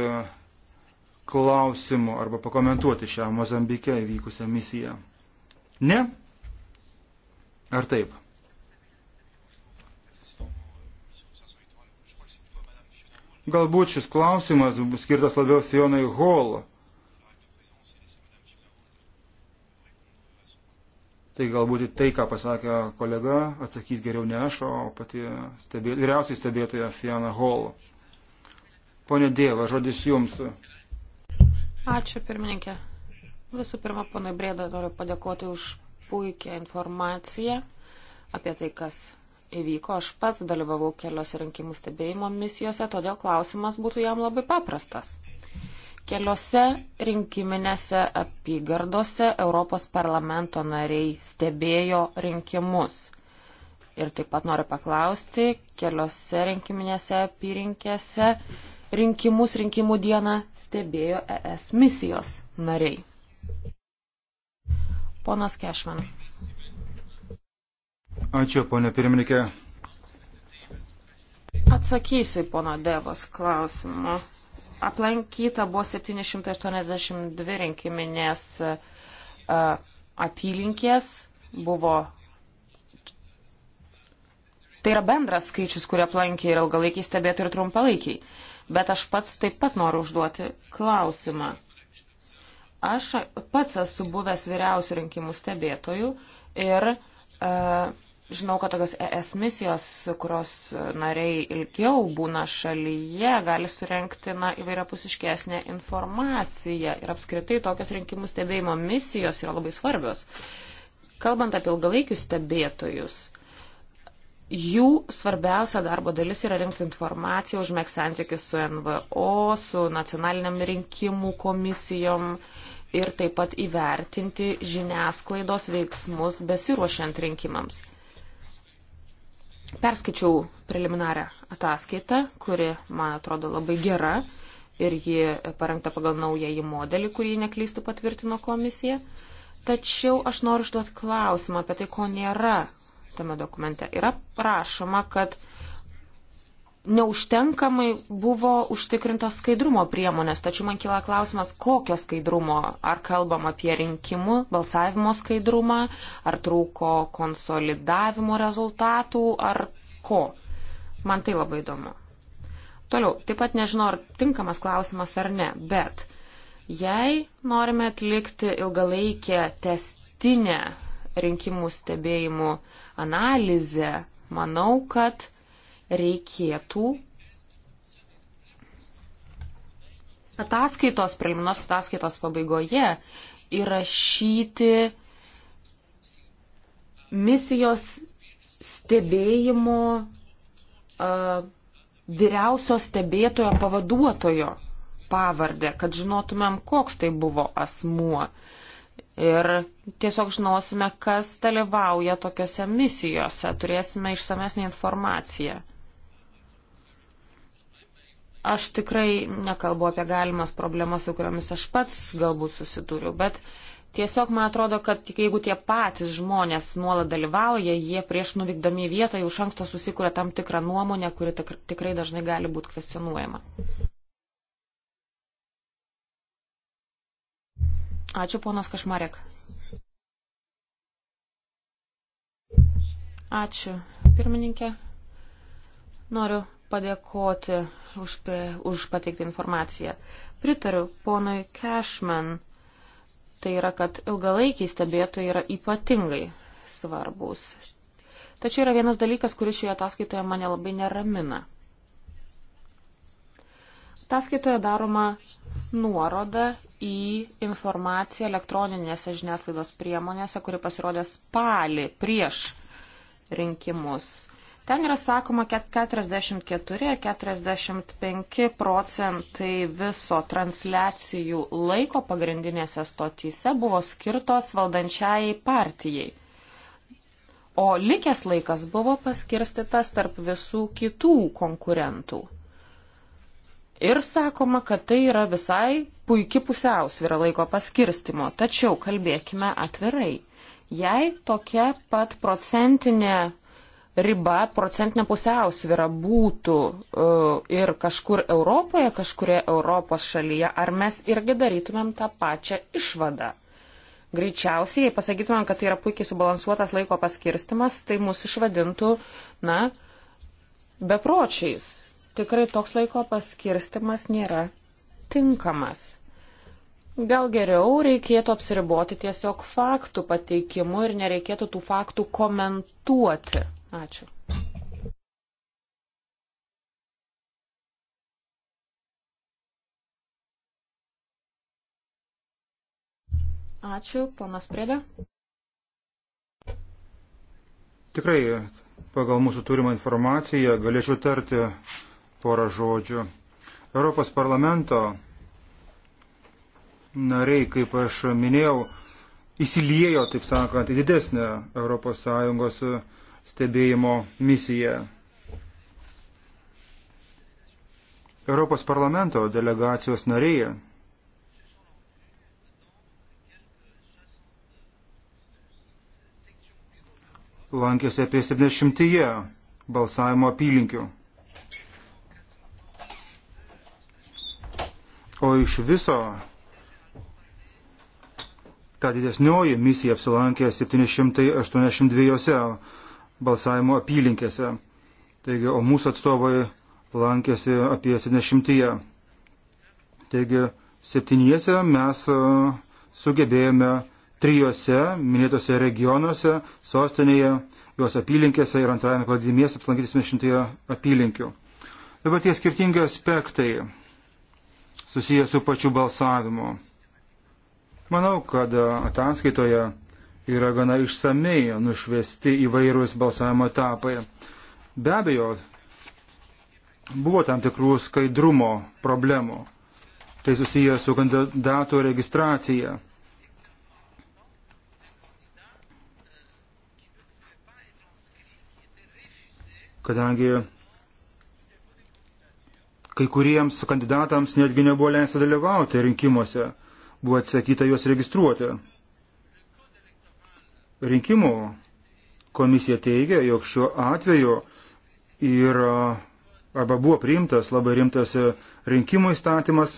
klausimų arba pakomentuoti šią Mozambike įvykusią misiją? Ne? Ar taip? Galbūt šis klausimas skirtas labiau Fionai Hall Tai galbūt tai, ką pasakė kolega, atsakys geriau ne aš, o pati stebė, vyriausiai stebėtoja Fiona Hall. Pone Dieva, žodis jums. Ačiū, pirmininkė. Visų pirma, ponai Brėda, noriu padėkoti už puikią informaciją apie tai, kas įvyko. Aš pats dalyvavau keliose rinkimų stebėjimo misijose, todėl klausimas būtų jam labai paprastas. Keliose rinkiminėse apygardose Europos parlamento nariai stebėjo rinkimus. Ir taip pat noriu paklausti, keliose rinkiminėse apyrinkėse rinkimus rinkimų dieną stebėjo ES misijos nariai. Ponas Kešman. Ačiū, ponė pirmininkė. Atsakysiu pono Devos klausimu aplankyta buvo 782 rinkiminės e, apylinkės, buvo. Tai yra bendras skaičius, kurie aplankė ir ilgalaikiai stebėtojai, ir trumpalaikiai. Bet aš pats taip pat noriu užduoti klausimą. Aš pats esu buvęs vyriausių rinkimų stebėtojų ir uh, Žinau, kad tokios ES misijos, kurios nariai ilgiau būna šalyje, gali surenkti na, įvairiapusiškesnę informaciją ir apskritai tokios rinkimų stebėjimo misijos yra labai svarbios. Kalbant apie ilgalaikius stebėtojus, jų svarbiausia darbo dalis yra rinkti informaciją, užmėgti santykius su NVO, su nacionaliniam rinkimų komisijom ir taip pat įvertinti žiniasklaidos veiksmus besiruošiant rinkimams. Perskaičiau preliminarią ataskaitą, kuri, man atrodo, labai gera ir ji parengta pagal naująjį modelį, kurį neklystų patvirtino komisija. Tačiau aš noriu užduoti klausimą apie tai, ko nėra tame dokumente. Yra prašoma, kad neužtenkamai buvo užtikrintos skaidrumo priemonės, tačiau man kyla klausimas, kokio skaidrumo, ar kalbam apie rinkimų, balsavimo skaidrumą, ar trūko konsolidavimo rezultatų, ar ko. Man tai labai įdomu. Toliau, taip pat nežinau, ar tinkamas klausimas ar ne, bet jei norime atlikti ilgalaikę testinę rinkimų stebėjimų analizę, manau, kad reikėtų ataskaitos, preliminarios ataskaitos pabaigoje įrašyti misijos stebėjimo uh, vyriausio stebėtojo pavaduotojo pavardę, kad žinotumėm, koks tai buvo asmuo. Ir tiesiog žinosime, kas dalyvauja tokiuose misijose, turėsime išsamesnį informaciją. Aš tikrai nekalbu apie galimas problemas, su kuriomis aš pats galbūt susidūriu, bet tiesiog man atrodo, kad tik jeigu tie patys žmonės nuolat dalyvauja, jie prieš nuvykdami į vietą jau iš anksto susikuria tam tikrą nuomonę, kuri tikrai dažnai gali būti kvestionuojama. Ačiū, ponas Kašmarek. Ačiū, pirmininkė. Noriu padėkoti už, pre, už pateiktą informaciją. Pritariu ponui Cashman, tai yra, kad ilgalaikiai stebėtojai yra ypatingai svarbus. Tačiau yra vienas dalykas, kuris šioje ataskaitoje mane labai neramina. Ataskaitoje daroma nuoroda į informaciją elektroninėse žiniasklaidos priemonėse, kuri pasirodė spalį prieš rinkimus Ten yra sakoma, kad 44 ar 45 procentai viso transliacijų laiko pagrindinėse stotyse buvo skirtos valdančiai partijai. O likęs laikas buvo paskirstytas tarp visų kitų konkurentų. Ir sakoma, kad tai yra visai puikia pusiausvyrą laiko paskirstimo. Tačiau kalbėkime atvirai. Jei tokia pat procentinė riba, procentinė pusiausvyrą būtų e, ir kažkur Europoje, kažkurioje Europos šalyje, ar mes irgi darytumėm tą pačią išvadą. Greičiausiai, jei pasakytumėm, kad tai yra puikiai subalansuotas laiko paskirstimas, tai mus išvadintų, na, bepročiais. Tikrai toks laiko paskirstimas nėra tinkamas. Gal geriau reikėtų apsiriboti tiesiog faktų pateikimu ir nereikėtų tų faktų komentuoti. Ačiū. Ačiū, ponas Preda. Tikrai, pagal mūsų turimą informaciją, galėčiau tarti porą žodžių. Europos parlamento nariai, kaip aš minėjau, įsiliejo, taip sakant, į didesnę ES stebėjimo misiją. Europos parlamento delegacijos narėje lankėsi apie 70 balsavimo apylinkių. O iš viso ta didesnioji misija apsilankė 782 balsavimo apylinkėse. Taigi, o mūsų atstovai lankėsi apie 70. Taigi, septyniese mes e, sugebėjome trijose minėtose regionuose, sostinėje, jos apylinkėse ir antrajame pavadinimėse aplankyti 70 apylinkių. Dabar tie skirtingi aspektai susiję su pačiu balsavimu. Manau, kad e, ataskaitoje yra gana išsamei nušviesti įvairūs balsavimo etapai. Be abejo, buvo tam tikrų skaidrumo problemų. Tai susiję su kandidatų registracija. Kadangi kai kuriems kandidatams netgi nebuvo leista dalyvauti rinkimuose, buvo atsakyta juos registruoti rinkimų komisija teigia, jog šiuo atveju yra arba buvo priimtas labai rimtas e, rinkimų įstatymas.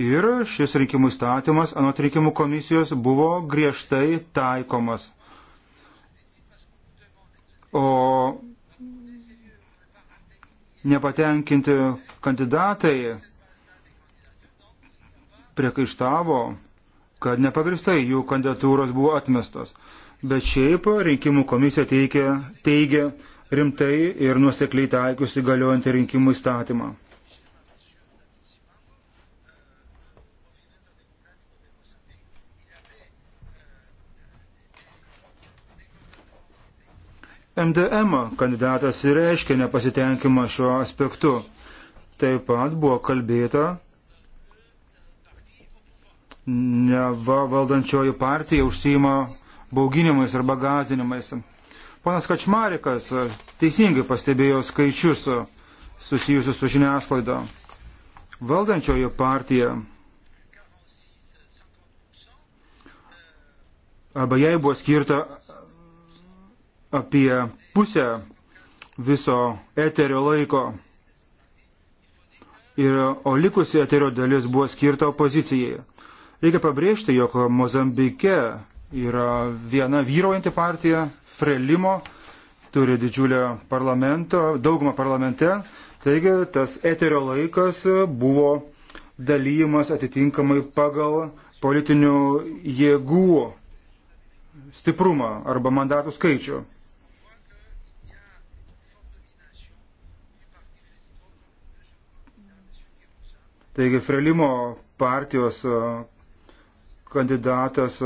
Ir šis rinkimų įstatymas, anot rinkimų komisijos, buvo griežtai taikomas. O nepatenkinti kandidatai priekaištavo, kad nepagristai jų kandidatūros buvo atmestos. Bet šiaip rinkimų komisija teikia, teigia rimtai ir nuosekliai taikiusi galiojantį rinkimų įstatymą. MDM kandidatas reiškia nepasitenkimą šiuo aspektu. Taip pat buvo kalbėta, neva valdančioji partija užsima bauginimais arba gazinimais. Ponas Kačmarikas teisingai pastebėjo skaičius susijusius su žiniasklaida. Valdančioji partija arba jai buvo skirta apie pusę viso eterio laiko. Ir, o likusi eterio dalis buvo skirta opozicijai. Reikia pabrėžti, jog Mozambike yra viena vyraujanti partija, Frelimo, turi didžiulę parlamento, daugumą parlamente, taigi tas eterio laikas buvo dalyjimas atitinkamai pagal politinių jėgų stiprumą arba mandatų skaičių. Taigi Frelimo partijos kandidatas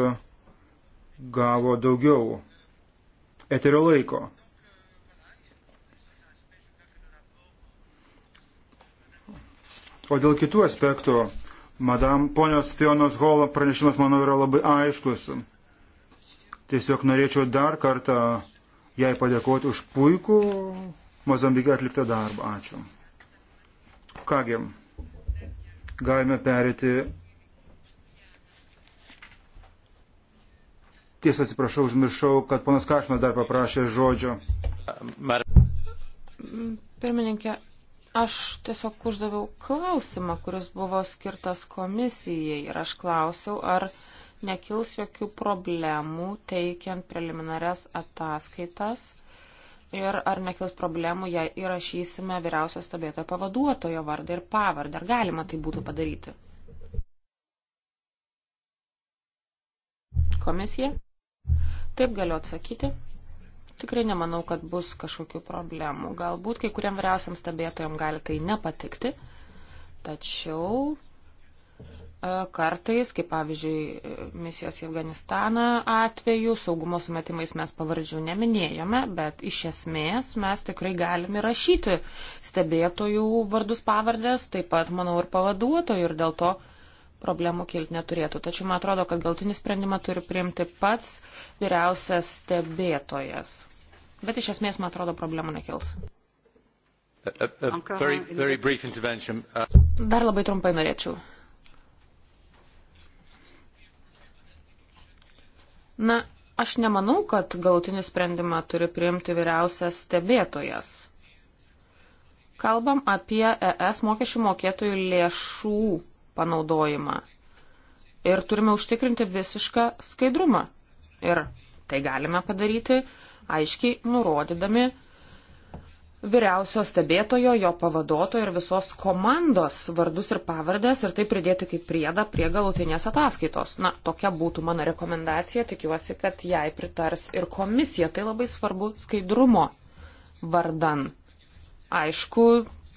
gavo daugiau eterio laiko. O dėl kitų aspektų, madam, ponios Fionos Holo pranešimas, manau, yra labai aiškus. Tiesiog norėčiau dar kartą jai padėkoti už puikų Mozambike atliktą darbą. Ačiū. Kągi, galime perėti Tiesą atsiprašau, užmiršau, kad ponas Kašmas dar paprašė žodžio. Pirmininkė, aš tiesiog uždaviau klausimą, kuris buvo skirtas komisijai ir aš klausiau, ar nekils jokių problemų teikiant preliminarias ataskaitas ir ar nekils problemų, jei įrašysime vyriausios stebėtojo pavaduotojo vardą ir pavardę. Ar galima tai būtų padaryti? Komisija? Taip galiu atsakyti. Tikrai nemanau, kad bus kažkokių problemų. Galbūt kai kuriam vyriausiam stebėtojam gali tai nepatikti, tačiau e, kartais, kaip pavyzdžiui, misijos į Afganistaną atveju, saugumo sumetimais mes pavardžių neminėjome, bet iš esmės mes tikrai galime rašyti stebėtojų vardus pavardės, taip pat, manau, ir pavaduotojų ir dėl to problemų kilti neturėtų. Tačiau man atrodo, kad galtinį sprendimą turi priimti pats vyriausias stebėtojas. Bet iš esmės, man atrodo, problemų nekils. Uh, Dar labai trumpai norėčiau. Na, aš nemanau, kad galutinį sprendimą turi priimti vyriausias stebėtojas. Kalbam apie ES mokesčių mokėtojų lėšų panaudojimą. Ir turime užtikrinti visišką skaidrumą. Ir tai galime padaryti aiškiai nurodydami vyriausio stebėtojo, jo pavaduotojo ir visos komandos vardus ir pavardės ir tai pridėti kaip priedą prie galutinės ataskaitos. Na, tokia būtų mano rekomendacija, tikiuosi, kad jai pritars ir komisija. Tai labai svarbu skaidrumo vardan. Aišku,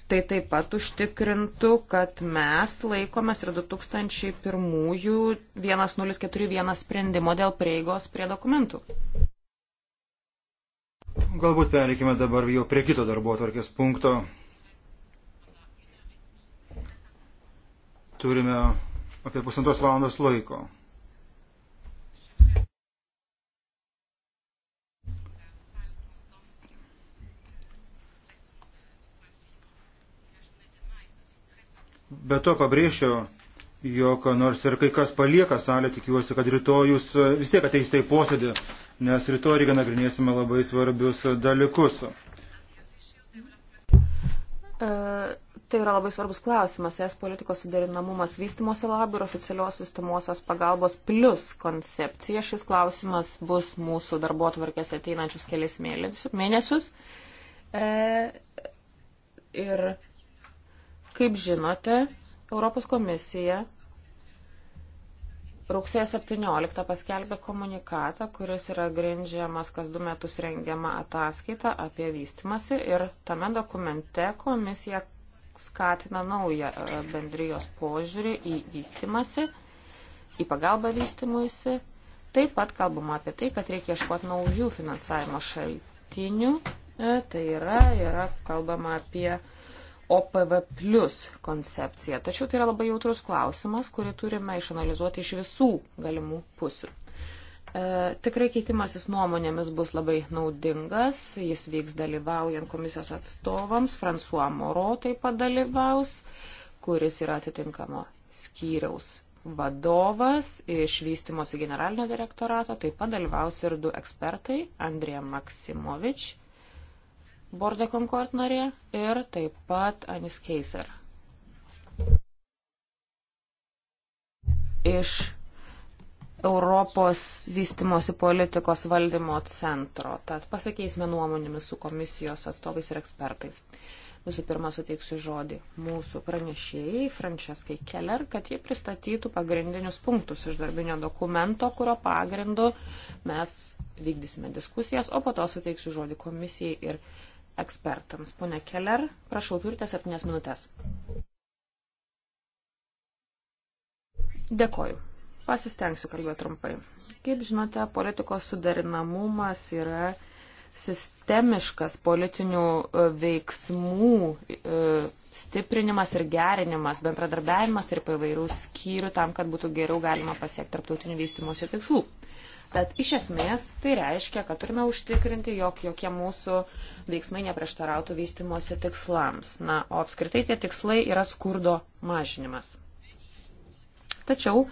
Tai taip pat užtikrintų, kad mes laikomės ir 2001-1041 sprendimo dėl prieigos prie dokumentų. Galbūt pereikime dabar jau prie kito darbo atvarkės punkto. Turime apie pusantros valandos laiko. Be to pabrėšiu, jog nors ir kai kas palieka salę, tikiuosi, kad rytoj jūs e, vis tiek ateisite į posėdį, nes rytoj irgi nagrinėsime labai svarbius dalykus. Uh tai yra labai svarbus klausimas. Es politikos suderinamumas vystimosi labui ir oficialios vystimosios pagalbos plus koncepcija. Šis klausimas bus mūsų darbo atvarkės ateinančius kelias mėnesius. E, ir Kaip žinote, Europos komisija rugsėjo 17 paskelbė komunikatą, kuris yra grindžiamas kas du metus rengiama ataskaita apie vystimasi ir tame dokumente komisija skatina naują e, bendrijos požiūrį į vystimasi, į pagalbą vystimuisi. Taip pat kalbama apie tai, kad reikia ieškoti naujų finansavimo šaltinių. E, tai yra, yra kalbama apie uh, OPV plus koncepciją. Tačiau tai yra labai jautrus klausimas, kurį turime išanalizuoti iš visų galimų pusių. E, tikrai keitimasis nuomonėmis bus labai naudingas, jis vyks dalyvaujant komisijos atstovams, François Moro taip pat dalyvaus, kuris yra atitinkamo skyriaus vadovas iš vystimosi generalinio direktorato, taip pat dalyvaus ir du ekspertai, Andrija Maksimovič Borde Concord narė ir taip pat Anis Keiser. Iš Europos vystimosi politikos valdymo centro. Tad pasikeisime nuomonėmis su komisijos atstovais ir ekspertais. Visų pirma, suteiksiu žodį mūsų pranešėjai Franceskai Keller, kad jie pristatytų pagrindinius punktus iš darbinio dokumento, kurio pagrindu mes vykdysime diskusijas, o po to suteiksiu žodį komisijai ir ekspertams. Pone Keller, prašau, turite septynės minutės. Dėkoju. Pasistengsiu kalbėti trumpai. Kaip žinote, politikos sudarinamumas yra sistemiškas politinių e, veiksmų e, stiprinimas ir gerinimas, bendradarbiavimas ir įvairių skyrių tam, kad būtų geriau galima pasiekti tarptautinių vystimosi tikslų. Tad iš esmės tai reiškia, kad turime užtikrinti, jog jokie mūsų veiksmai neprieštarautų vystimosi tikslams. Na, o apskritai tie tikslai yra skurdo mažinimas. Tačiau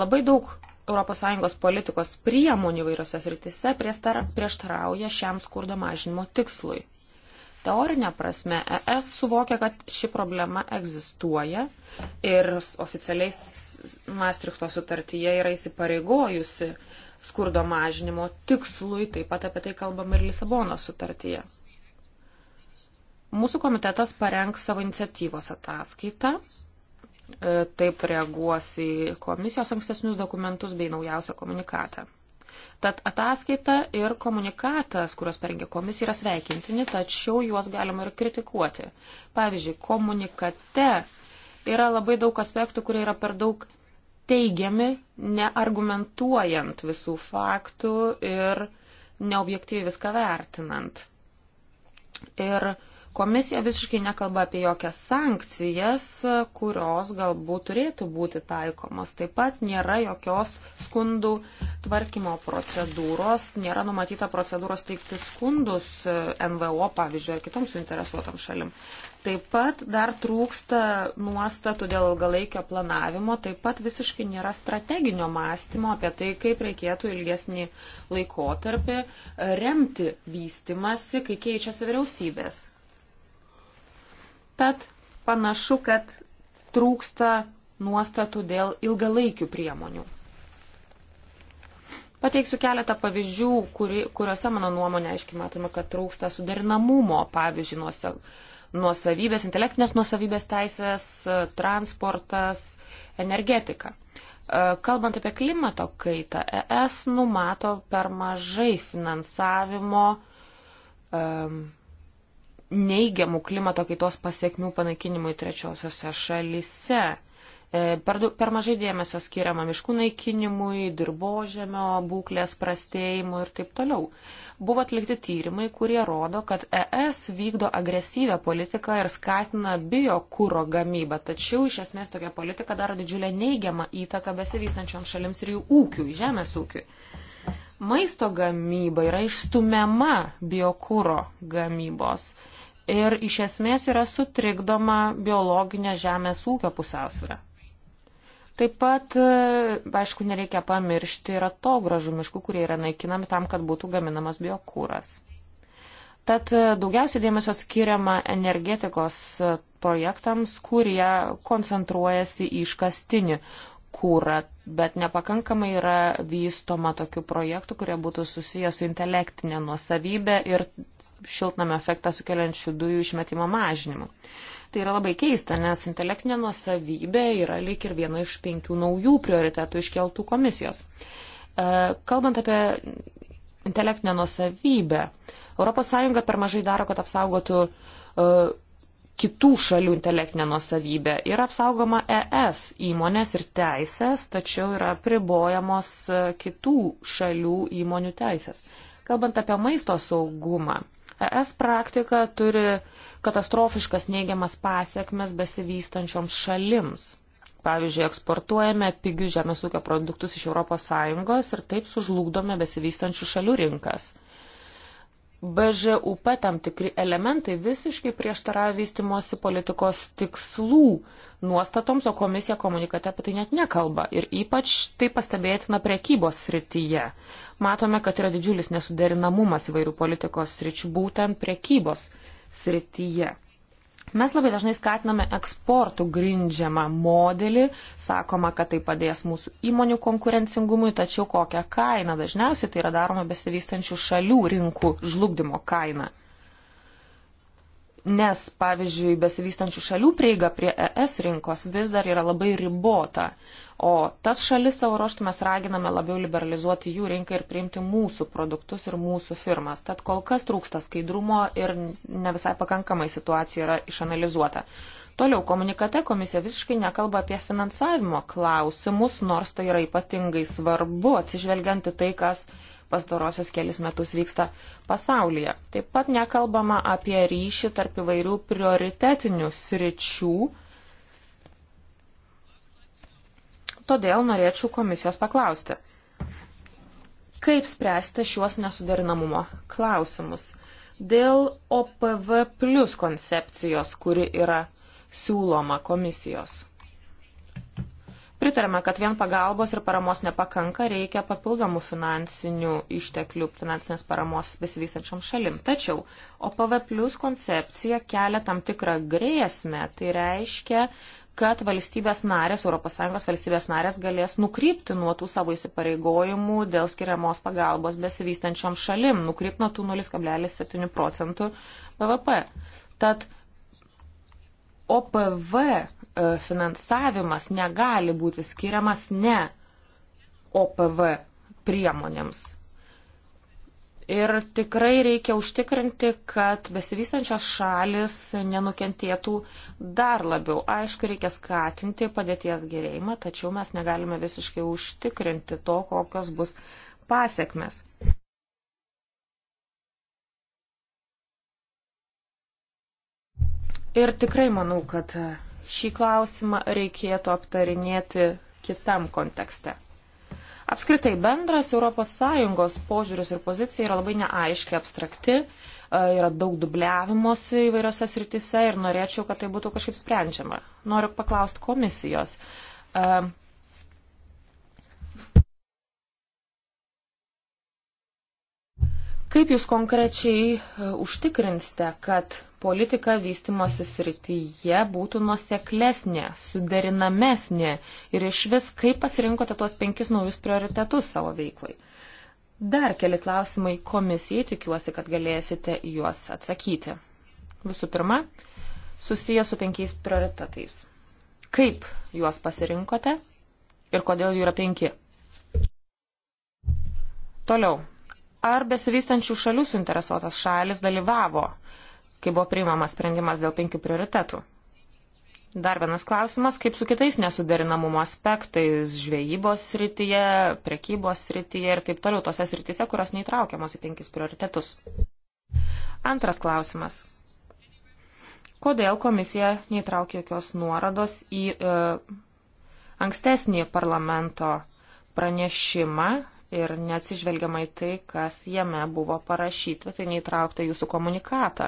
labai daug ES politikos priemonių vairiose srityse prieštarauja šiam skurdo mažinimo tikslui. Teorinė prasme, ES suvokia, kad ši problema egzistuoja ir oficialiai Maastrichto sutartyje yra įsipareigojusi uh, skurdo mažinimo tikslui, taip pat apie tai kalbam ir Lisabono sutartyje. Mūsų komitetas parengs savo iniciatyvos ataskaitą, e, taip reaguos į komisijos ankstesnius dokumentus bei naujausią komunikatą. Tad ataskaita ir komunikatas, kuriuos parengė komisija, yra sveikintini, tačiau juos galima ir kritikuoti. Pavyzdžiui, komunikate yra labai daug aspektų, kurie yra per daug teigiami, neargumentuojant visų faktų ir neobjektyviai viską vertinant. Ir Komisija visiškai nekalba apie jokias sankcijas, kurios galbūt turėtų būti taikomos. Taip pat nėra jokios skundų tvarkymo procedūros, nėra numatyta procedūros teikti skundus e, MVO, pavyzdžiui, ar kitoms suinteresuotam šalim. Taip pat dar trūksta nuostatų dėl ilgalaikio planavimo, taip pat visiškai nėra strateginio mąstymo apie tai, kaip reikėtų ilgesnį laikotarpį remti vystimasi, kai keičiasi vyriausybės. Tad panašu, kad trūksta nuostatų dėl ilgalaikių priemonių. Pateiksiu keletą pavyzdžių, kuri, kuriuose, mano nuomonė, aiškiai matome, kad trūksta suderinamumo, pavyzdžiui, nuose, nuosavybės, intelektinės nuosavybės teisės, transportas, energetika. E, kalbant apie klimato kaitą, ES numato per mažai finansavimo um, neigiamų klimato kaitos pasiekmių panaikinimui trečiosiose šalise. E, per, per mažai dėmesio skiriama miškų naikinimui, dirbožėmio būklės prastėjimui ir taip toliau. Buvo atlikti tyrimai, kurie rodo, kad ES vykdo agresyvę politiką ir skatina biokūro gamybą, tačiau iš esmės tokia politika daro didžiulę neigiamą įtaką besivystančioms šalims ir jų ūkiui, žemės ūkiui. Maisto gamyba yra išstumiama biokūro gamybos ir iš esmės yra sutrikdoma biologinė žemės ūkio pusiausvyrą. Taip pat, e, aišku, nereikia pamiršti ir atogražų miškų, kurie yra naikinami tam, kad būtų gaminamas biokūras. Tad e, daugiausiai dėmesio skiriama energetikos e, projektams, kurie koncentruojasi į iškastinį kūrą, bet nepakankamai yra vystoma tokių projektų, kurie būtų susijęs su intelektinė nuosavybė ir šiltnamio efektą sukeliančių dujų išmetimo mažinimu. Tai yra labai keista, nes intelektinė nuosavybė yra lyg ir viena iš penkių naujų prioritetų iškeltų komisijos. E, kalbant apie intelektinę nuosavybę, ES per mažai daro, kad apsaugotų e, kitų šalių intelektinė nuosavybė. Yra apsaugoma ES įmonės ir teisės, tačiau yra pribojamos e, kitų šalių įmonių teisės. Kalbant apie maisto saugumą, ES praktika turi katastrofiškas neigiamas pasiekmes besivystančioms šalims. Pavyzdžiui, eksportuojame pigius žemės ūkio produktus iš ES ir taip sužlugdome besivystančių šalių rinkas. BŽUP tam tikri elementai visiškai prieštarauja vystimosi politikos tikslų nuostatoms, o komisija komunikate apie tai net nekalba. Ir ypač tai pastebėtina prekybos srityje. Matome, kad yra didžiulis nesuderinamumas įvairių politikos sričių būtent prekybos srityje. Mes labai dažnai skatiname eksportų grindžiamą modelį, sakoma, kad tai padės mūsų įmonių konkurencingumui, tačiau kokią kainą dažniausiai tai yra daroma besivystančių šalių rinkų žlugdymo kaina nes, pavyzdžiui, besivystančių šalių prieiga prie ES rinkos vis dar yra labai ribota, o tas šalis savo ruoštų mes raginame labiau liberalizuoti jų rinką ir priimti mūsų produktus ir mūsų firmas. Tad kol kas trūksta skaidrumo ir ne visai pakankamai situacija yra išanalizuota. Toliau komunikate komisija visiškai nekalba apie finansavimo klausimus, nors tai yra ypatingai svarbu atsižvelgianti tai, kas pastarosios kelius metus vyksta pasaulyje. Taip pat nekalbama apie ryšį tarp įvairių prioritetinių sričių. Todėl norėčiau komisijos paklausti, kaip spręsti šiuos nesuderinamumo klausimus dėl OPV plus koncepcijos, kuri yra siūloma komisijos. Pritarėme, kad vien pagalbos ir paramos nepakanka, reikia papildomų finansinių išteklių, finansinės paramos besivysančiam šalim. Tačiau OPV plus koncepcija kelia tam tikrą grėsmę. Tai reiškia, kad valstybės narės, ES valstybės narės galės nukrypti nuo tų savo įsipareigojimų dėl skiriamos pagalbos besivystančiam šalim, nukrypti nuo tų 0,7 procentų BVP. Tad OPV e, finansavimas negali būti skiriamas ne OPV priemonėms. Ir tikrai reikia užtikrinti, kad besivystančios šalis nenukentėtų dar labiau. Aišku, reikia skatinti padėties gerėjimą, tačiau mes negalime visiškai užtikrinti to, kokios bus pasiekmes. Ir tikrai manau, kad šį klausimą reikėtų aptarinėti kitam kontekste. Apskritai bendras ES požiūris ir pozicija yra labai neaiški, abstrakti, e, yra daug dubliavimosi įvairiose sritise ir norėčiau, kad tai būtų kažkaip sprendžiama. Noriu paklausti komisijos. E, Kaip jūs konkrečiai e, užtikrinsite, kad politika vystimosi srityje būtų nuoseklesnė, suderinamesnė ir iš vis kaip pasirinkote tuos penkis naujus prioritetus savo veiklai? Dar keli klausimai komisijai, tikiuosi, kad galėsite juos atsakyti. Visų pirma, susiję su penkiais prioritetais. Kaip juos pasirinkote ir kodėl jų yra penki? Toliau, ar besivystančių šalių suinteresuotas šalis dalyvavo, kai buvo priimamas sprendimas dėl penkių prioritetų? Dar vienas klausimas, kaip su kitais nesuderinamumo aspektais žvejybos srityje, prekybos srityje ir taip toliau tose srityse, kurios neįtraukiamos į penkis prioritetus. Antras klausimas. Kodėl komisija neįtraukė jokios nuorados į e, ankstesnį parlamento pranešimą ir neatsižvelgiama į tai, kas jame buvo parašyta, tai neįtraukta jūsų komunikatą.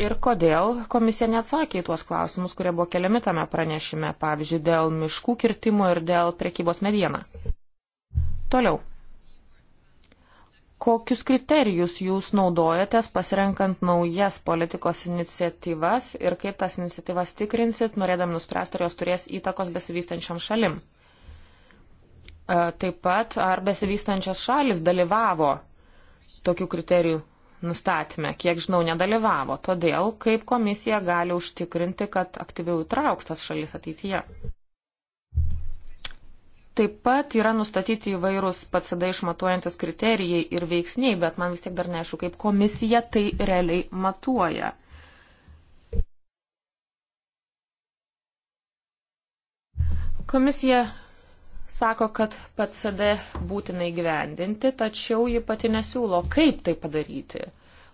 Ir kodėl komisija neatsakė į tuos klausimus, kurie buvo keliami tame pranešime, pavyzdžiui, dėl miškų kirtimo ir dėl prekybos medieną. Toliau. Kokius kriterijus jūs naudojatės pasirenkant naujas politikos iniciatyvas ir kaip tas iniciatyvas tikrinsit, norėdami nuspręsti, ar jos turės įtakos besivystančiam šalim? E, taip pat ar besivystančios šalis dalyvavo tokių kriterijų nustatymę, kiek žinau, nedalyvavo. Todėl kaip komisija gali užtikrinti, kad aktyviau įtrauks tas šalis ateityje. Taip pat yra nustatyti įvairūs patsada išmatuojantis kriterijai ir veiksniai, bet man vis tiek dar neaišku, kaip komisija tai realiai matuoja. Komisija sako, kad PCD būtinai gyvendinti, tačiau ji pati nesiūlo, kaip tai padaryti.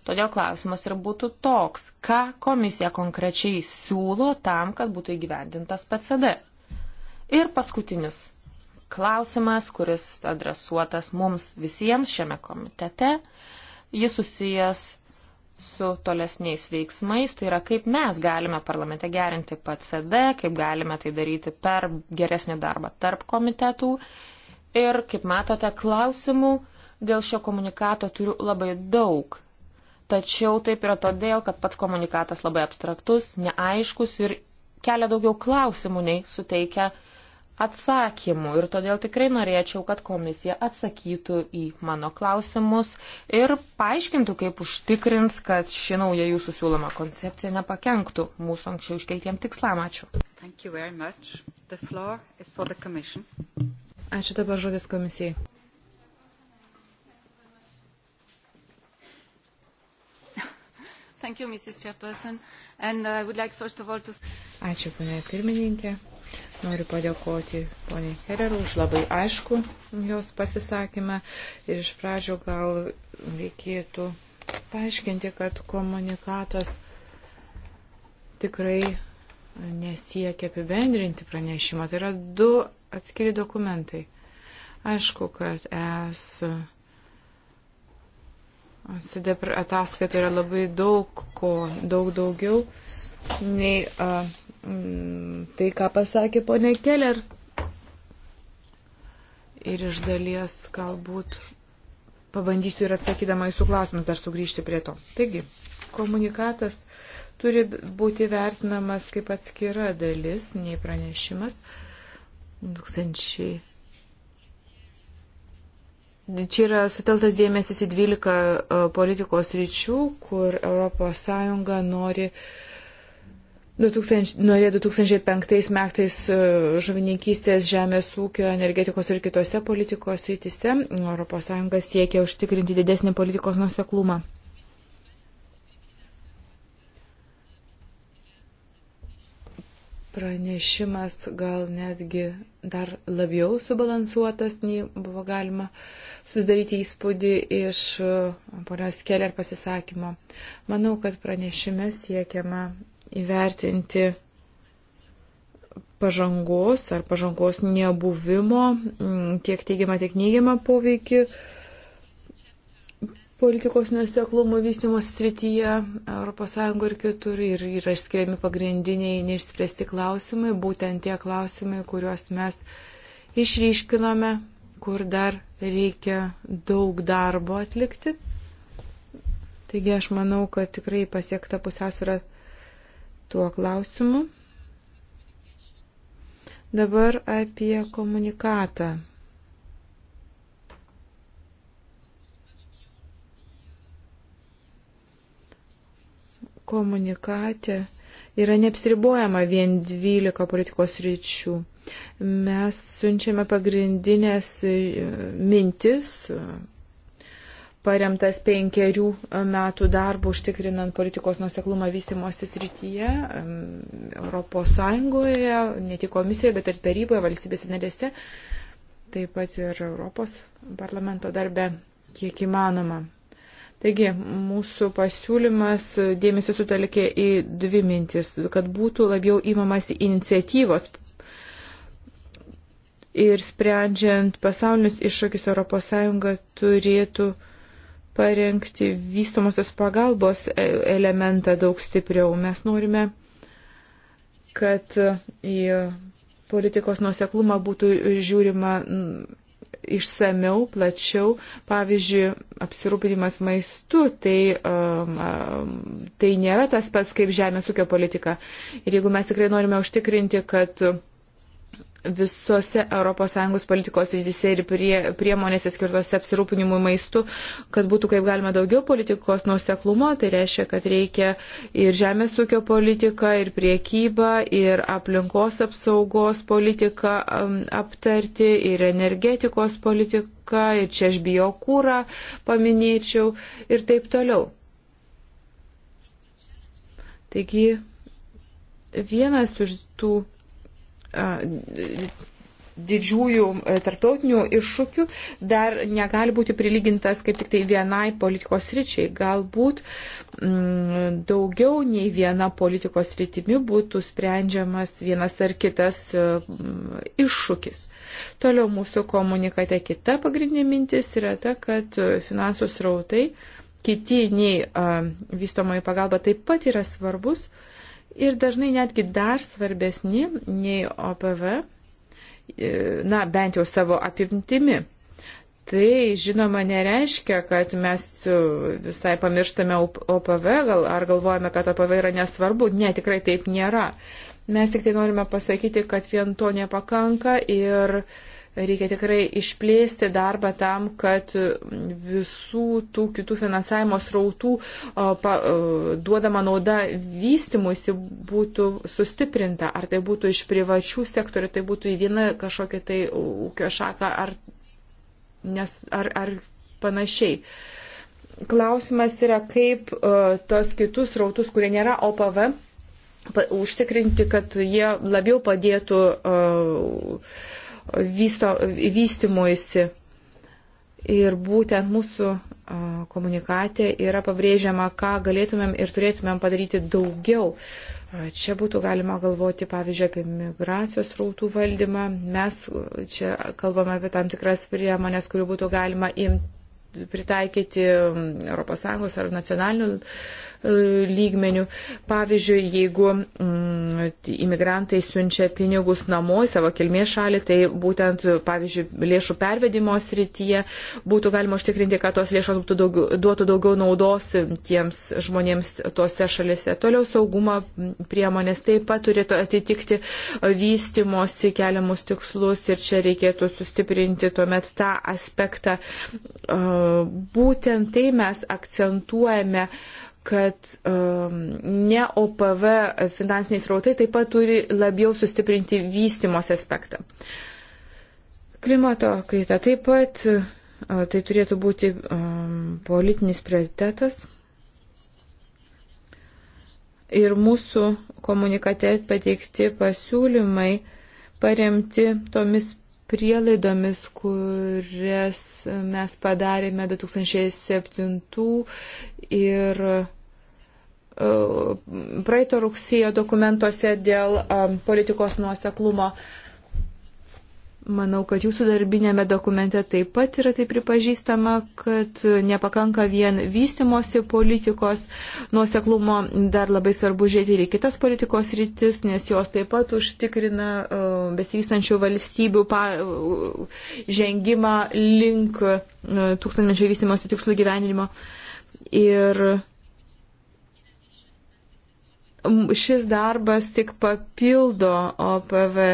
Todėl klausimas ir būtų toks, ką komisija konkrečiai siūlo tam, kad būtų įgyvendintas PCD. Ir paskutinis klausimas, kuris adresuotas mums visiems šiame komitete, jis susijęs su tolesniais veiksmais, tai yra kaip mes galime parlamente gerinti PCD, kaip galime tai daryti per geresnį darbą tarp komitetų. Ir kaip matote, klausimų dėl šio komunikato turiu labai daug. Tačiau taip yra todėl, kad pats komunikatas labai abstraktus, neaiškus ir kelia daugiau klausimų nei suteikia uh, atsakymų ir todėl tikrai norėčiau, kad komisija atsakytų į mano klausimus ir paaiškintų, kaip užtikrins, kad ši nauja jūsų siūloma koncepcija nepakenktų mūsų anksčiau iškeltiem tikslam. Ačiū. Ačiū dabar žodis komisijai. Thank you, Mrs. Chairperson. And I would like first of all to... Ačiū, ponia pirmininkė. Noriu padėkoti poniai Herer už labai aišku jos pasisakymą ir iš pradžio gal reikėtų paaiškinti, kad komunikatas tikrai nesiekia apibendrinti pranešimą. Tai yra du atskiri dokumentai. Aišku, kad es ataskaita yra labai daug ko, daug daugiau nei. Uh, Mm, tai, ką pasakė ponė Keller. Ir iš dalies galbūt pabandysiu ir atsakydama į jūsų klausimus dar sugrįžti prie to. Taigi, komunikatas turi būti vertinamas kaip atskira dalis, nei pranešimas. 2000. Čia yra suteltas dėmesys į 12 e, politikos ryčių, kur ES nori uh, 2000, norėjo 2005 metais e, žuvininkystės, žemės ūkio, energetikos ir kitose politikos rytise ES siekia užtikrinti didesnį politikos nuseklumą. pranešimas gal netgi dar labiau subalansuotas, nei buvo galima susidaryti įspūdį iš e, ponios Keller pasisakymo. Manau, kad pranešime siekiama įvertinti pažangos ar pažangos nebuvimo mm, tiek teigiamą, tiek neigiamą poveikį politikos nuoseklumo vystimos srityje ES ir kitur ir yra išskiriami pagrindiniai neišspręsti klausimai, būtent tie klausimai, kuriuos mes išryškinome, kur dar reikia daug darbo atlikti. Taigi aš manau, kad tikrai pasiekta pusiausvyrą tuo klausimu. Dabar apie komunikatą. Komunikate yra neapsiribojama vien 12 politikos ryčių. Mes siunčiame pagrindinės mintis, paremtas penkerių metų darbų užtikrinant politikos nuseklumą vystimosi srityje Europos Sąjungoje, ne tik komisijoje, bet ir taryboje, valstybės narėse, taip pat ir Europos parlamento darbe, kiek įmanoma. Taigi, mūsų pasiūlymas dėmesį sutelkė į dvi mintis, kad būtų labiau įmamas iniciatyvos ir sprendžiant pasaulinius iššūkius ES turėtų uh, parengti vystomosios pagalbos e, elementą daug stipriau. Mes norime, kad į politikos nuoseklumą būtų žiūrima mm, išsameu, plačiau. Pavyzdžiui, apsirūpinimas maistu, tai, um, um, tai nėra tas pats kaip žemės ūkio politika. Ir jeigu mes tikrai norime užtikrinti, kad visose ES politikos rytise ir prie, priemonėse skirtose apsirūpinimui maistu, kad būtų kaip galima daugiau politikos nuseklumo, tai reiškia, kad reikia ir žemės ūkio politiką, ir priekybą, ir aplinkos apsaugos politiką um, aptarti, ir energetikos politiką, ir čia aš biokūrą paminėčiau ir taip toliau. Taigi, vienas iš tų didžiųjų e, tarptautinių iššūkių dar negali būti prilygintas kaip tik tai vienai politikos ryčiai. Galbūt m, mm, daugiau nei viena politikos rytimi būtų sprendžiamas vienas ar kitas e, m, mm, iššūkis. Toliau mūsų komunikate kita pagrindinė mintis yra ta, kad e, finansų srautai, kiti nei vystomoji pagalba taip pat yra svarbus. A, ir dažnai netgi dar svarbesni nei OPV, e, na bent jau savo apimtimi. Tai žinoma nereiškia, kad mes e, visai pamirštame OPV gal, ar galvojame, kad OPV yra nesvarbu. Ne, tikrai taip nėra. Mes tik tai norime pasakyti, kad vien to nepakanka ir uh, Reikia tikrai išplėsti darbą tam, kad visų tų kitų finansavimo srautų duodama nauda vystimuisi būtų sustiprinta. Ar tai būtų iš privačių sektorių, tai būtų į vieną kažkokią tai ūkio šaką ar, nes, ar, ar panašiai klausimas yra, kaip uh, tos kitus rautus, kurie nėra OPV, pa, užtikrinti, kad jie labiau padėtų uh, vysto, vystimuisi. Ir būtent mūsų komunikatė yra pabrėžiama, ką galėtumėm ir turėtumėm padaryti daugiau. Čia būtų galima galvoti, pavyzdžiui, apie migracijos rautų valdymą. Mes čia kalbame apie tam tikras priemonės, kurių būtų galima imti pritaikyti mm, ES ar nacionalinių e, lygmenių. Pavyzdžiui, jeigu mm, imigrantai siunčia pinigus namo į savo kilmės šalį, tai būtent, pavyzdžiui, lėšų pervedimo srityje būtų galima užtikrinti, kad tos lėšos daugiau, duotų daugiau naudos tiems žmonėms tose šalise. Toliau saugumo priemonės taip pat turėtų atitikti vystimosi keliamus tikslus ir čia reikėtų sustiprinti tuomet tą aspektą. Uh, Būtent tai mes akcentuojame kad um, ne OPV finansiniai srautai taip pat turi labiau sustiprinti vystimos aspektą. Klimato kaita taip pat, uh, tai turėtų būti um, politinis prioritetas. Ir mūsų komunikate pateikti pasiūlymai paremti tomis prielaidomis, kurias mes padarėme 2007 ir e, praeito rugsėjo dokumentuose dėl e, politikos nuoseklumo. Manau, kad jūsų darbinėme dokumente taip pat yra tai pripažįstama, kad nepakanka vien vystimosi politikos nuoseklumo, dar labai svarbu žiūrėti ir į kitas politikos rytis, nes jos taip pat užtikrina e, besivystančių valstybių pa, e, žengimą link e, tūkstantmečio vystimosi tikslų gyvenimo. Ir šis darbas tik papildo OPV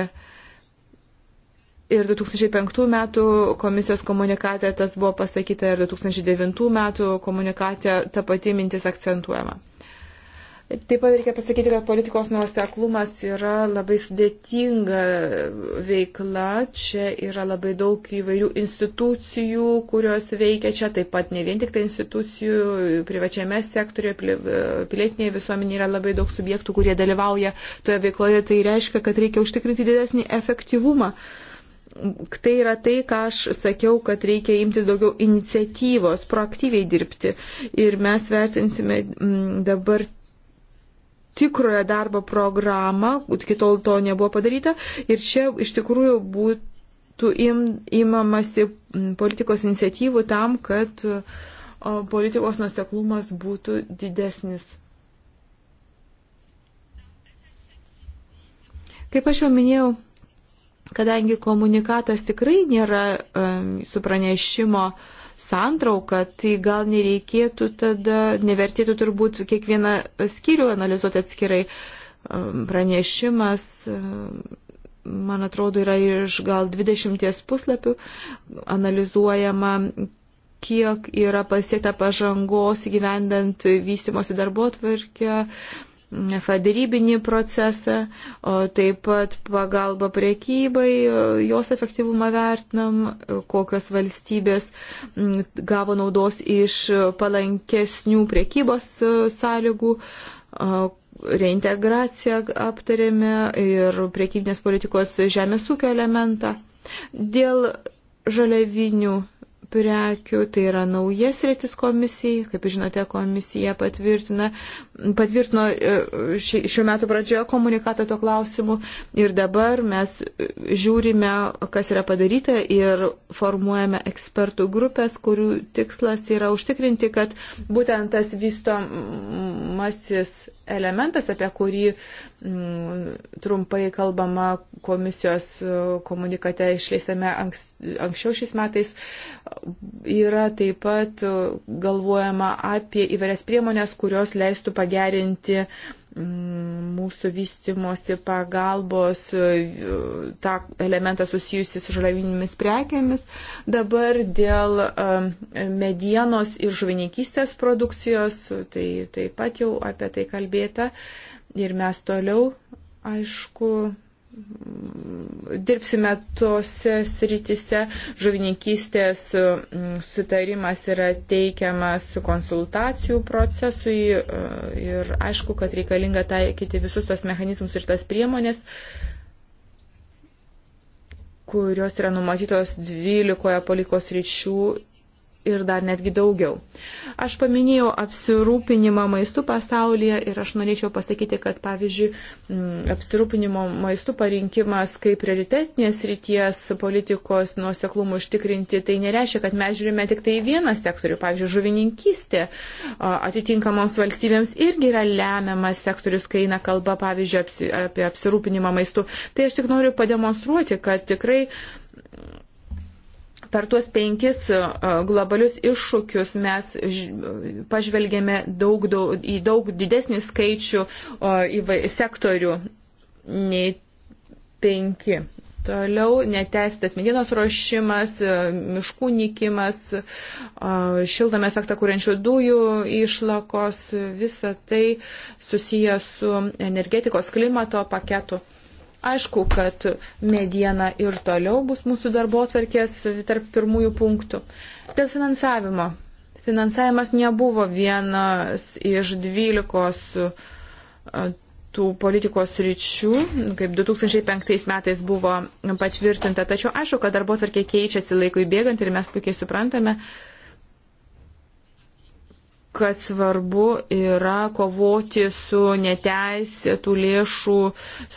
ir 2005 metų komisijos komunikate tas buvo pasakyta ir 2009 metų komunikate ta pati mintis akcentuojama. Taip pat reikia pasakyti, kad politikos nuoseklumas yra labai sudėtinga veikla, čia yra labai daug įvairių institucijų, kurios veikia čia, taip pat ne vien tik tai institucijų, privačiame sektoriuje, pilietinėje visuomenėje yra labai daug subjektų, kurie dalyvauja toje veikloje, tai reiškia, kad reikia užtikrinti didesnį efektyvumą. Uh, tai yra tai, ką aš sakiau, kad reikia imtis daugiau iniciatyvos, proaktyviai dirbti. Ir mes vertinsime mm, dabar tikroje darbo programą, kitol to nebuvo padaryta. Ir čia iš tikrųjų būtų im, imamasi mm, politikos iniciatyvų tam, kad politikos nuseklumas būtų didesnis. Kaip aš jau minėjau, kadangi komunikatas tikrai nėra um, su pranešimo santrauka, tai gal nereikėtų tada, nevertėtų turbūt kiekvieną skyrių analizuoti atskirai. Um, pranešimas, um, man atrodo, yra iš gal 20 puslapių analizuojama kiek yra pasiekta pažangos įgyvendant vystimosi darbo atvarkę, darybinį procesą, taip pat pagalba priekybai, jos efektyvumą vertinam, kokios valstybės gavo naudos iš palankesnių priekybos e, sąlygų, reintegraciją aptarėme ir priekybinės politikos žemės ūkio elementą. Dėl žaliavinių prekių, tai yra naujas rytis komisijai, kaip žinote, komisija patvirtina, patvirtino e, šiuo metu pradžioje komunikatą to klausimu ir dabar mes žiūrime, kas yra padaryta ir formuojame ekspertų grupės, kurių tikslas yra užtikrinti, kad būtent tas vystomasis elementas, apie kurį Mm, trumpai kalbama komisijos e, komunikate išleisame anksčiau šiais metais, yra taip pat e, galvojama apie įvairias priemonės, kurios leistų pagerinti mm, mūsų vystimosi pagalbos e, tą elementą susijusi su žaliavinėmis prekėmis. Dabar dėl medienos ir žuvininkystės produkcijos, tai taip pat jau apie tai kalbėta. Ir mes toliau, aišku, dirbsime tose sritise. Žuvininkystės mm, sutarimas yra teikiamas konsultacijų procesui e, ir aišku, kad reikalinga taikyti visus tos mechanizmus ir tas priemonės kurios yra numatytos 12 palikos ryčių ir dar netgi daugiau. Aš paminėjau apsirūpinimą maistu pasaulyje ir aš norėčiau pasakyti, kad pavyzdžiui, mm, apsirūpinimo maistu parinkimas kaip prioritetinės ryties politikos nuoseklumų užtikrinti, tai nereiškia, kad mes žiūrime tik tai vieną sektorių. Pavyzdžiui, žuvininkystė atitinkamoms valstybėms irgi yra lemiamas sektorius, kai eina kalba, pavyzdžiui, apie apsirūpinimą maistu. Tai aš tik noriu pademonstruoti, kad tikrai per tuos penkis e, globalius iššūkius mes pažvelgėme daug, daug, į daug didesnį skaičių įvai, sektorių nei penki. Toliau netestas medienos ruošimas, e, miškų nikimas, e, šiltame efektą kuriančių dujų išlakos, visa tai susijęs su energetikos klimato paketu. Aišku, kad mediena ir toliau bus mūsų darbo atverkės tarp pirmųjų punktų. Dėl finansavimo. Finansavimas nebuvo vienas iš dvylikos e, tų politikos ryčių, kaip 2005 metais buvo patvirtinta. Tačiau aišku, kad darbo tvarkė keičiasi laikui bėgant ir mes puikiai suprantame, kad svarbu yra kovoti su neteisėtų lėšų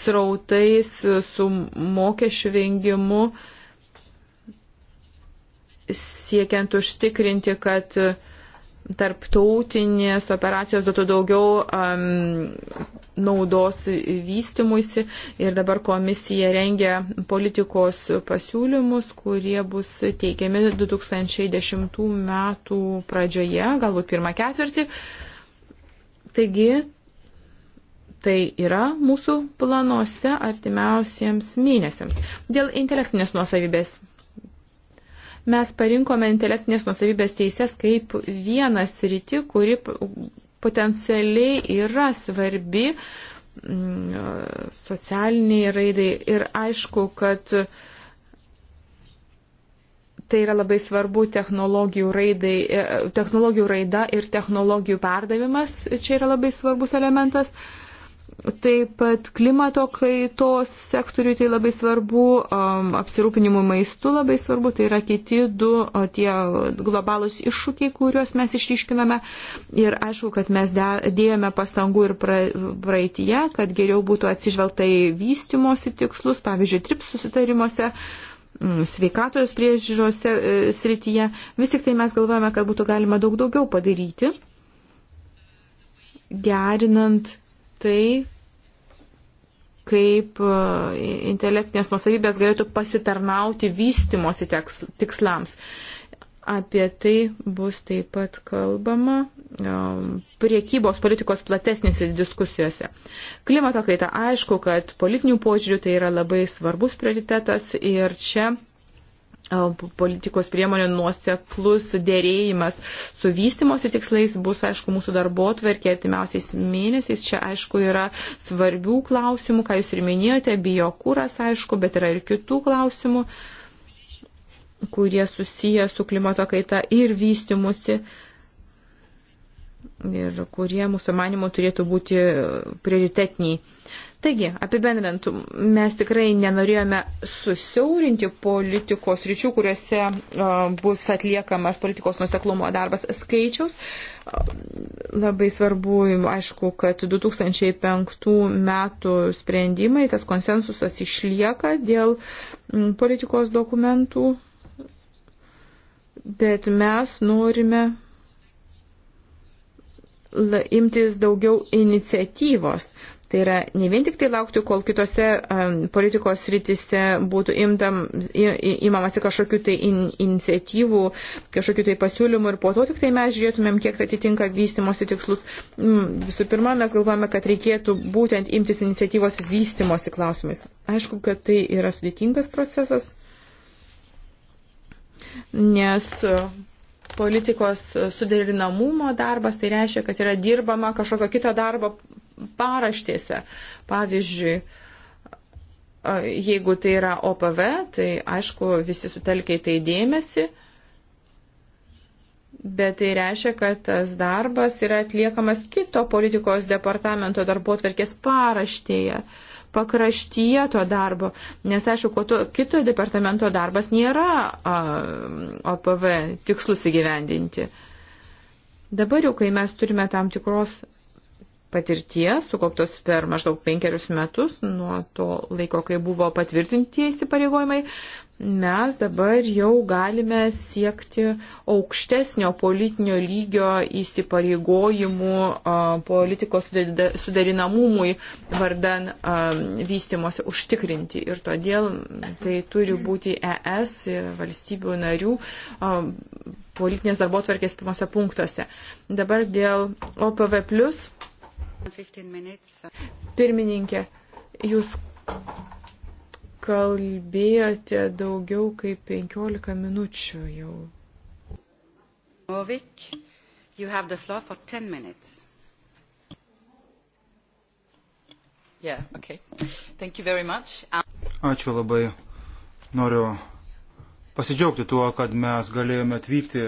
srautais, su mokesčių vengimu, siekiant užtikrinti, kad uh, tarptautinės operacijos duotų daugiau um, naudos vystimuisi ir dabar komisija rengia politikos pasiūlymus, kurie bus teikiami 2010 metų pradžioje, galbūt pirmą ketvirtį. Taigi, tai yra mūsų planuose artimiausiems mėnesiams. Dėl intelektinės nuosavybės mes parinkome intelektinės nusavybės teises kaip vieną sritį, kuri potencialiai yra svarbi mm, socialiniai raidai. Ir aišku, kad tai yra labai svarbu technologijų, raidai, e, technologijų raida ir technologijų perdavimas. Čia yra labai svarbus elementas. Taip pat klimato kaitos sektoriui tai labai svarbu, um, apsirūpinimų maistu labai svarbu, tai yra kiti du tie globalūs iššūkiai, kuriuos mes išiškiname. Ir aišku, kad mes dėjome pastangų ir praeitie, kad geriau būtų atsižvelgta į vystimosi tikslus, pavyzdžiui, trips susitarimuose mm, sveikatos priežiūros e, srityje. Vis tik tai mes galvojame, kad būtų galima daug daugiau padaryti, gerinant tai, kaip e, intelektinės nusavybės galėtų pasitarnauti vystimosi tikslams. Apie tai bus taip pat kalbama e, priekybos politikos platesnėse diskusijose. Klimato kaita aišku, kad politinių požiūrių tai yra labai svarbus prioritetas ir čia politikos priemonių nuoseklus dėrėjimas su vystimosi tikslais bus, aišku, mūsų darbo atverkė artimiausiais mėnesiais. Čia, aišku, yra svarbių klausimų, ką jūs ir minėjote, biokūras, aišku, bet yra ir kitų klausimų, kurie susiję su klimato kaita ir vystimusi ir kurie mūsų manimo turėtų būti prioritetiniai. Taigi, apibendrinant, mes tikrai nenorėjome susiaurinti politikos ryčių, kuriuose bus atliekamas politikos nuseklumo darbas skaičiaus. Labai svarbu, aišku, kad 2005 metų sprendimai, tas konsensusas išlieka dėl politikos dokumentų, bet mes norime imtis daugiau iniciatyvos. Tai yra ne vien tik tai laukti, kol kitose um, politikos rytise būtų imtam, į, į, imamasi kažkokių tai in, iniciatyvų, kažkokių tai pasiūlymų ir po to tik tai mes žiūrėtumėm, kiek tai atitinka vystimosi tikslus. Mm, visų pirma, mes galvojame, kad reikėtų būtent imtis iniciatyvos vystimosi klausimais. Aišku, kad tai yra sudėtingas procesas, nes e, politikos suderinamumo darbas, tai reiškia, kad yra dirbama kažkokio kito darbo paraštėse. Pavyzdžiui, jeigu tai yra OPV, tai aišku, visi sutelkia į tai dėmesį, bet tai reiškia, kad tas darbas yra atliekamas kito politikos departamento darbuotverkės paraštėje pakraštyje to darbo, nes aišku, to, kito departamento darbas nėra a, OPV tikslus įgyvendinti. Dabar jau, kai mes turime tam tikros patirties, sukauptos per maždaug penkerius metus nuo to laiko, kai buvo patvirtinti įsipareigojimai, mes dabar jau galime siekti aukštesnio politinio lygio įsipareigojimų politikos sudarinamumui vardan vystimuose užtikrinti. Ir todėl tai turi būti ES valstybių narių politinės darbo tvarkės pirmose punktuose. Dabar dėl OPV. Pirmininkė, jūs kalbėjote daugiau kaip 15 minučių jau. Movik, you have the floor for 10 minutes. Yeah, okay. Thank you very much. Ačiū labai. Noriu pasidžiaugti tuo, kad mes galėjome atvykti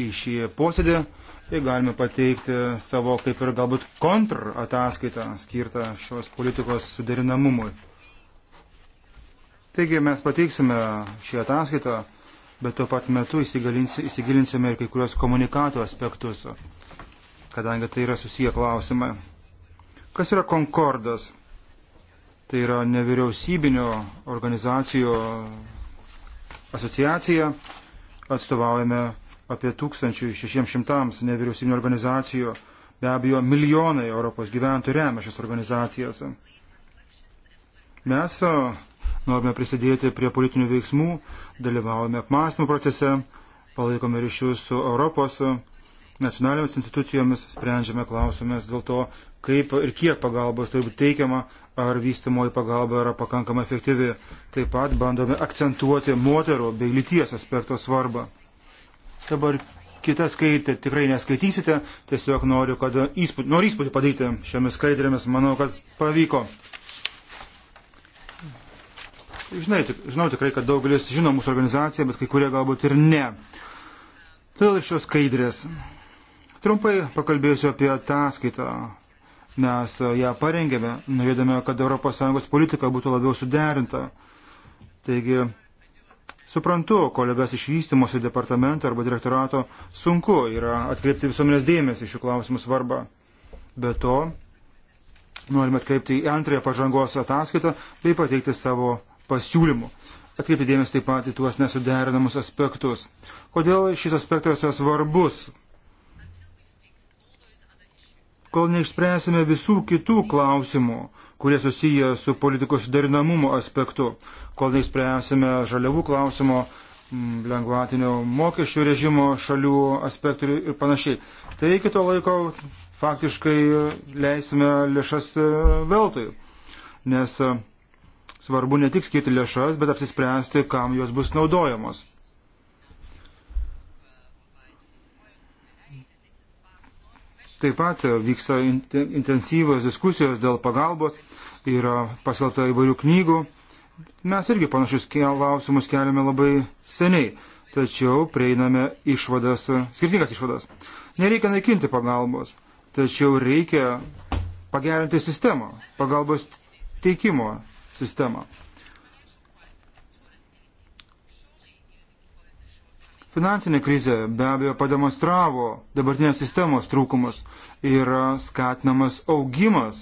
į šį posėdį ir galime pateikti savo kaip ir galbūt kontr ataskaitą skirtą šios politikos suderinamumui. Taigi mes pateiksime šį ataskaitą, bet tuo pat metu įsigilinsime ir kai kurios komunikato aspektus, kadangi tai yra susiję klausimai. Kas yra Concordas? Tai yra nevyriausybinio organizacijų asociacija, atstovaujame apie 1600 nevyriausybinio organizacijų, be abejo, milijonai Europos gyventojų remia šias organizacijas. Mes norime prisidėti prie politinių veiksmų, dalyvaujame apmąstymų procese, palaikome ryšius su Europos nacionalinėmis institucijomis, sprendžiame klausimės dėl to, kaip ir kiek pagalbos turi būti teikiama, ar vystimoji pagalba yra pakankamai efektyvi. Taip pat bandome akcentuoti moterų bei lyties aspekto svarbą. Dabar kitą skaitę tikrai neskaitysite, tiesiog noriu, kad įspūdį, noriu įspūdį padaryti šiomis skaidrėmis, manau, kad pavyko. Žinai, tik, žinau tikrai, kad daugelis žino mūsų organizaciją, bet kai kurie galbūt ir ne. Todėl ir šios skaidrės. Trumpai pakalbėsiu apie ataskaitą, nes ją parengėme, norėdami, kad ES politika būtų labiau suderinta. Taigi, Suprantu, kolegas iš vystimosi departamento arba direktorato sunku yra atkreipti visuomenės dėmesį šių klausimų svarbą. Be to, norime atkreipti į antrąją pažangos ataskaitą bei pateikti savo pasiūlymų. Atkreipti dėmesį taip pat į tuos nesuderinamus aspektus. Kodėl šis aspektas yra svarbus? Kol neišspręsime visų kitų klausimų, kurie susiję su politikos derinamumo aspektu. Kol neįspręsime žaliavų klausimo, mm, lengvatinio mokesčių režimo šalių aspektų ir panašiai. Tai iki to laiko faktiškai leisime lėšas e, veltui, nes e, svarbu ne tik skirti lėšas, bet apsispręsti, kam jos bus naudojamos. Taip pat e, vyksta intensyvios diskusijos dėl pagalbos, yra pasilta įvairių knygų. Mes irgi panašius klausimus keliame labai seniai, tačiau prieiname išvadas, skirtingas išvadas. Nereikia naikinti pagalbos, tačiau reikia pagerinti sistemą, pagalbos teikimo sistemą. Finansinė krizė be abejo pademonstravo dabartinės sistemos trūkumus. Yra skatinamas augimas,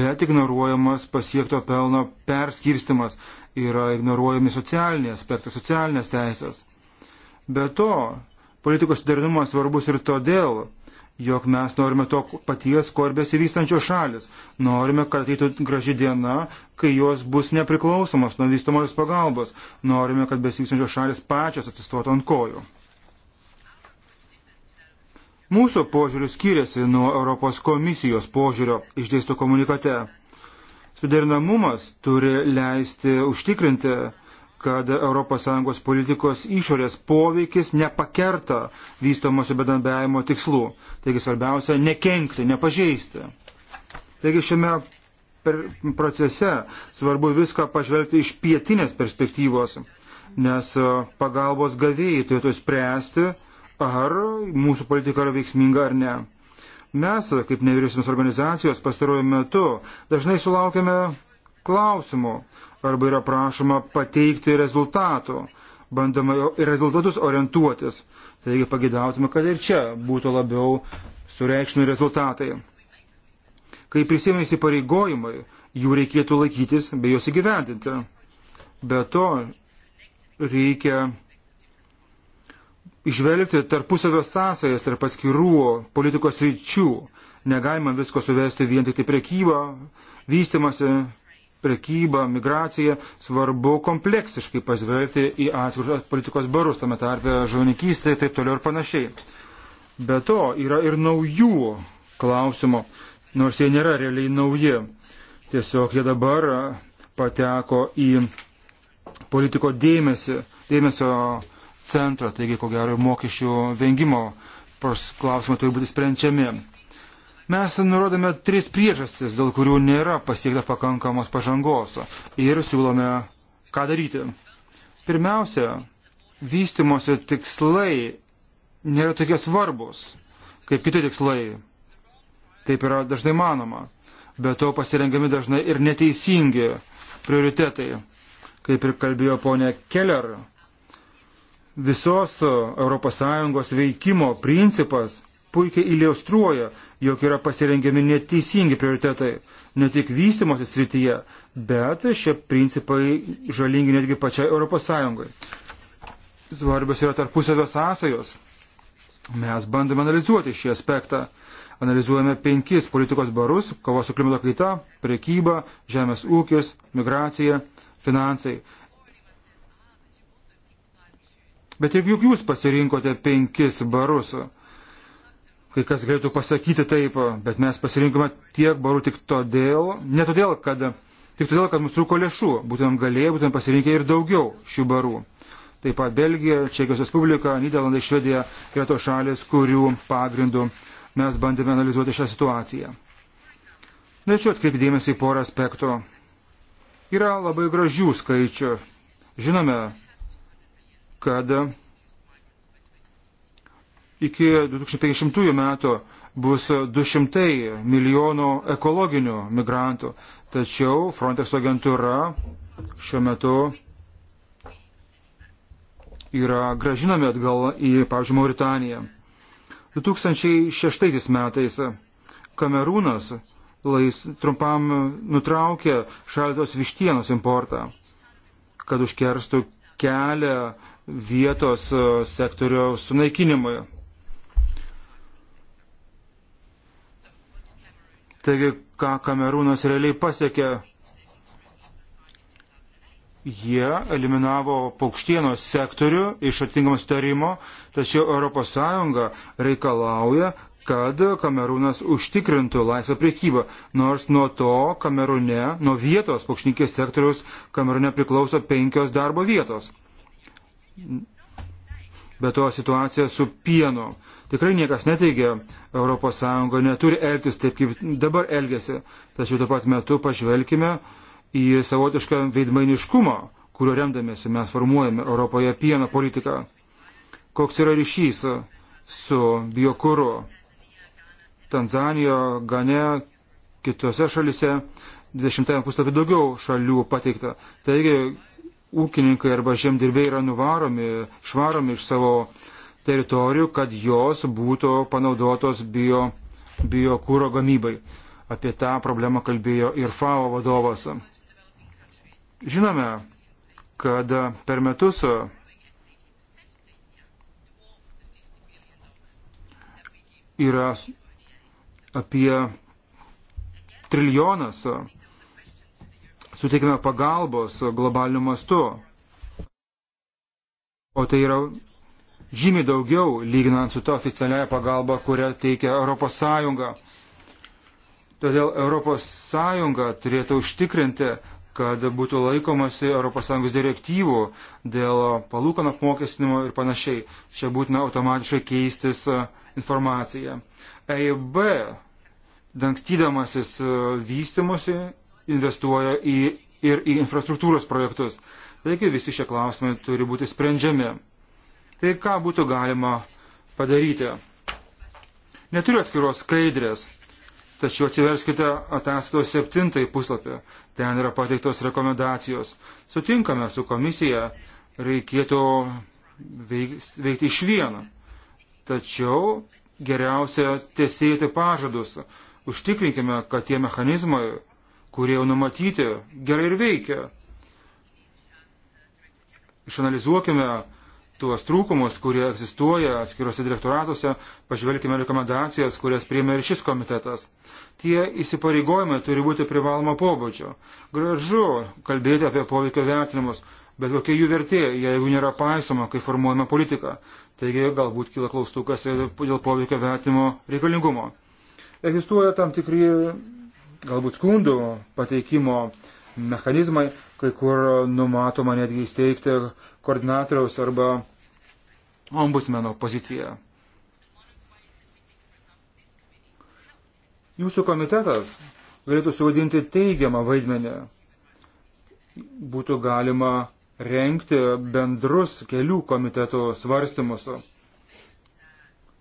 bet ignoruojamas pasiekto pelno perskirstimas. Yra ignoruojami socialiniai aspektai, socialinės teisės. Be to, politikos derinimas svarbus ir todėl, jog mes norime to paties, ko ir besivystančios šalis. Norime, kad ateitų graži diena, kai jos bus nepriklausomos nuo vystomojos pagalbos. Norime, kad besivystančios šalis pačios atsistotų ant kojų. Mūsų požiūris skiriasi nuo Europos komisijos požiūrio išdėsto komunikate. Suderinamumas turi leisti užtikrinti, kad ES politikos išorės poveikis nepakerta vystomosi bedarbiavimo tikslų. Taigi svarbiausia - nekenkti, nepažeisti. Taigi šiame procese svarbu viską pažvelgti iš pietinės perspektyvos, nes e, pagalbos gavėjai turėtų spręsti, ar mūsų politika yra veiksminga ar ne. Mes, kaip nevyriausybės organizacijos, pastaruoju metu dažnai sulaukėme klausimų, arba yra prašoma pateikti rezultatų, bandoma į rezultatus orientuotis. Taigi pagidautume, kad ir čia būtų labiau sureikšmi rezultatai. Kai prisėmė įsipareigojimai, jų reikėtų laikytis bei juos įgyvendinti. Be to reikia išvelgti tarpusavio sąsajas tarp atskirų politikos ryčių. Negalima visko suvesti vien tik tai priekybą, vystimasi, prekyba, migracija, svarbu kompleksiškai pasvelgti į atskirus politikos barus, tame tarpe žuvininkystė ir taip toliau ir panašiai. Be to yra ir naujų klausimų, nors jie nėra realiai nauji. Tiesiog jie dabar pateko į politiko dėmesį, dėmesio centrą, taigi ko gero mokesčių vengimo klausimai turi būti sprendžiami. Mes nurodome tris priežastis, dėl kurių nėra pasiekta pakankamos pažangos ir siūlome, ką daryti. Pirmiausia, vystimosi tikslai nėra tokie svarbus kaip kiti tikslai. Taip yra dažnai manoma. Be to pasirengiami dažnai ir neteisingi prioritetai, kaip ir kalbėjo ponė Keller. Visos ES veikimo principas puikiai iliustruoja, jog yra pasirengiami neteisingi prioritetai, ne tik vystimosi srityje, bet šie principai žalingi netgi pačiai ES. Svarbios yra tarpusavio sąsajos. Mes bandome analizuoti šį aspektą. Analizuojame penkis politikos barus - kovos su klimato kaita, priekyba, žemės ūkis, migracija, finansai. Bet ir juk jūs pasirinkote penkis barus kai kas galėtų pasakyti taip, bet mes pasirinkome tiek barų tik todėl, ne todėl, kad, tik todėl, kad mums trūko lėšų, būtent galėjai, būtent pasirinkę ir daugiau šių barų. Taip pat Belgija, Čekijos Respublika, Niderlandai, Švedija yra tos šalis, kurių pagrindų mes bandėme analizuoti šią situaciją. Norėčiau atkreipti dėmesį į porą aspektų. Yra labai gražių skaičių. Žinome, kad iki 2050 metų bus 200 milijonų ekologinių migrantų. Tačiau Frontex agentūra šiuo metu yra gražinami atgal į, pavyzdžiui, Mauritaniją. 2006 metais Kamerūnas lais, trumpam nutraukė šaldytos vištienos importą, kad užkerstų kelią vietos e, sektoriaus sunaikinimui. Taigi, ką Kamerūnas realiai pasiekė? Jie eliminavo paukštienos sektorių iš atitinkamo starimo, tačiau ES reikalauja, kad Kamerūnas užtikrintų laisvą priekybą, nors nuo to Kamerūne, nuo vietos paukšninkės sektoriaus Kamerūne priklauso penkios darbo vietos. Be to situacija su pieno Tikrai niekas neteigia, ES neturi elgtis taip, kaip dabar elgesi. Tačiau tuo pat metu pažvelkime į savotišką veidmainiškumą, kurio remdamėsi mes formuojame Europoje pieno politiką. Koks yra ryšys su biokūru Tanzanijoje, Gane, kitose šalise, 20 puslapį daugiau šalių pateikta. Taigi ūkininkai arba žemdirbiai yra nuvaromi, švaromi iš savo teritorijų, kad jos būtų panaudotos bio, bio kūro gamybai. Apie tą problemą kalbėjo ir FAO vadovas. Žinome, kad per metus yra apie trilijonas suteikime pagalbos globaliniu mastu. O tai yra žymiai daugiau lyginant su to oficialiaja pagalba, kurią teikia ES. Todėl ES turėtų užtikrinti, kad būtų laikomasi ES direktyvų dėl palūkanų apmokestinimo ir panašiai. Čia būtina automatiškai keistis e, informacija. EIB, dangstydamasis e, vystimusi, investuoja į, ir į infrastruktūros projektus. Taigi visi šie klausimai turi būti sprendžiami. Tai ką būtų galima padaryti? Neturiu atskiros skaidrės, tačiau atsiverskite ataskaitos septintai puslapį. Ten yra pateiktos rekomendacijos. Sutinkame su komisija, reikėtų veikti iš vieno. Tačiau geriausia tiesėti pažadus. Užtikrinkime, kad tie mechanizmai, kurie jau numatyti, gerai ir veikia. Išanalizuokime tuos trūkumus, kurie egzistuoja atskiruose direktoratuose, pažvelkime rekomendacijas, kurias priėmė ir šis komitetas. Tie įsipareigojimai turi būti privaloma pobūdžio. Gražu kalbėti apie poveikio vertinimus, bet kokia jų vertė, jeigu nėra paisoma, kai formuojama politika. Taigi galbūt kyla klaustukas dėl poveikio vertinimo reikalingumo. Egzistuoja tam tikri galbūt skundų pateikimo mechanizmai, kai kur numatoma netgi įsteigti koordinatoriaus arba ombudsmeno poziciją. Jūsų komitetas galėtų suvadinti teigiamą vaidmenį. Būtų galima renkti bendrus kelių komitetų svarstymus.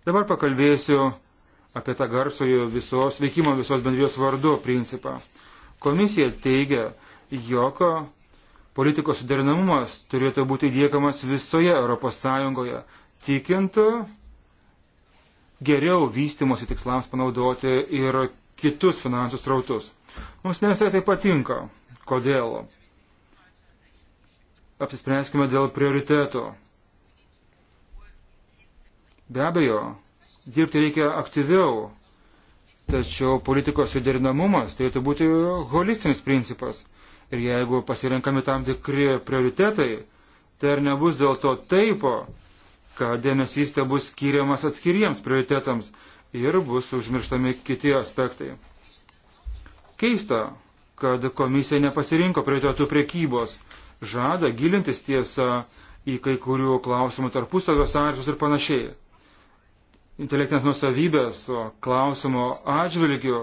Dabar pakalbėsiu apie tą garsojo visos, veikimo visos bendrijos vardu principą. Komisija teigia, jog politikos suderinamumas turėtų būti dėkamas visoje ES, tikint geriau vystimosi tikslams panaudoti ir kitus finansų strautus. Mums ne visai tai patinka. Kodėl? Apsispręskime dėl prioritetų. Be abejo, dirbti reikia aktyviau, tačiau politikos suderinamumas turėtų būti holistinis principas Ir jeigu pasirinkami tam tikri prioritetai, tai ar nebus dėl to taipo, kad dėmesys te bus skiriamas atskiriems prioritetams ir bus užmirštami kiti aspektai. Keista, kad komisija nepasirinko prioritetų priekybos, žada gilintis tiesą į kai kurių klausimų tarpusavio sąryšius ir panašiai. Intelektinės nusavybės klausimo atžvilgių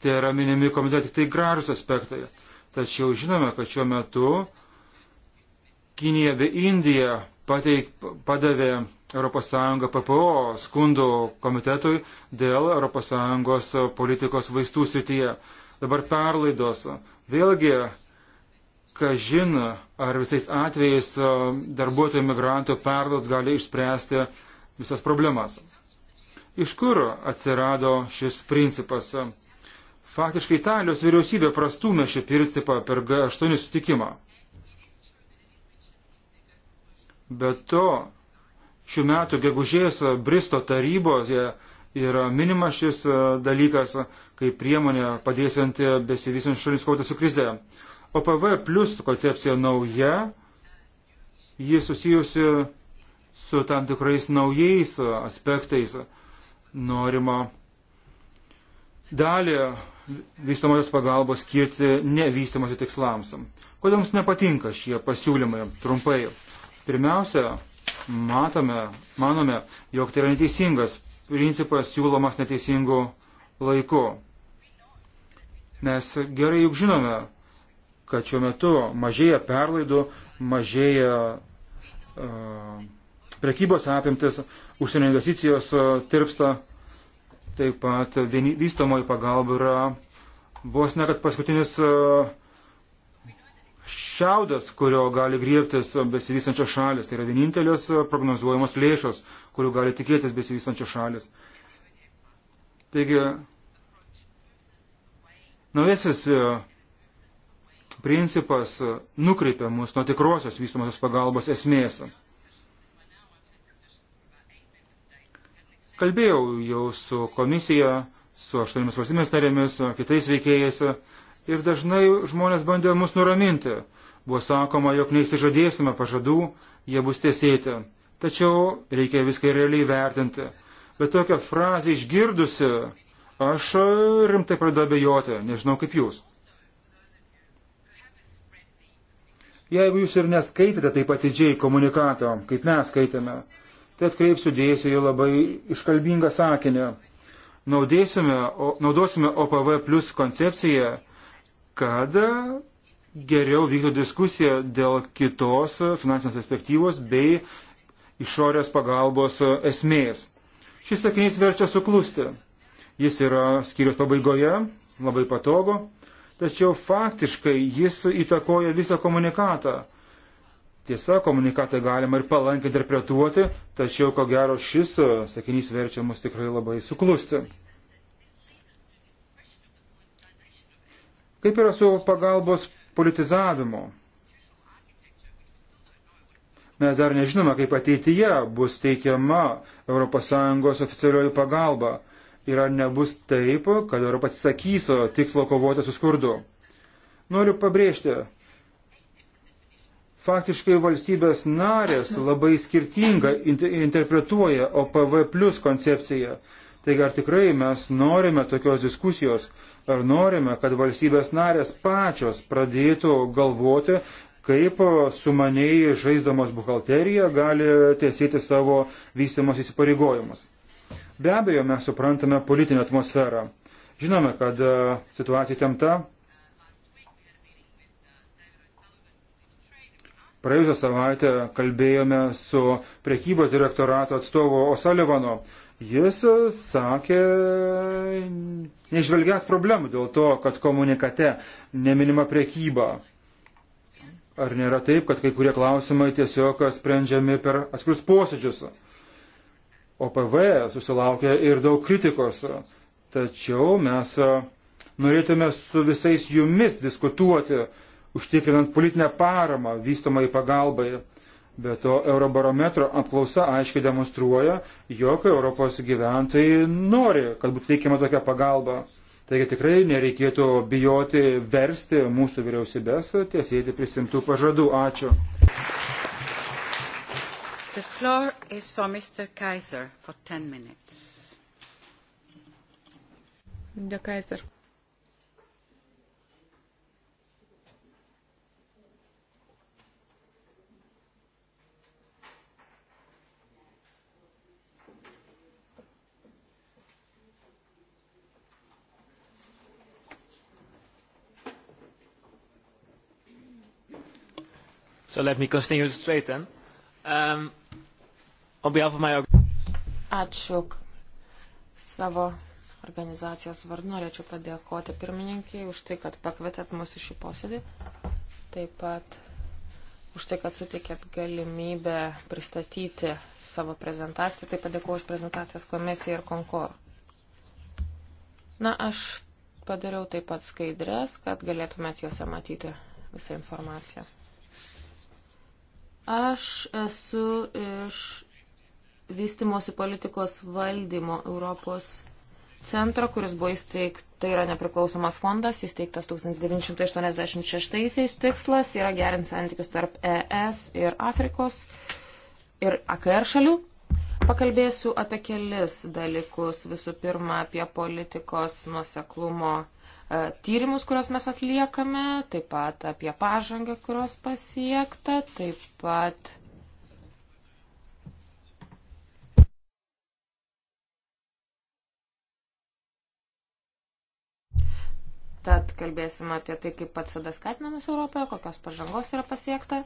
tai yra minimi komitete tik tai gražus aspektai. Tačiau žinome, kad šiuo metu Kinija bei Indija pateik, padavė ES PPO skundų komitetui dėl ES politikos vaistų srityje. Dabar perlaidos. Vėlgi, kažin, ar visais atvejais darbuotojų migrantų perlaidos gali išspręsti visas problemas. Iš kur atsirado šis principas? Faktiškai Italijos vyriausybė prastumė šį principą per G8 sutikimą. Be to, šių metų gegužės Bristo taryboje yra minimas šis e, dalykas kaip priemonė padėsianti besivysiant šalims kovoti su krize. OPV plus koncepcija nauja, ji susijusi su tam tikrais naujais aspektais norima dalį vystomosios pagalbos skirti nevystymosi tikslams. Kodėl mums nepatinka šie pasiūlymai? Trumpai. Pirmiausia, matome, manome, jog tai yra neteisingas principas siūlomas neteisingu laiku. Nes gerai juk žinome, kad šiuo metu mažėja perlaidų, mažėja uh, prekybos apimtis, užsienio investicijos uh, tirpsta Taip pat vystomoji pagalba yra vos ne kad paskutinis e, šiaudas, kurio gali griebtis besivystančios šalis. Tai yra vienintelės e, prognozuojamos lėšos, kurių gali tikėtis besivystančios šalis. Taigi, naujasis e, principas nukreipia mus nuo tikrosios vystomosios pagalbos esmės. Kalbėjau jau su komisija, su aštuonimis valstybės narėmis, kitais veikėjais ir dažnai žmonės bandė mus nuraminti. Buvo sakoma, jog neįsižadėsime pažadų, jie bus tiesėti. Tačiau reikia viską realiai vertinti. Bet tokią frazę išgirdusi, aš rimtai pradedu abejoti, nežinau kaip jūs. Jeigu jūs ir neskaitėte taip atidžiai komunikato, kaip mes skaitėme, tai atkreipsiu dėsį į labai iškalbingą sakinį. Naudėsime, o, naudosime OPV plus koncepciją, kad geriau vyktų diskusija dėl kitos finansinės perspektyvos bei išorės pagalbos esmės. Šis sakinys verčia suklusti. Jis yra skyrius pabaigoje, labai patogu, tačiau faktiškai jis įtakoja visą komunikatą Tiesa, komunikatą galima ir palankiai interpretuoti, tačiau ko gero šis e, sakinys verčia mus tikrai labai suklusti. Kaip yra su pagalbos politizavimu? Mes dar nežinome, kaip ateityje bus teikiama ES oficialioji pagalba ir ar nebus taip, kad Europa atsisakys tikslo kovoti su skurdu. Noriu pabrėžti, faktiškai valstybės narės labai skirtingai interpretuoja OPV plus koncepciją. Taigi ar tikrai mes norime tokios diskusijos, ar norime, kad valstybės narės pačios pradėtų galvoti, kaip sumaniai žaisdamos buhalteriją gali tiesėti savo vystimos įsipareigojimus. Be abejo, mes suprantame politinę atmosferą. Žinome, kad e, situacija temta, Praėjusią savaitę kalbėjome su priekybos direktorato atstovu O'Sullivanu. Jis sakė, neižvelgęs problemų dėl to, kad komunikate neminima priekyba. Ar nėra taip, kad kai kurie klausimai tiesiog sprendžiami per atskirus posėdžius? OPV susilaukė ir daug kritikos. Tačiau mes norėtume su visais jumis diskutuoti užtikrinant politinę paramą vystomai pagalbai. Be to, Eurobarometro apklausa aiškiai demonstruoja, jog Europos gyventojai nori, kad būtų teikiama tokia pagalba. Taigi tikrai nereikėtų bijoti versti mūsų vyriausybės tiesėti prisimtų pažadų. Ačiū. Kaiser, De Kaiser. So let me continue straight then. Um, on behalf of my Ačiū savo organizacijos vardu. Norėčiau padėkoti pirmininkiai už tai, kad pakvietėt mus į šį posėdį. Taip pat už tai, kad suteikėt galimybę pristatyti savo prezentaciją. Taip padėkuoju už prezentacijas komisiją ir konkor. Na, aš padariau taip pat skaidrės, kad galėtumėt juose matyti visą informaciją. Aš esu iš vystimosi politikos valdymo Europos centro, kuris buvo įsteigtas, tai yra nepriklausomas fondas, įsteigtas 1986-aisiais. Tikslas yra gerinti santykius tarp ES ir Afrikos ir AKR šalių. Pakalbėsiu apie kelis dalykus. Visų pirma, apie politikos nuseklumo E, tyrimus, kuriuos mes atliekame, taip pat apie pažangą, kurios pasiekta, taip pat. Tad kalbėsime apie tai, kaip pats sada skatinamas Europoje, kokios pažangos yra pasiekta.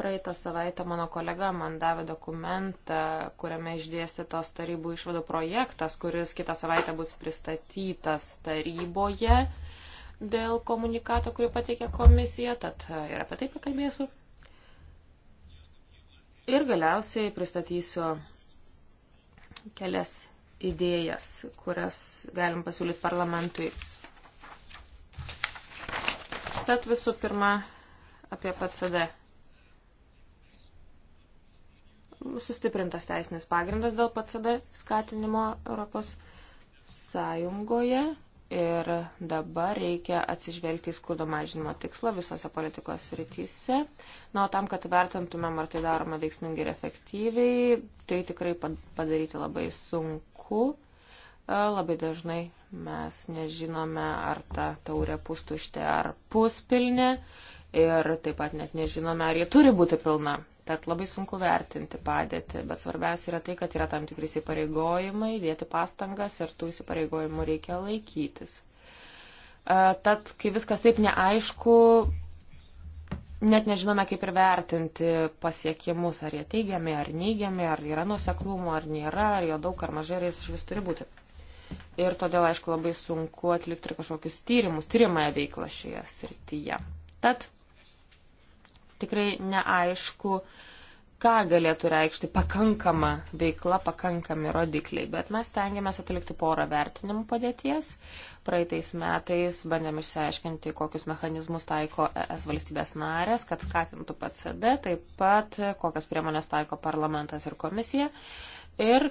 Praeitą savaitę mano kolega man davė dokumentą, kuriame išdėstytos tarybų išvadų projektas, kuris kitą savaitę bus pristatytas taryboje dėl komunikato, kurį pateikė komisija, tad ir apie tai pakalbėsiu. Ir galiausiai pristatysiu kelias idėjas, kurias galim pasiūlyti parlamentui. Tad visų pirma apie PCD sustiprintas teisinis pagrindas dėl PCD skatinimo Europos Sąjungoje ir dabar reikia atsižvelgti į skurdo mažinimo tikslą visose politikos rytise. Na, o tam, kad vertintumėm, ar tai daroma veiksmingai ir efektyviai, tai tikrai padaryti labai sunku. E, labai dažnai mes nežinome, ar ta taurė pustuštė ar puspilnė ir taip pat net nežinome, ar ji turi būti pilna. Tad labai sunku vertinti padėtį, bet svarbiausia yra tai, kad yra tam tikri įsipareigojimai, dėti pastangas ir tų įsipareigojimų reikia laikytis. E, tad, kai viskas taip neaišku, net nežinome, kaip ir vertinti pasiekimus, ar jie teigiami, ar neigiami, ar yra nuseklumo, ar nėra, ar jo daug ar mažai, ar jis iš vis turi būti. Ir todėl, aišku, labai sunku atlikti ir kažkokius tyrimus, tyrimąją veiklą šioje srityje. Tad tikrai neaišku, ką galėtų reikšti pakankama veikla, pakankami rodikliai. Bet mes tengiamės atlikti porą vertinimų padėties. Praeitais metais bandėm išsiaiškinti, kokius mechanizmus taiko ES valstybės narės, kad skatintų PCD, taip pat kokias priemonės taiko parlamentas ir komisija. Ir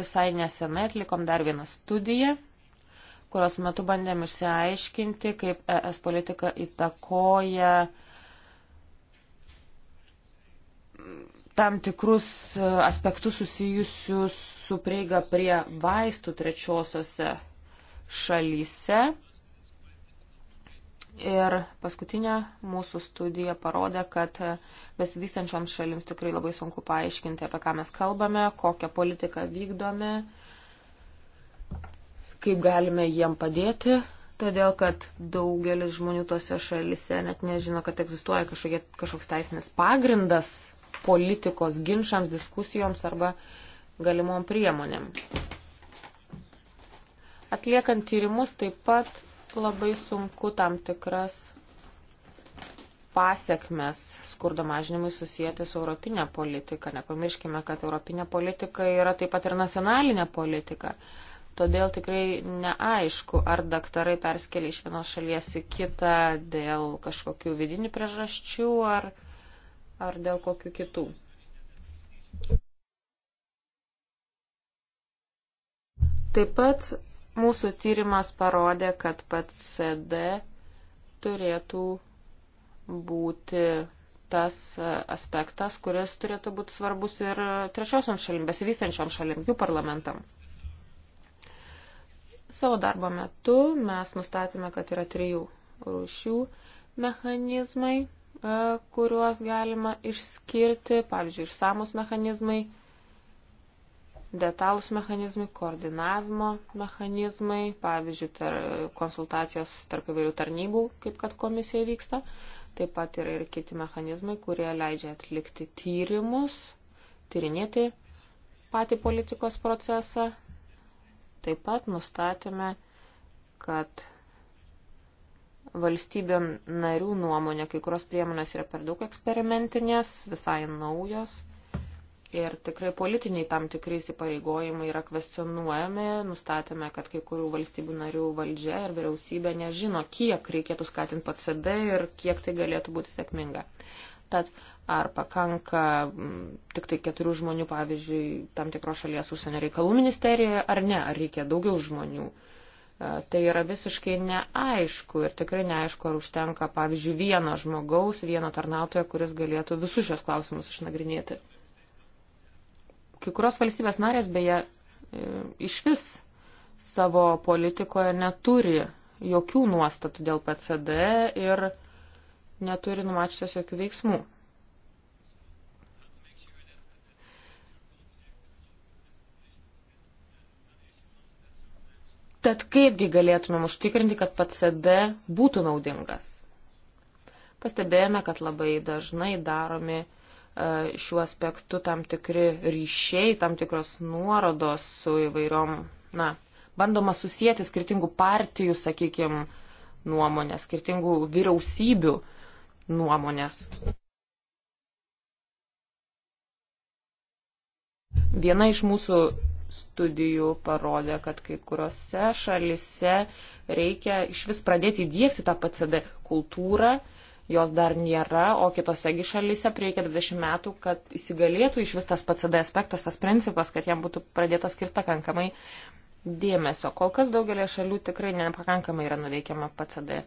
visai nesenai atlikom dar vieną studiją kurios metu bandėm išsiaiškinti, kaip ES politika įtakoja uh, tam tikrus e, aspektus susijusius su prieiga prie vaistų trečiosiose šalyse. Ir paskutinė mūsų studija parodė, kad besivystančioms šalims tikrai labai sunku paaiškinti, apie ką mes kalbame, kokią politiką vykdome, kaip galime jiem padėti, todėl kad daugelis žmonių tose šalise net nežino, kad egzistuoja kažkokie, kažkoks teisinis pagrindas politikos ginčiams, diskusijoms arba galimom priemonėm. Atliekant tyrimus taip pat labai sunku tam tikras pasiekmes skurdo mažinimui susijęti su europinė politika. Nepamirškime, kad europinė politika yra taip pat ir nacionalinė politika. Todėl tikrai neaišku, ar daktarai perskelia iš vienos šalies į kitą dėl kažkokių vidinių priežasčių, ar ar dėl kokių kitų. Taip pat mūsų tyrimas parodė, kad pats CD turėtų būti tas aspektas, kuris turėtų būti svarbus ir trečiosiam šalim, besivystančiam šalim, jų parlamentam. Savo darbo metu mes nustatėme, kad yra trijų rūšių mechanizmai E, kuriuos galima išskirti, pavyzdžiui, išsamus mechanizmai, detalus mechanizmai, koordinavimo mechanizmai, pavyzdžiui, tar, konsultacijos tarp įvairių tarnybų, kaip kad komisija vyksta. Taip pat yra ir kiti mechanizmai, kurie leidžia atlikti tyrimus, tyrinėti patį politikos procesą. Taip pat nustatėme, kad valstybėm narių nuomonė, kai kurios priemonės yra per daug eksperimentinės, visai naujos. Ir tikrai politiniai tam tikrai įsipareigojimai yra kvestionuojami. Nustatėme, kad kai kurių valstybių narių valdžia ir vyriausybė nežino, kiek reikėtų skatinti PCD ir kiek tai galėtų būti sėkminga. Tad ar pakanka tik tai keturių žmonių, pavyzdžiui, tam tikros šalies užsienio reikalų ministerijoje, ar ne, ar reikia daugiau žmonių. Uh, E, tai yra visiškai neaišku ir tikrai neaišku, ar užtenka, pavyzdžiui, vieno žmogaus, vieno tarnautojo, kuris galėtų visus šios klausimus išnagrinėti. Kai kurios valstybės narės beje e, iš vis savo politikoje neturi jokių nuostatų dėl PCD ir neturi numačiusios jokių veiksmų. Tad kaipgi galėtumėm užtikrinti, kad PCD būtų naudingas? Pastebėjome, kad labai dažnai daromi e, šiuo aspektu tam tikri ryšiai, tam tikros nuorodos su įvairiom, na, bandoma susijęti skirtingų partijų, sakykime, nuomonės, skirtingų vyriausybių nuomonės. Viena iš mūsų studijų parodė, kad kai kuriuose šalise reikia iš vis pradėti įdėkti tą PCD kultūrą, jos dar nėra, o kitosegi šalise prieikia 20 metų, kad įsigalėtų iš vis tas PCD aspektas, tas principas, kad jam būtų pradėta skirta kankamai dėmesio. Kol kas daugelį šalių tikrai nepakankamai yra nuveikiama PCD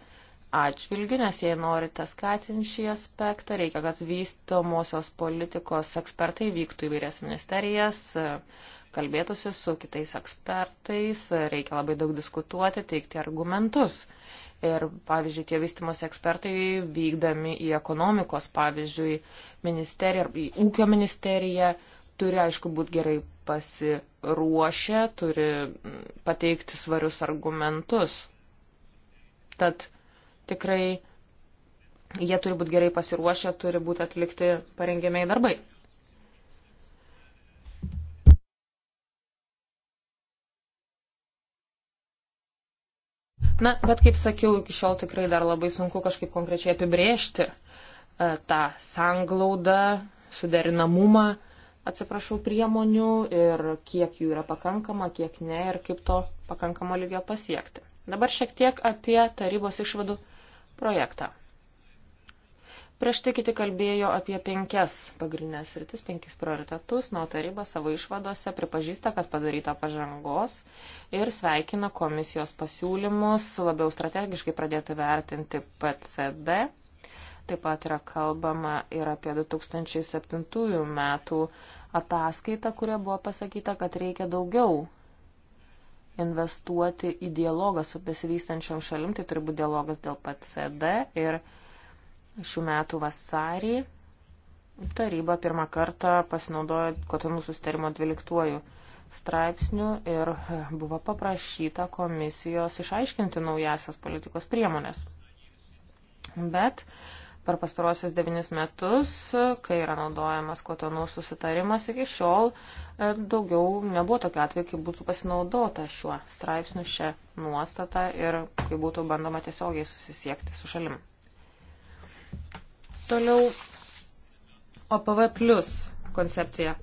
atžvilgių, nes jei norite skatinti šį aspektą, reikia, kad vystomosios politikos ekspertai vyktų į vairias ministerijas, kalbėtųsi su kitais ekspertais, reikia labai daug diskutuoti, teikti argumentus. Ir, pavyzdžiui, tie vystimos ekspertai vykdami į ekonomikos, pavyzdžiui, ministeriją ar į ūkio ministeriją turi, aišku, būti gerai pasiruošę, turi mm, pateikti svarius argumentus. Tad tikrai jie turi būti gerai pasiruošę, turi būti atlikti parengiamiai darbai. Na, bet kaip sakiau, iki šiol tikrai dar labai sunku kažkaip konkrečiai apibrėžti e, tą sanglaudą, suderinamumą, atsiprašau, priemonių ir kiek jų yra pakankama, kiek ne ir kaip to pakankamo lygio pasiekti. Dabar šiek tiek apie tarybos išvadų projektą. Prieš tai kiti kalbėjo apie penkias pagrindinės rytis, penkis prioritetus, nuo taryba savo išvadose pripažįsta, kad padaryta pažangos ir sveikina komisijos pasiūlymus labiau strategiškai pradėti vertinti PCD. Taip pat yra kalbama ir apie 2007 metų ataskaitą, kurie buvo pasakyta, kad reikia daugiau investuoti į dialogą su besivystančiam šalim, tai turi būti dialogas dėl PCD ir PCD šių metų vasarį taryba pirmą kartą pasinaudojo kotonų sustarimo 12 straipsnių ir buvo paprašyta komisijos išaiškinti naujasias politikos priemonės. Bet per pastarosius devynis metus, kai yra naudojamas kotonų susitarimas, iki šiol e, daugiau nebuvo tokio atveju, kai būtų pasinaudota šiuo straipsniu šią nuostatą ir kai būtų bandoma tiesiogiai susisiekti su šalim. Toliau OPV plus koncepcija.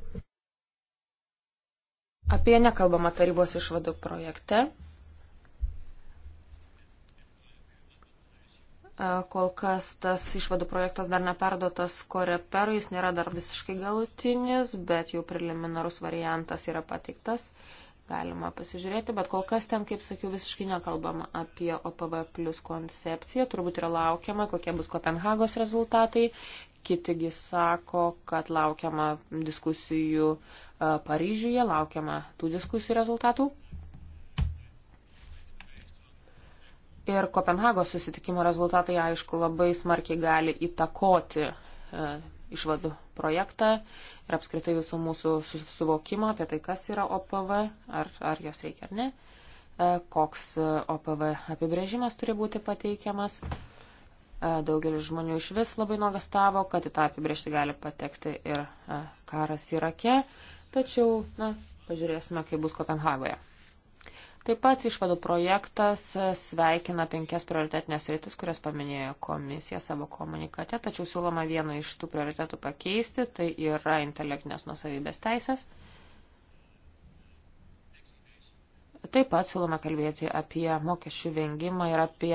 Apie nekalbama tarybos išvadų projekte. Kol kas tas išvadų projektas dar neperdotas koreperui, jis nėra dar visiškai galutinis, bet jau preliminarus variantas yra pateiktas. Uh, galima pasižiūrėti, bet kol kas ten, kaip sakiau, visiškai nekalbama apie OPV plus koncepciją, turbūt yra laukiama, kokie bus Kopenhagos rezultatai, kitigi sako, kad laukiama diskusijų e, Paryžiuje, laukiama tų diskusijų rezultatų. Ir Kopenhagos susitikimo rezultatai, aišku, labai smarkiai gali įtakoti e, išvadų projektą ir apskritai visų mūsų suvokimo apie tai, kas yra OPV, ar, ar jos reikia ar ne, e, koks e, OPV apibrėžimas turi būti pateikiamas. E, daugelis žmonių iš vis labai nuogastavo, kad į tą apibrėžti gali patekti ir karas Irake, tačiau, na, pažiūrėsime, kaip bus Kopenhagoje. Taip pat išvadų projektas sveikina penkias prioritetinės rytis, kurias paminėjo komisija savo komunikate, tačiau siūloma vieną iš tų prioritetų pakeisti, tai yra intelektinės nusavybės teisės. Taip pat siūloma kalbėti apie mokesčių vengimą ir apie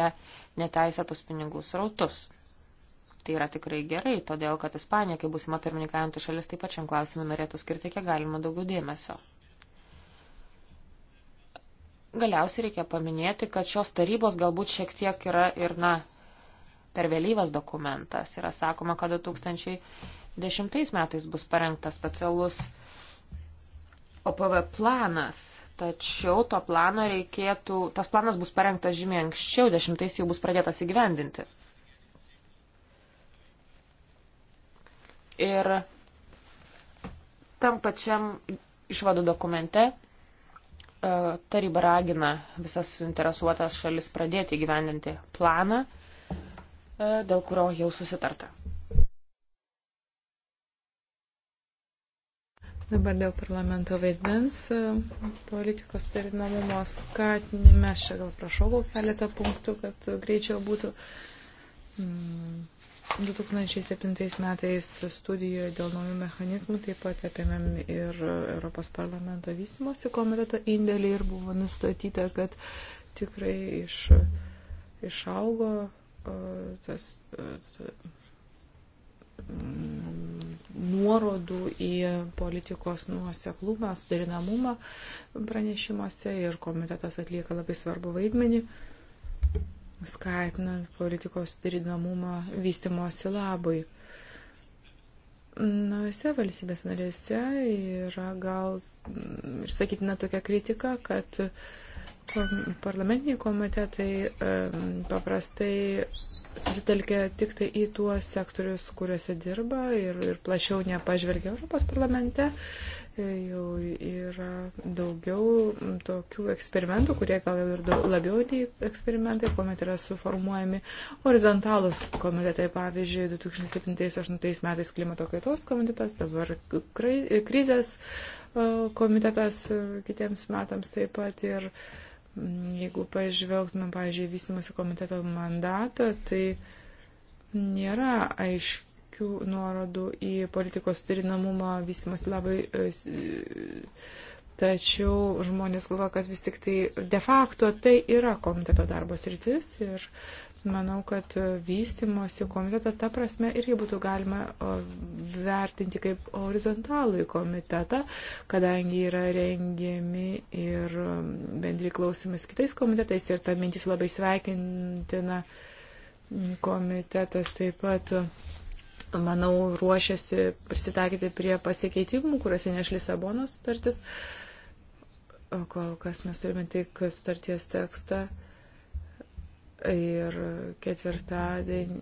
neteisėtus pinigų srautus. Tai yra tikrai gerai, todėl kad Ispanija, kai būsima pirmininkaujantį šalis, taip pat šiam klausimui norėtų skirti kiek galima daugiau dėmesio. Galiausiai reikia paminėti, kad šios tarybos galbūt šiek tiek yra ir, na, per vėlyvas dokumentas. Yra sakoma, kad 2010 metais bus parengtas specialus OPV planas, tačiau to plano reikėtų, tas planas bus parengtas žymiai anksčiau, 10 jau bus pradėtas įgyvendinti. Ir tam pačiam išvadų dokumente taryba ragina visas suinteresuotas šalis pradėti gyvendinti planą, e, dėl kurio jau susitarta. Dabar dėl parlamento vaidmens e, politikos terminamumo skatinime, aš čia gal prašau keletą punktų, kad greičiau būtų. Mm. 2007 metais studijoje dėl naujų mechanizmų taip pat apėmėm ir Europos parlamento vystimosi komiteto indėlį ir buvo nustatyta, kad tikrai iš, išaugo tas nuorodų į politikos nuoseklumą, sudarinamumą pranešimuose ir komitetas atlieka labai svarbu vaidmenį. Uh, skatinant politikos turinamumą vystimosi labai. Na, visi valstybės narėse yra gal, išsakytina, tokia kritika, kad parlamentiniai komitetai paprastai susitelkė tik tai į tuos sektorius, kuriuose dirba ir, ir plačiau nepažvelgia Europos parlamente. Jau yra daugiau tokių eksperimentų, kurie gal ir labiau nei eksperimentai, kuomet yra suformuojami horizontalus komitetai, pavyzdžiui, 2007-2008 metais klimato kaitos komitetas, dabar krizės komitetas kitiems metams taip pat ir. Ir Jeigu pažvelgtumėm, pavyzdžiui, vystimosi komiteto mandatą, tai nėra aiškių nuorodų į politikos turinamumą vystimosi labai. E, tačiau žmonės galvoja, kad vis tik tai de facto tai yra komiteto darbos rytis ir uh, Manau, kad vystimosi komitetą tą prasme irgi būtų galima vertinti kaip horizontalų į komitetą, kadangi yra rengiami ir um, bendri klausimai su kitais komitetais ir ta mintis labai sveikintina mm, komitetas taip pat manau, ruošiasi prisitaikyti prie pasikeitimų, kuriuos įneš Lisabonos sutartis. O kol kas mes turime tik sutarties tekstą ir ketvirtadienį.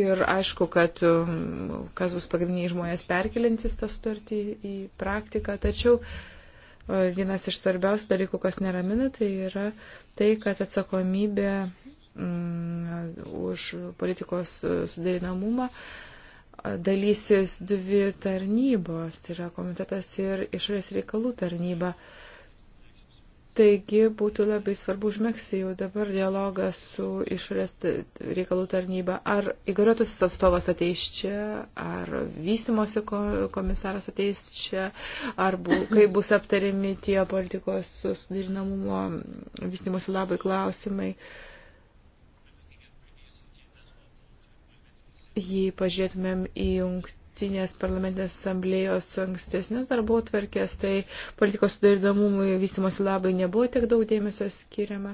Ir aišku, kad um, kas bus pagrindiniai žmonės perkelintis tą sutartį į praktiką, tačiau vienas iš svarbiausių dalykų, kas neramina, tai yra tai, kad atsakomybė mm, už politikos sudarinamumą dalysis dvi tarnybos, tai yra komitetas ir išorės reikalų tarnyba. Uh, Taigi būtų labai svarbu užmėgsti jau dabar dialogą su išorės reikalų tarnyba. Ar įgaliotusis atstovas ateis čia, ar vystimosi komisaras ateis čia, ar bu, kaip bus aptariami tie politikos susidarinamumo vystimosi labai klausimai. Jei pažiūrėtumėm į jungtį dabartinės parlamentinės asamblėjos ankstesnės darbo tvarkės, tai politikos sudarydamumui vystimosi labai nebuvo tiek daug dėmesio skiriama.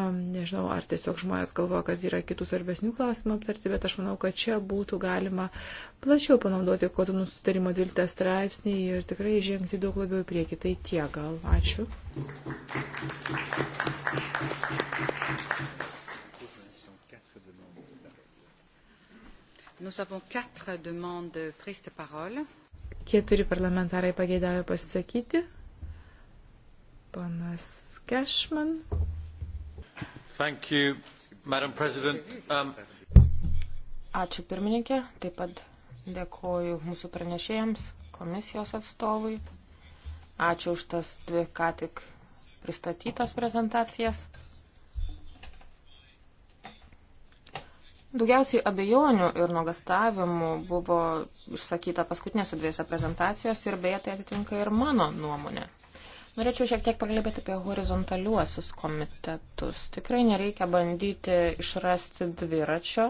Um, nežinau, ar tiesiog žmonės galvoja, kad yra kitų svarbesnių klausimų aptarti, bet aš manau, kad čia būtų galima plačiau panaudoti kodų sutarimo 12 straipsnį ir tikrai žengti daug labiau į priekį. Tai tiek gal. Ačiū. Keturi parlamentarai pageidavė pasisakyti. Panas Kešman. Thank you, Madam President. Um... Ačiū pirmininkė, taip pat dėkoju mūsų pranešėjams, komisijos atstovui. Ačiū už tas dvi ką tik pristatytas prezentacijas. Daugiausiai abejonių ir nuogastavimų buvo išsakyta paskutinėse dviejose prezentacijose ir beje tai atitinka ir mano nuomonė. Norėčiau šiek tiek pakalbėti apie horizontaliuosius komitetus. Tikrai nereikia bandyti išrasti dviračio,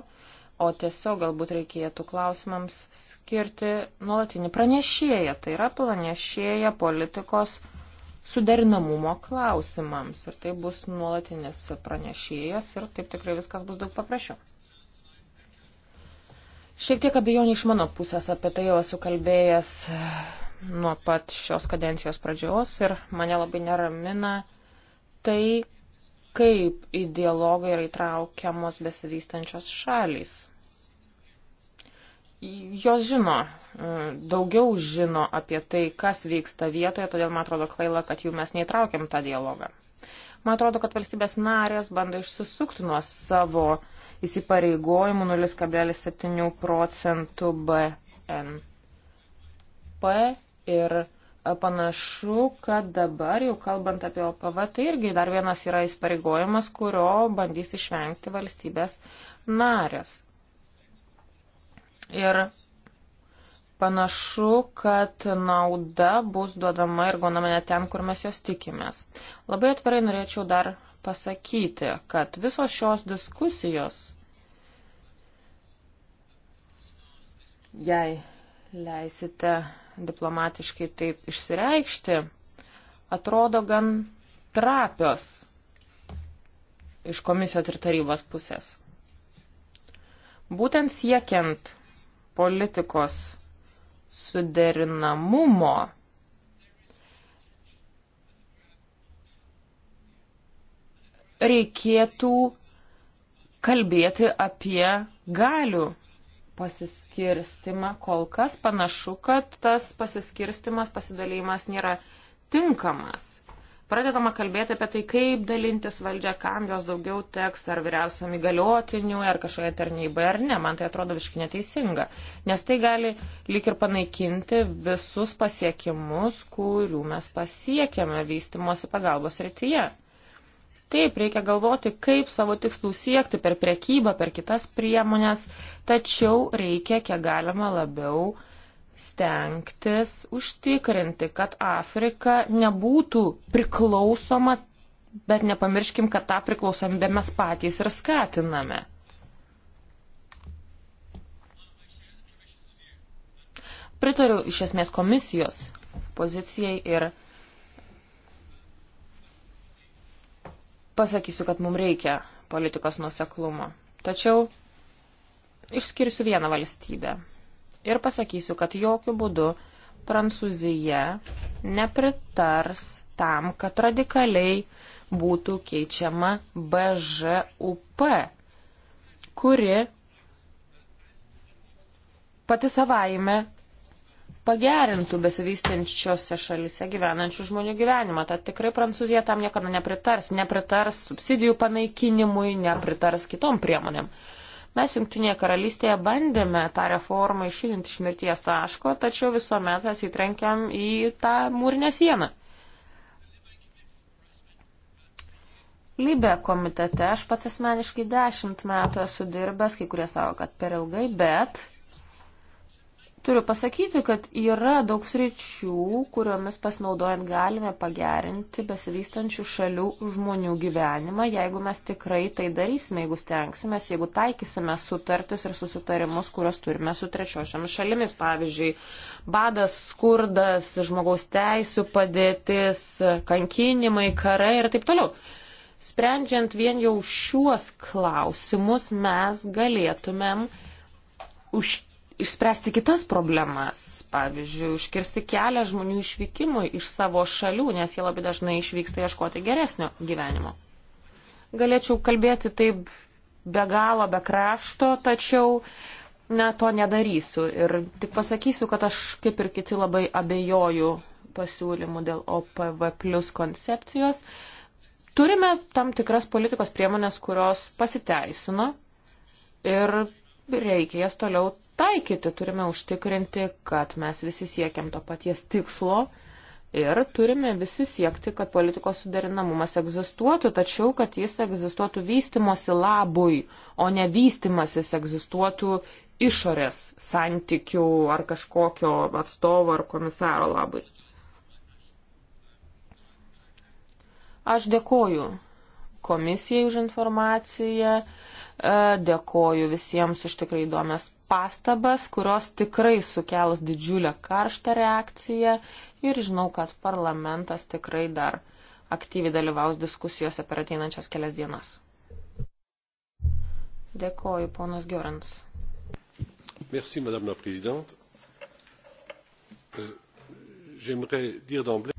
o tiesiog galbūt reikėtų klausimams skirti nuolatinį pranešėją, tai yra pranešėją politikos suderinamumo klausimams. Ir tai bus nuolatinis pranešėjas ir taip tikrai viskas bus daug paprasčiau. Šiek tiek abejonių iš mano pusės apie tai jau esu kalbėjęs e, nuo pat šios kadencijos pradžios ir mane labai neramina tai, kaip į dialogą yra įtraukiamos besivystančios šalys. Jos žino, e, daugiau žino apie tai, kas vyksta vietoje, todėl man atrodo kvaila, kad jų mes neįtraukiam tą dialogą. Man atrodo, kad valstybės narės bando išsisukti nuo savo uh, įsipareigojimų 0,7 procentų BNP ir e, panašu, kad dabar jau kalbant apie OPV, tai irgi dar vienas yra įsipareigojimas, kurio bandys išvengti valstybės narės. Ir panašu, kad nauda bus duodama ir gaunama ne ten, kur mes jos tikimės. Labai atvirai norėčiau dar pasakyti, kad visos šios diskusijos, jei leisite diplomatiškai taip išsireikšti, atrodo gan trapios iš komisijos ir tarybos pusės. Būtent siekiant politikos suderinamumo reikėtų kalbėti apie galių pasiskirstimą. Kol kas panašu, kad tas pasiskirstimas, pasidalėjimas nėra tinkamas. Pradedama kalbėti apie tai, kaip dalintis valdžia, kam jos daugiau teks, ar vyriausiam įgaliotiniu, ar kažkoje tarnybai, ar ne. Man tai atrodo visiškai neteisinga, nes tai gali lik ir panaikinti visus pasiekimus, kurių mes pasiekėme vystimosi pagalbos rytyje. Taip, reikia galvoti, kaip savo tikslų siekti per prekybą, per kitas priemonės, tačiau reikia kiek galima labiau stengtis užtikrinti, kad Afrika nebūtų priklausoma, bet nepamirškim, kad tą priklausomybę mes patys ir skatiname. Pritariu iš esmės komisijos pozicijai ir pasakysiu, kad mums reikia politikos nuseklumo. Tačiau išskirsiu vieną valstybę ir pasakysiu, kad jokių būdų Prancūzija nepritars tam, kad radikaliai būtų keičiama BŽUP, kuri pati savaime pagerintų besivystančiose šalise gyvenančių žmonių gyvenimą. Tad tikrai Prancūzija tam niekada nepritars, nepritars subsidijų panaikinimui, nepritars kitom priemonėm. Mes Junktinėje karalystėje bandėme tą reformą išjudinti iš mirties taško, tačiau visuomet atsitrenkiam į tą mūrinę sieną. Libe komitete aš pats asmeniškai dešimt metų esu dirbęs, kai kurie savo, kad per ilgai, bet Turiu pasakyti, kad yra daug sričių, kuriomis pasinaudojant galime pagerinti besivystančių šalių žmonių gyvenimą, jeigu mes tikrai tai darysime, jeigu stengsime, jeigu taikysime sutartis ir susitarimus, kuriuos turime su trečiosiomis šalimis. Pavyzdžiui, badas, skurdas, žmogaus teisų padėtis, kankinimai, karai ir taip toliau. Sprendžiant vien jau šiuos klausimus, mes galėtumėm užtikrinti išspręsti kitas problemas. Pavyzdžiui, užkirsti kelią žmonių išvykimui iš savo šalių, nes jie labai dažnai išvyksta ieškoti geresnio gyvenimo. Galėčiau kalbėti taip be galo, be krašto, tačiau na, to nedarysiu. Ir tik pasakysiu, kad aš kaip ir kiti labai abejoju pasiūlymų dėl OPV plus koncepcijos. Turime tam tikras politikos priemonės, kurios pasiteisino ir reikia jas toliau taikyti, turime užtikrinti, kad mes visi siekiam to paties tikslo ir turime visi siekti, kad politikos suderinamumas egzistuotų, tačiau kad jis egzistuotų vystimosi labui, o ne vystimasis egzistuotų išorės santykių ar kažkokio atstovo ar komisaro labui. Aš dėkoju komisijai už informaciją, e, dėkoju visiems už tikrai įdomias pastabas, kurios tikrai sukels didžiulę karštą reakciją ir žinau, kad parlamentas tikrai dar aktyviai dalyvaus diskusijose per ateinančias kelias dienas. Dėkoju, ponas Giorans. Merci, madame la présidente. Euh, J'aimerais dire d'emblée.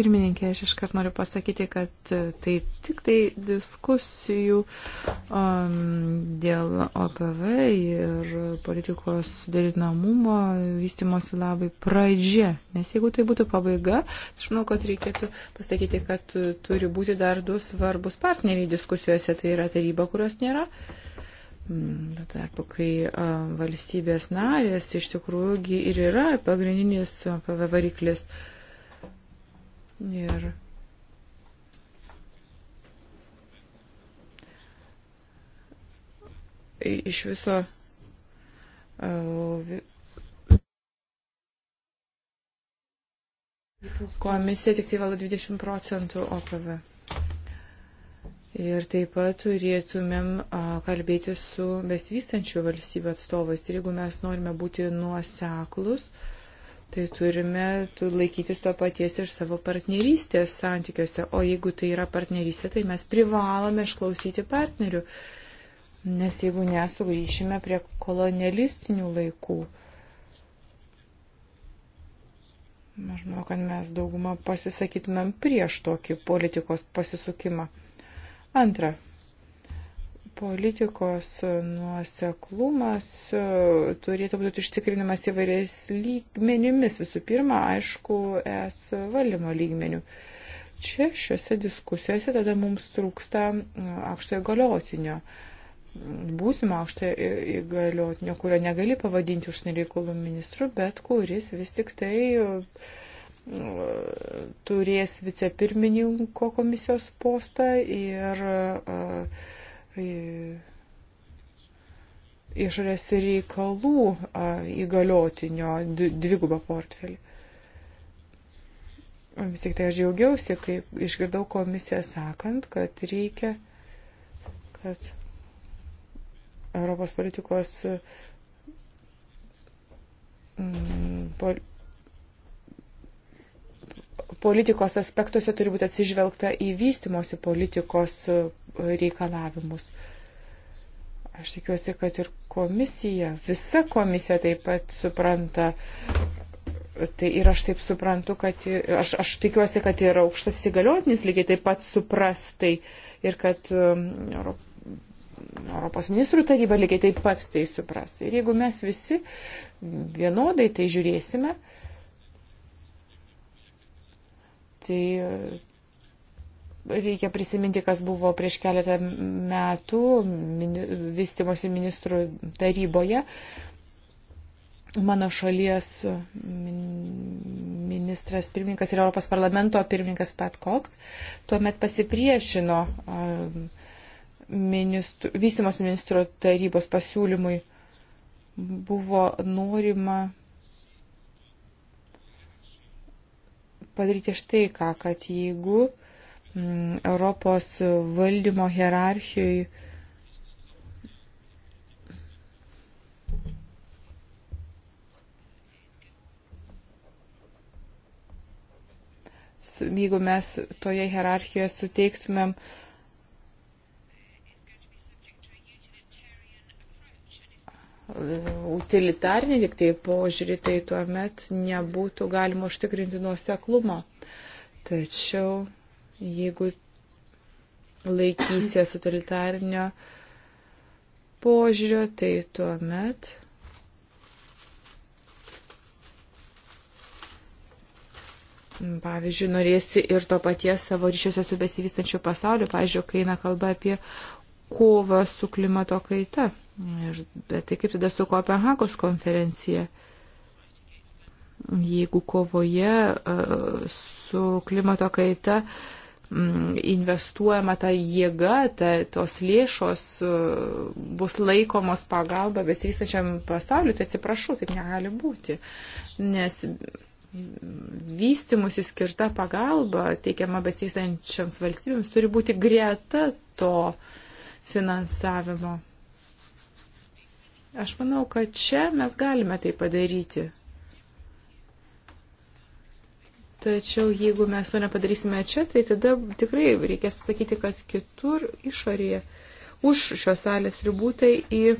Pirmininkė, aš iškart noriu pasakyti, kad e, tai tik tai diskusijų um, dėl OPV ir politikos derinamumo vystimosi labai pradžia. Nes jeigu tai būtų pabaiga, aš manau, kad reikėtų pasakyti, kad turi būti dar du svarbus partneriai diskusijose, tai yra taryba, kurios nėra. Mm, tuo tarpu, kai valstybės narės iš tikrųjų ir yra pagrindinis PV variklis. Uh, Ir iš viso e, komisija tik tai valo 20 procentų OPV. Ir taip pat turėtumėm kalbėti su besivystančių valstybių atstovais. Ir jeigu mes norime būti nuoseklus, uh, tai turime laikytis to paties ir savo partnerystės santykiuose. O jeigu tai yra partnerystė, tai mes privalome išklausyti partnerių, nes jeigu nesugrįšime prie kolonialistinių laikų. Aš manau, kad mes daugumą pasisakytumėm prieš tokį politikos pasisukimą. Antra, politikos nuoseklumas e, turėtų būti užtikrinimas įvairiais lygmenimis. Visų pirma, aišku, es valdymo lygmenių. Čia šiuose diskusijose tada mums trūksta e, aukštojo galiotinio, būsimo aukštojo įgaliotinio, kurio negali pavadinti užsienio reikalų ministru, bet kuris vis tik tai e, turės vicepirmininko komisijos postą ir uh, išorės reikalų įgaliotinio dvigubą portfelį. Vis tik tai aš džiaugiausi, kai išgirdau komisiją sakant, kad reikia, kad Europos politikos mm, pol, politikos aspektuose turi būti atsižvelgta į vystimosi politikos reikalavimus. Aš tikiuosi, kad ir komisija, visa komisija taip pat supranta. Tai ir aš taip suprantu, kad aš, aš tikiuosi, kad ir aukštas įgaliotinis lygiai taip pat supras tai ir kad um, Europos. Europos ministrų taryba lygiai taip pat tai supras. Ir jeigu mes visi vienodai tai žiūrėsime, tai Reikia prisiminti, kas buvo prieš keletą metų vystimosi ministrų taryboje. Mano šalies ministras pirmininkas ir Europos parlamento pirmininkas Pat Cox tuomet pasipriešino um, ministru, vystimosi ministro tarybos pasiūlymui. Buvo norima padaryti štai ką, kad jeigu Mm, Europos valdymo hierarchijai. Jeigu mes toje hierarchijoje suteiktumėm utilitarnį tik tai požiūrį, tai tuomet nebūtų galima užtikrinti nuoseklumą. Tačiau jeigu laikysies totalitarnio požiūrio, tai tuomet pavyzdžiui, norėsi ir to paties savo ryšiuose su besivystančiu pasauliu, pavyzdžiui, kai eina kalba apie kovą su klimato kaita. Ir, bet tai kaip tada su Kopenhagos konferencija? Jeigu kovoje uh, su klimato kaita uh, Mm, investuojama ta jėga, ta, tos lėšos e, bus laikomos pagalba besivystančiam pasauliu, tai atsiprašau, taip negali būti. Nes vystimusi skirta pagalba teikiama besivystančiams valstybėms turi būti greta to finansavimo. Aš manau, kad čia mes galime tai padaryti. Tačiau jeigu mes to nepadarysime čia, tai tada tikrai reikės pasakyti, kad kitur išorėje, už šios salės ribų, tai į e,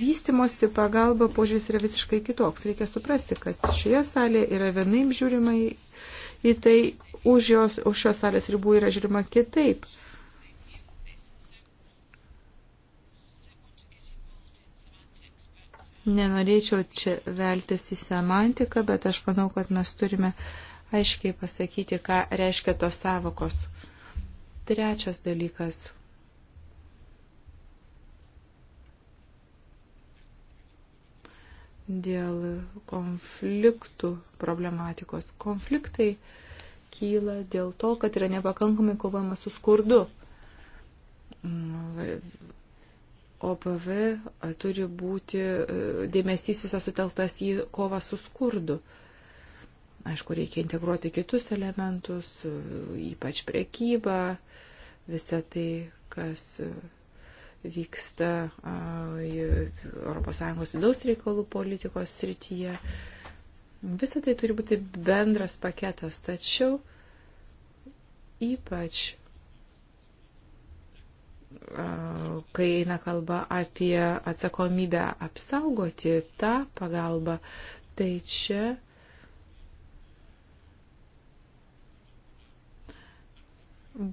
vystimosi pagalba požiūris yra visiškai kitoks. Reikia suprasti, kad šioje salėje yra vienaip žiūrima į tai, už, jos, už šios salės ribų yra žiūrima kitaip. Nenorėčiau čia veltis į semantiką, bet aš manau, kad mes turime aiškiai pasakyti, ką reiškia tos savokos. Trečias dalykas. Dėl konfliktų problematikos. Konfliktai kyla dėl to, kad yra nepakankamai kovojama su skurdu OPV e, turi būti e, dėmesys visas suteltas į kovą su skurdu. Aišku, reikia integruoti kitus elementus, e, ypač priekybą, visą tai, kas vyksta ES vidaus reikalų politikos srityje. Visą tai turi būti bendras paketas, tačiau ypač kai eina kalba apie atsakomybę apsaugoti tą pagalbą, tai čia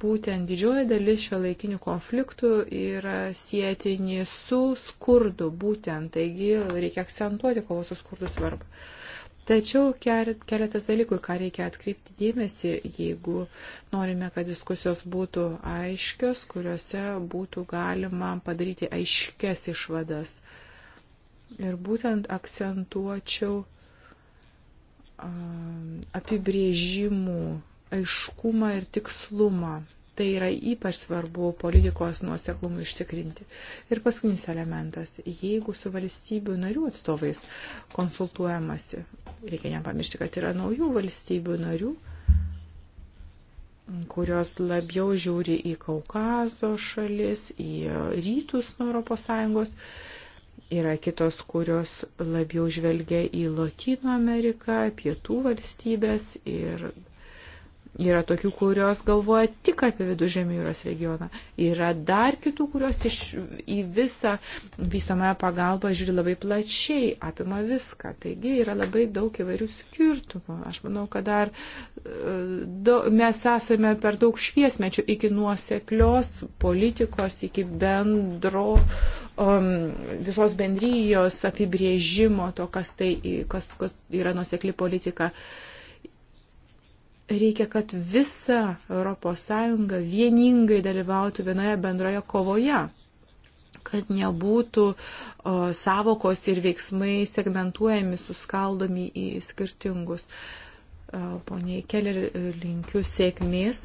būtent didžioji dalis šio laikinių konfliktų yra sietini su skurdu būtent, taigi reikia akcentuoti kovos su skurdu svarbą. Tačiau keletas dalykų, ką reikia atkreipti dėmesį, jeigu norime, kad diskusijos būtų aiškios, kuriuose būtų galima padaryti aiškes išvadas. Ir būtent akcentuočiau apibrėžimų aiškumą ir tikslumą. Tai yra ypač svarbu politikos nuoseklumui ištikrinti. Ir paskutinis elementas, jeigu su valstybių narių atstovais konsultuojamasi, reikia nepamiršti, kad yra naujų valstybių narių, kurios labiau žiūri į Kaukazo šalis, į rytus nuo ES. Yra kitos, kurios labiau žvelgia į Latino Ameriką, pietų valstybės ir Yra tokių, kurios galvoja tik apie viduržėmį jūros regioną. Yra dar kitų, kurios iš, į visą visomąją pagalbą žiūri labai plačiai, apima viską. Taigi yra labai daug įvairių skirtumų. Aš manau, kad dar e, do, mes esame per daug šviesmečių iki nuoseklios politikos, iki bendro um, visos bendryjos apibrėžimo to, kas tai kas, kas yra nuosekli politika. Uh, Reikia, kad visa ES vieningai dalyvautų vienoje bendroje kovoje kad nebūtų o, savokos ir veiksmai segmentuojami, suskaldomi į skirtingus. Poniai Keller, linkiu sėkmės.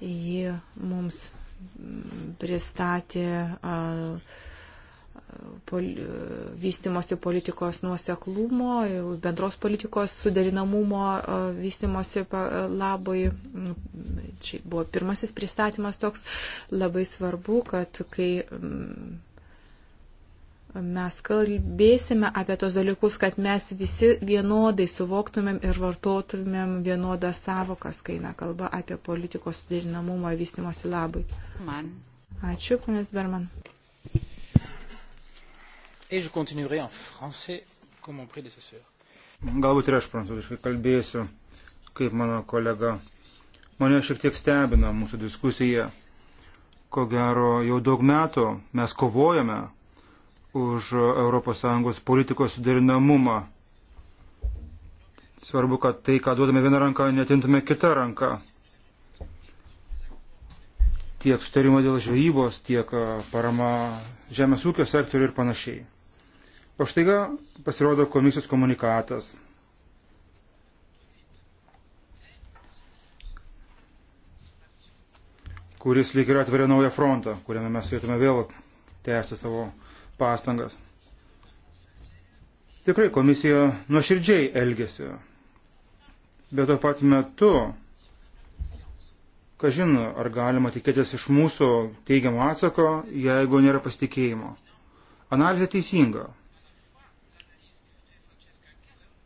Ji mums pristatė. O, pol, vystimosi politikos nuoseklumo, bendros politikos suderinamumo e, vystimosi e, labai. Čia buvo pirmasis pristatymas toks. Labai svarbu, kad kai mm, mes kalbėsime apie tos dalykus, kad mes visi vienodai suvoktumėm ir vartotumėm vienodas savokas, kai eina kalba apie politikos suderinamumą vystimosi labai. Man. Ačiū, ponas Berman. Et je continuerai en français comme mon prédécesseur. Galbūt ir aš prancūziškai kalbėsiu, kaip mano kolega. Mane šiek tiek stebina mūsų diskusija. Ko gero, jau daug metų mes kovojame už ES politikos suderinamumą. Svarbu, kad tai, ką duodame vieną ranką, netintume kitą ranką. Tiek sutarimo dėl žvejybos, tiek e, parama žemės ūkio sektoriui ir panašiai. O štaiga pasirodo komisijos komunikatas. kuris lyg ir atveria naują frontą, kuriame mes turėtume vėl tęsti savo pastangas. Tikrai komisija nuoširdžiai elgėsi, bet tuo pat metu, kažin, ar galima tikėtis iš mūsų teigiamo atsako, jeigu nėra pasitikėjimo. Analizė teisinga,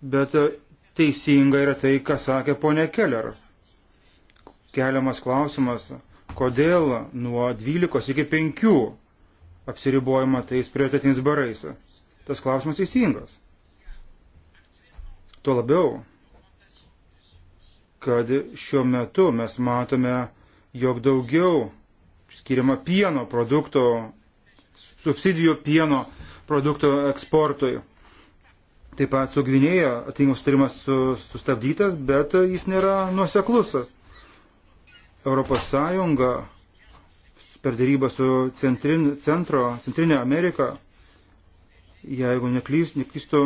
bet e, teisinga yra tai, ką sakė ponė Keller. Keliamas klausimas, kodėl nuo 12 iki 5 apsiribojama tais prioritetiniais barais. Tas klausimas teisingas. Tuo labiau, kad šiuo metu mes matome, jog daugiau skiriama pieno produkto, subsidijų pieno produkto eksportui. Taip pat su Gvinėjo atėjimas sutarimas sustabdytas, bet jis nėra nuoseklus. Europos Sąjunga per dėrybą su centrin, centro, Centrinė Amerika, jeigu neklys, neklystu,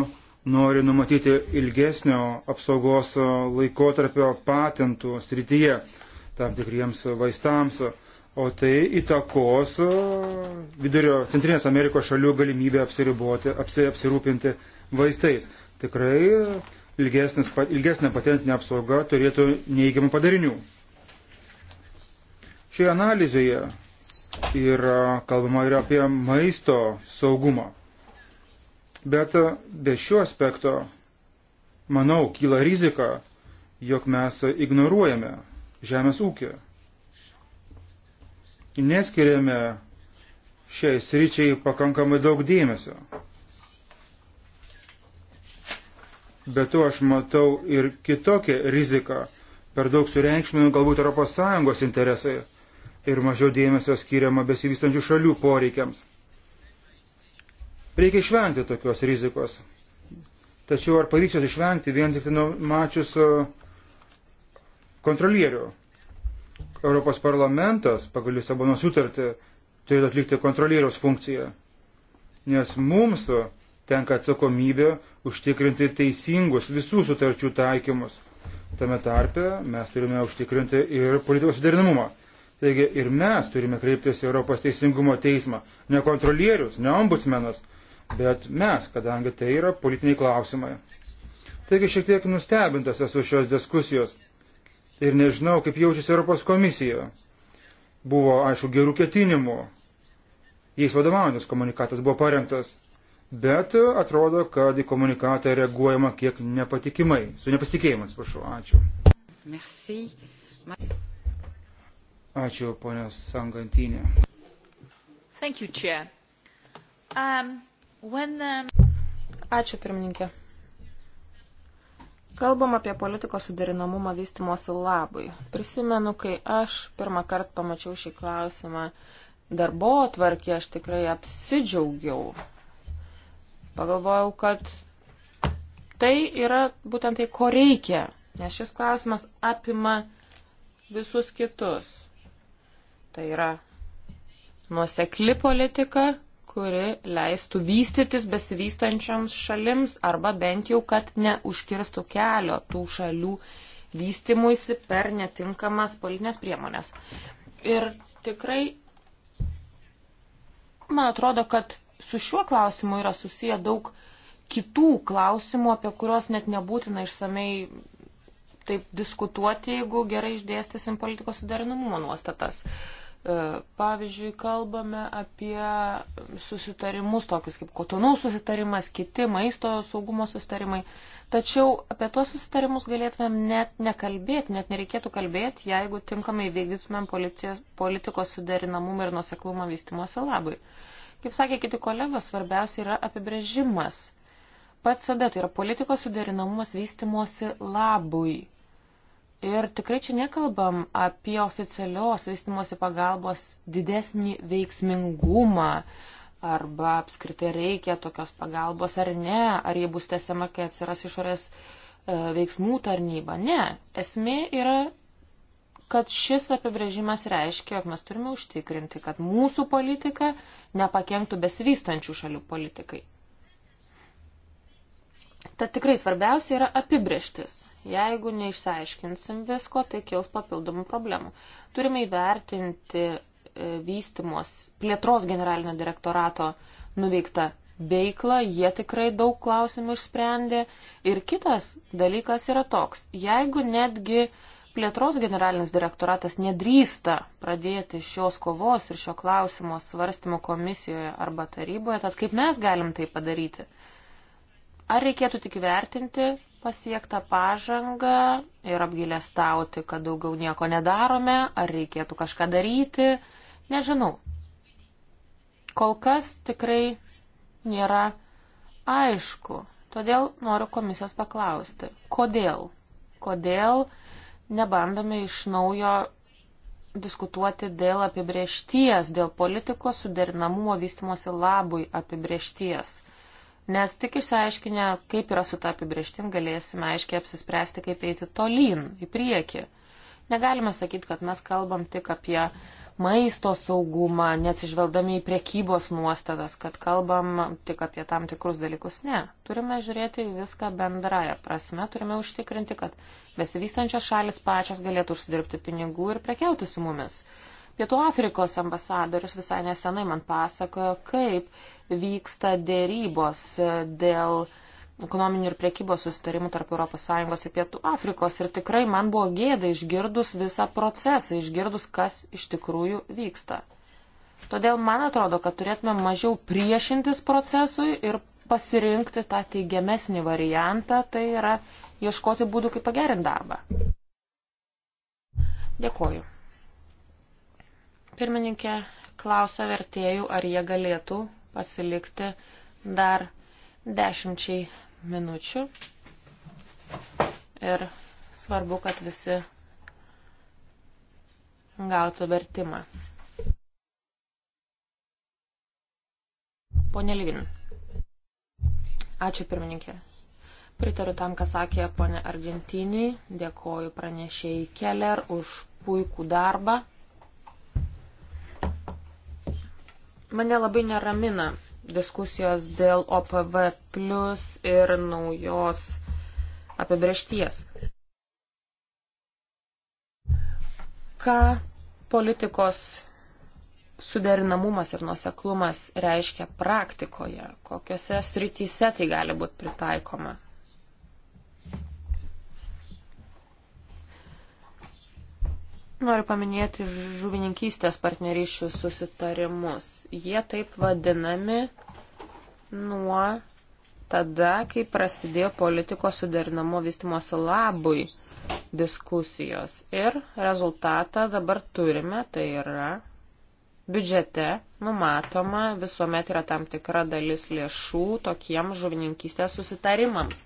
nori numatyti ilgesnio apsaugos laikotarpio patentų srityje tam tikriems vaistams, o tai įtakos vidurio Centrinės Amerikos šalių galimybę apsiriboti, apsi, apsirūpinti vaistais. Tikrai ilgesnis, ilgesnė patentinė apsauga turėtų neįgiamų padarinių. Šioje analizėje yra kalbama ir apie maisto saugumą. Bet be šio aspekto, manau, kyla rizika, jog mes ignoruojame žemės ūkį. Neskiriame šiai sričiai pakankamai daug dėmesio. bet to aš matau ir kitokią riziką. Per daug sureikšminami galbūt ES interesai ir mažiau dėmesio skiriama besivystančių šalių poreikiams. Reikia išvengti tokios rizikos. Tačiau ar pavyks jos išvengti vien tik tai numačius kontrolierių? Europos parlamentas pagal Lisabono sutartį turėtų atlikti kontrolieriaus funkciją. Nes mums tenka atsakomybė užtikrinti teisingus visų sutarčių taikymus. Tame tarpe mes turime užtikrinti ir politikos derinamumą. Taigi ir mes turime kreiptis į Europos teisingumo teismą. Ne kontrolierius, ne ombudsmenas, bet mes, kadangi tai yra politiniai klausimai. Taigi šiek tiek nustebintas esu šios diskusijos. Ir nežinau, kaip jaučiasi Europos komisija. Buvo, aišku, gerų ketinimų. Jais vadovaujantis komunikatas buvo parengtas bet atrodo, kad į komunikatą reaguojama kiek nepatikimai, su nepasitikėjimu, atsiprašau. Ačiū. Merci. Ačiū, ponė Sangantinė. Thank you, Chair. Um, when, um... Ačiū, pirmininkė. Kalbam apie politikos suderinamumą vystimosi labui. Prisimenu, kai aš pirmą kartą pamačiau šį klausimą darbo tvarkį, aš tikrai apsidžiaugiau Pagalvojau, kad tai yra būtent tai, ko reikia, nes šis klausimas apima visus kitus. Tai yra nuosekli politika, kuri leistų vystytis besivystančioms šalims arba bent jau, kad neužkirstų kelio tų šalių vystimuisi per netinkamas politinės priemonės. Ir tikrai, man atrodo, kad su šiuo klausimu yra susiję daug kitų klausimų, apie kuriuos net nebūtina išsamei taip diskutuoti, jeigu gerai išdėstysim politikos suderinamumo nuostatas. E, pavyzdžiui, kalbame apie susitarimus tokius kaip kotonų susitarimas, kiti maisto saugumo susitarimai. Tačiau apie tuos susitarimus galėtumėm net nekalbėti, net nereikėtų kalbėti, jeigu tinkamai vykdytumėm politikos suderinamumą ir nuseklumą vystimuose labai. Kaip sakė kiti kolegos, svarbiausia yra apibrėžimas. Pats sada tai yra politikos suderinamumas vystimosi labui. Ir tikrai čia nekalbam apie oficialios vystimosi pagalbos didesnį veiksmingumą arba apskritai reikia tokios pagalbos ar ne, ar jie bus tęsiama, kai atsiras išorės e, veiksmų tarnyba. Ne, esmė yra kad šis apibrėžimas reiškia, jog mes turime užtikrinti, kad mūsų politika nepakenktų besivystančių šalių politikai. Tad tikrai svarbiausia yra apibrieštis. Jeigu neišsiaiškinsim visko, tai kils papildomų problemų. Turime įvertinti e, vystimos plėtros generalinio direktorato nuveiktą veiklą, jie tikrai daug klausimų išsprendė. Ir kitas dalykas yra toks, jeigu netgi plėtros generalinis direktoratas nedrįsta pradėti šios kovos ir šio klausimo svarstymo komisijoje arba taryboje, tad kaip mes galim tai padaryti? Ar reikėtų tik vertinti pasiektą pažangą ir apgailestauti, kad daugiau nieko nedarome, ar reikėtų kažką daryti, nežinau. Kol kas tikrai nėra aišku, todėl noriu komisijos paklausti, kodėl? Kodėl? nebandome iš naujo diskutuoti dėl apibriešties, dėl politikos suderinamumo vystimosi labui apibriešties. Nes tik išsiaiškinę, kaip yra su ta apibrieštim, galėsime aiškiai apsispręsti, kaip eiti tolyn, į priekį. Negalime sakyti, kad mes kalbam tik apie uh, maisto saugumą, neatsižvelgdami į priekybos nuostatas, kad kalbam tik apie tam tikrus dalykus. Ne, turime žiūrėti viską bendraja prasme, turime užtikrinti, kad besivystančios šalis pačias galėtų užsidirbti pinigų ir prekiauti su mumis. Pietų Afrikos ambasadorius visai nesenai man pasakojo, kaip vyksta dėrybos dėl uh, ekonominių ir priekybos susitarimų tarp ES ir Pietų Afrikos. Ir tikrai man buvo gėda išgirdus visą procesą, išgirdus, kas iš tikrųjų vyksta. Todėl man atrodo, kad turėtume mažiau priešintis procesui ir pasirinkti tą teigiamesnį variantą, tai yra ieškoti būdų, kaip pagerinti darbą. Dėkoju. Pirmininkė klausia vertėjų, ar jie galėtų pasilikti dar dešimčiai minučių. Ir svarbu, kad visi gautų vertimą. Pone Lvin. Ačiū pirmininkė. Pritariu tam, ką sakė ponė Argentiniai. Dėkoju pranešėjai Keller už puikų darbą. Mane labai neramina diskusijos dėl OPV plus ir naujos apibriešties. Ką politikos suderinamumas ir nuseklumas reiškia praktikoje, kokiuose srityse tai gali būti pritaikoma. Noriu paminėti žuvininkystės partnerysčių susitarimus. Jie taip vadinami nuo tada, kai prasidėjo politikos suderinamo vystimosi labui diskusijos. Ir rezultatą dabar turime, tai yra biudžete numatoma visuomet yra tam tikra dalis lėšų tokiems žuvininkystės susitarimams.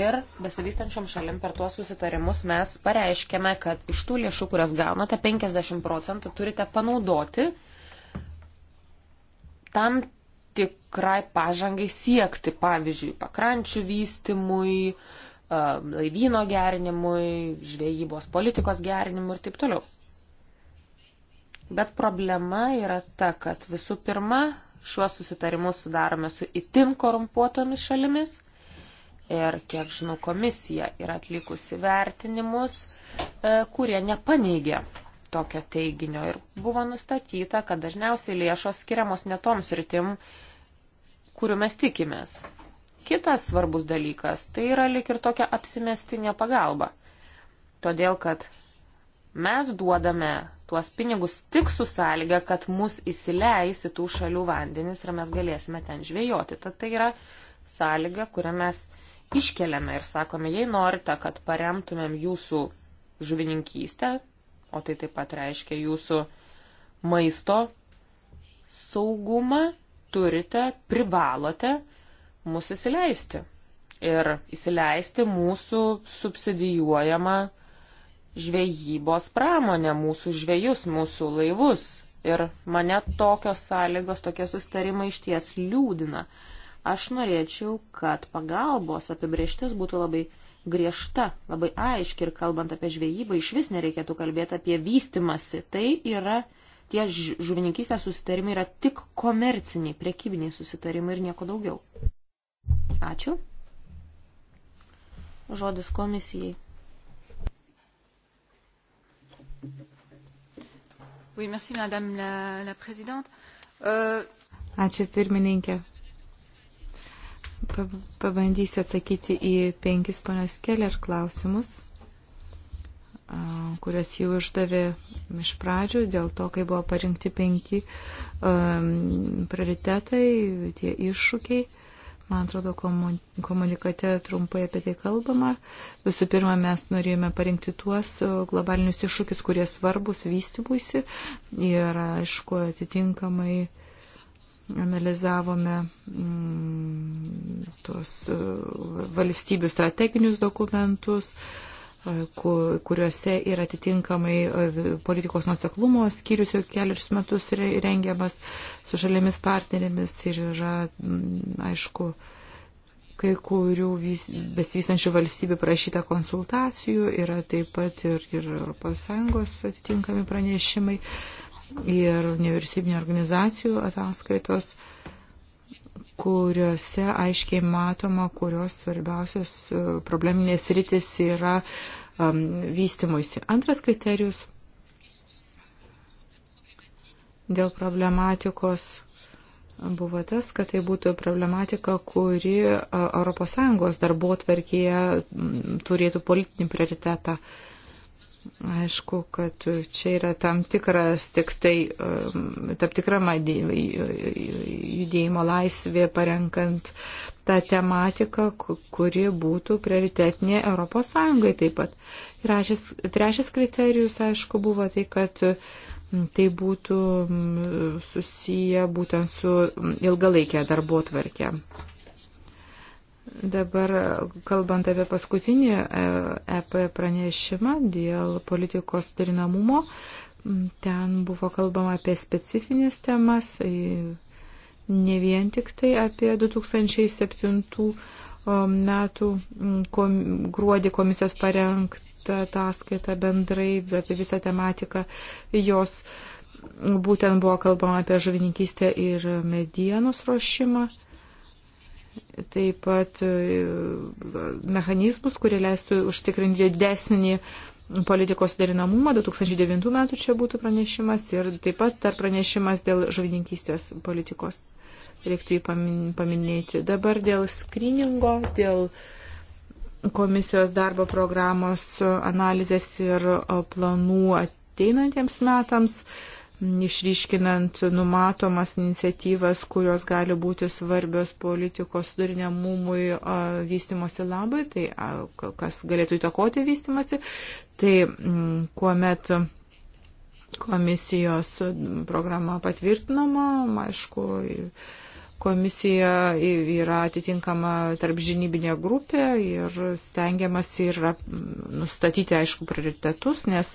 Ir besivystančiom šalim per tuos susitarimus mes pareiškėme, kad iš tų lėšų, kurias gaunate, 50 procentų turite panaudoti tam tikrai pažangai siekti, pavyzdžiui, pakrančių vystimui, laivyno gerinimui, žvejybos politikos gerinimui ir taip toliau. Bet problema yra ta, kad visų pirma, šiuos susitarimus sudarome su itin korumpuotomis šalimis. Ir kiek žinau, komisija yra atlikusi vertinimus, e, kurie nepaneigia tokio teiginio. Ir buvo nustatyta, kad dažniausiai lėšos skiriamos netoms rytim, kurių mes tikimės. Kitas svarbus dalykas - tai yra lik ir tokia apsimestinė pagalba. Todėl, kad mes duodame tuos pinigus tik su sąlyga, kad mus įsileis į tų šalių vandenis ir mes galėsime ten žvejoti. Tad tai yra sąlyga, kurią mes iškeliame ir sakome, jei norite, kad paremtumėm jūsų žuvininkystę, o tai taip pat reiškia jūsų maisto saugumą, turite, privalote mus įsileisti. Ir įsileisti mūsų subsidijuojamą žvejybos pramonę, mūsų žvejus, mūsų laivus. Ir mane tokios sąlygos, tokie sustarimai iš ties liūdina. Aš norėčiau, kad pagalbos apibrieštis būtų labai griežta, labai aiški ir kalbant apie žvejybą iš vis nereikėtų kalbėti apie vystimasi. Tai yra, tie žuvininkystės susitarimai yra tik komerciniai, prekybiniai susitarimai ir nieko daugiau. Ačiū. Žodis komisijai. Oui, merci, madame la, la présidente. Uh... Ačiū pirmininkė. Pabandysiu atsakyti į penkis ponios Keller klausimus, kuriuos jau uždavė iš pradžių, dėl to, kai buvo parinkti penki um, prioritetai, tie iššūkiai. Man atrodo, komunikate trumpai apie tai kalbama. Visų pirma, mes norėjome parinkti tuos e, globalinius iššūkius, kurie svarbus vystybuisi ir, aišku, atitinkamai analizavome mm, tuos e, valstybių strateginius dokumentus, uh, kuriuose ir atitinkamai e, politikos nuseklumo skyrius jau kelius metus rengiamas su šalėmis partnerėmis ir yra, aišku, kai kurių besivystančių valstybių prašyta konsultacijų, yra taip pat ir, ir ES atitinkami pranešimai ir nevyriausybinio organizacijų ataskaitos. Uh, kuriuose aiškiai matoma, kurios svarbiausios e, probleminės rytis yra um, vystimuisi. Antras kriterijus dėl problematikos buvo tas, kad tai būtų problematika, kuri ES darbo tvarkėje turėtų politinį prioritetą. Uh, Aišku, kad čia yra tam tikras tik tai, um, tam tikra judėjimo laisvė parenkant tą tematiką, kuri būtų prioritetinė ES taip pat. Ir trečias kriterijus, aišku, buvo tai, kad tai būtų susiję būtent su ilgalaikė darbo tvarkė. Dabar kalbant apie paskutinį EP e pranešimą dėl politikos derinamumo, ten buvo kalbama apie specifinės temas, ne vien tik tai apie 2007 metų kom, gruodį komisijos parengtą ataskaitą bendrai apie visą tematiką jos. Būtent buvo kalbama apie žuvininkystę ir medienos ruošimą taip pat e, mechanizmus, kurie leistų užtikrinti didesnį politikos derinamumą. 2009 metų čia būtų pranešimas ir taip pat dar pranešimas dėl žuvininkystės politikos. Reiktų jį paminėti. Dabar dėl skriningo, dėl komisijos darbo programos analizės ir e, planų ateinantiems metams. Uh, išryškinant numatomas iniciatyvas, kurios gali būti svarbios politikos sudarinamumui vystimosi labai, tai kas galėtų įtakoti vystimasi, tai mm, kuomet komisijos programa patvirtinama, aišku, komisija yra atitinkama tarp žinybinė grupė ir stengiamas yra nustatyti, aišku, prioritetus, nes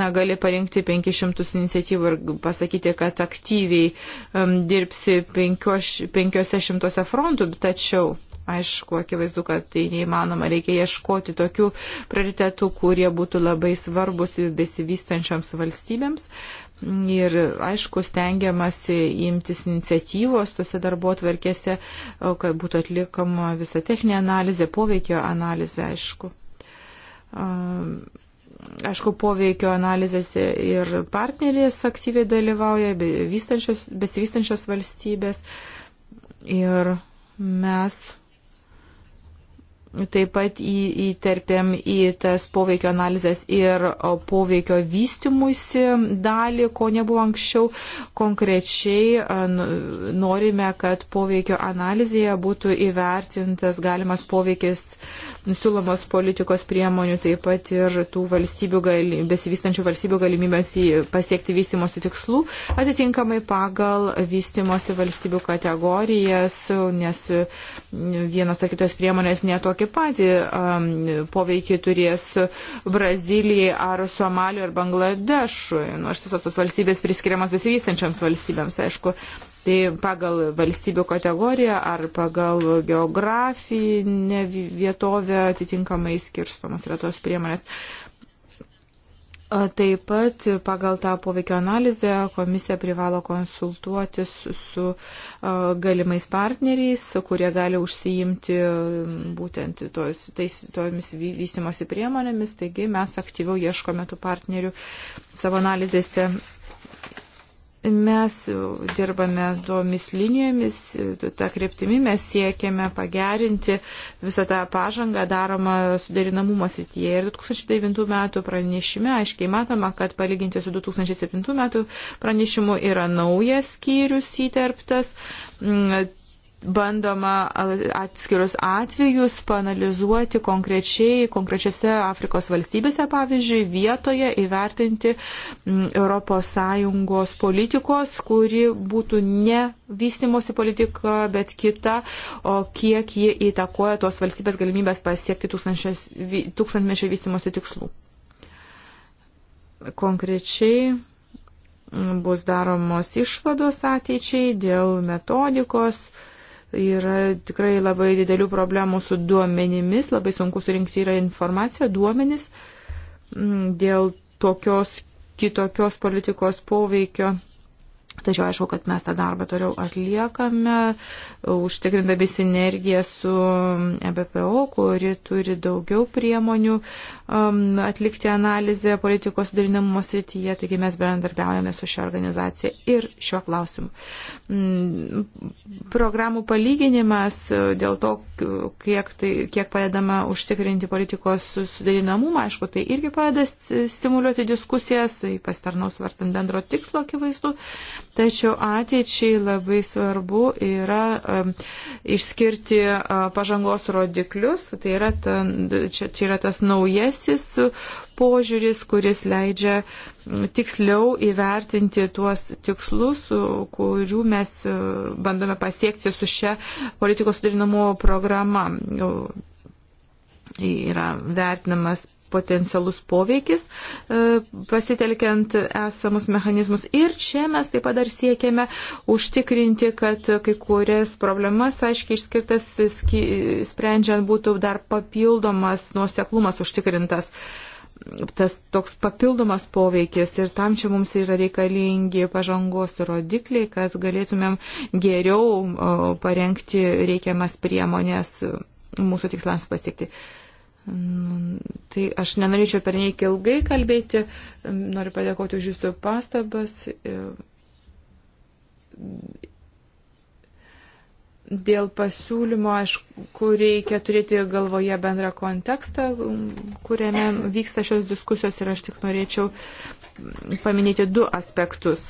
na, gali parinkti 500 iniciatyvų ir pasakyti, kad aktyviai um, dirbsi 500 frontų, tačiau Aišku, akivaizdu, kad tai neįmanoma, reikia ieškoti tokių prioritetų, kurie būtų labai svarbus besivystančioms valstybėms. Uh, ir aišku stengiamasi imtis iniciatyvos tose darbo atvarkėse, kad būtų atlikama visa techninė analizė, poveikio analizė, aišku. Aišku, poveikio analizėse ir partnerės aktyviai dalyvauja, besivystančios valstybės. Ir mes Taip pat į, įterpėm į tas poveikio analizės ir poveikio vystimusi dalį, ko nebuvo anksčiau. Konkrečiai norime, kad poveikio analizėje būtų įvertintas galimas poveikis siūlomos politikos priemonių, taip pat ir tų valstybių gali, besivystančių valstybių galimybės pasiekti vystimosi tikslų, atitinkamai pagal vystimosi valstybių kategorijas, nes vienos ar kitos priemonės netokia tokį patį um, poveikį turės Brazilijai ar Somaliui ar Bangladešui. Nors nu, visos tos valstybės priskiriamas besivystančiams valstybėms, aišku. Tai pagal valstybių kategoriją ar pagal geografinę vietovę atitinkamai skirstomos yra tos priemonės. Uh, Taip pat pagal tą poveikio analizę komisija privalo konsultuotis su galimais partneriais, kurie gali užsiimti būtent tos, tais, tomis vystimosi priemonėmis. Taigi mes aktyviau ieškome tų partnerių savo analizėse. Mes dirbame tomis linijomis, tą kryptimį mes siekiame pagerinti visą tą pažangą daromą suderinamumo srityje. Ir 2009 metų pranešime aiškiai matoma, kad palyginti su 2007 metų pranešimu yra naujas skyrius įterptas mm, bandoma atskirus atvejus panalizuoti konkrečiai, konkrečiose Afrikos valstybėse, pavyzdžiui, vietoje įvertinti mm, ES politikos, kuri būtų ne vystimosi politika, bet kita, o kiek ji įtakoja tos valstybės galimybės pasiekti tūkstantmečio vystimosi tikslų. Konkrečiai mm, bus daromos išvados ateičiai dėl metodikos, uh, Yra tikrai labai didelių problemų su duomenimis, labai sunku surinkti yra informaciją, duomenis mm, dėl tokios kitokios politikos poveikio Tačiau aišku, kad mes tą darbą toliau atliekame, užtikrindami sinergiją su EBPO, kuri turi daugiau priemonių um, atlikti analizę politikos sudarinamumo srityje, taigi mes bendarbiaujame su šia organizacija ir šiuo klausimu. Mm, programų palyginimas dėl to, kiek, tai, kiek padedama užtikrinti politikos sudarinamumą, aišku, tai irgi padeda stimuliuoti diskusijas, tai pasitarnaus vartant bendro tikslo akivaizdu. Tačiau ateičiai labai svarbu yra išskirti pažangos rodiklius. Tai yra, ta, čia, čia yra tas naujasis požiūris, kuris leidžia tiksliau įvertinti tuos tikslus, kurių mes bandome pasiekti su šia politikos sudarinamumo programa. Yra vertinamas potencialus poveikis, e, pasitelkiant esamus mechanizmus. Ir čia mes taip pat dar siekiame užtikrinti, kad kai kurias problemas, aiškiai išskirtas, sprendžiant būtų dar papildomas nuoseklumas užtikrintas tas toks papildomas poveikis ir tam čia mums yra reikalingi pažangos rodikliai, kad galėtumėm geriau parengti reikiamas priemonės mūsų tikslams pasiekti. Uh, Tai aš nenorėčiau per neik ilgai kalbėti, noriu padėkoti už jūsų pastabas. Dėl pasiūlymo, aišku, reikia turėti galvoje bendrą kontekstą, kuriame vyksta šios diskusijos ir aš tik norėčiau paminėti du aspektus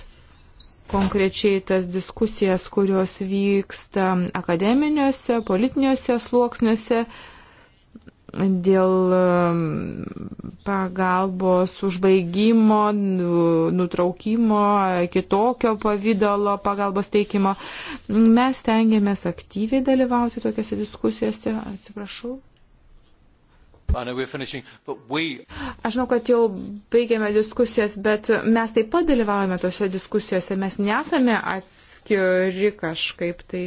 konkrečiai tas diskusijas, kurios vyksta akademiniuose, politiniuose sluoksniuose, dėl um, pagalbos užbaigimo, nu, nutraukimo, kitokio pavydalo pagalbos teikimo. Mes tengiamės aktyviai dalyvauti tokiuose diskusijose. Atsiprašau. Aš žinau, kad jau baigėme diskusijas, bet mes taip pat dalyvaujame tose diskusijose, mes nesame atskiri kažkaip tai.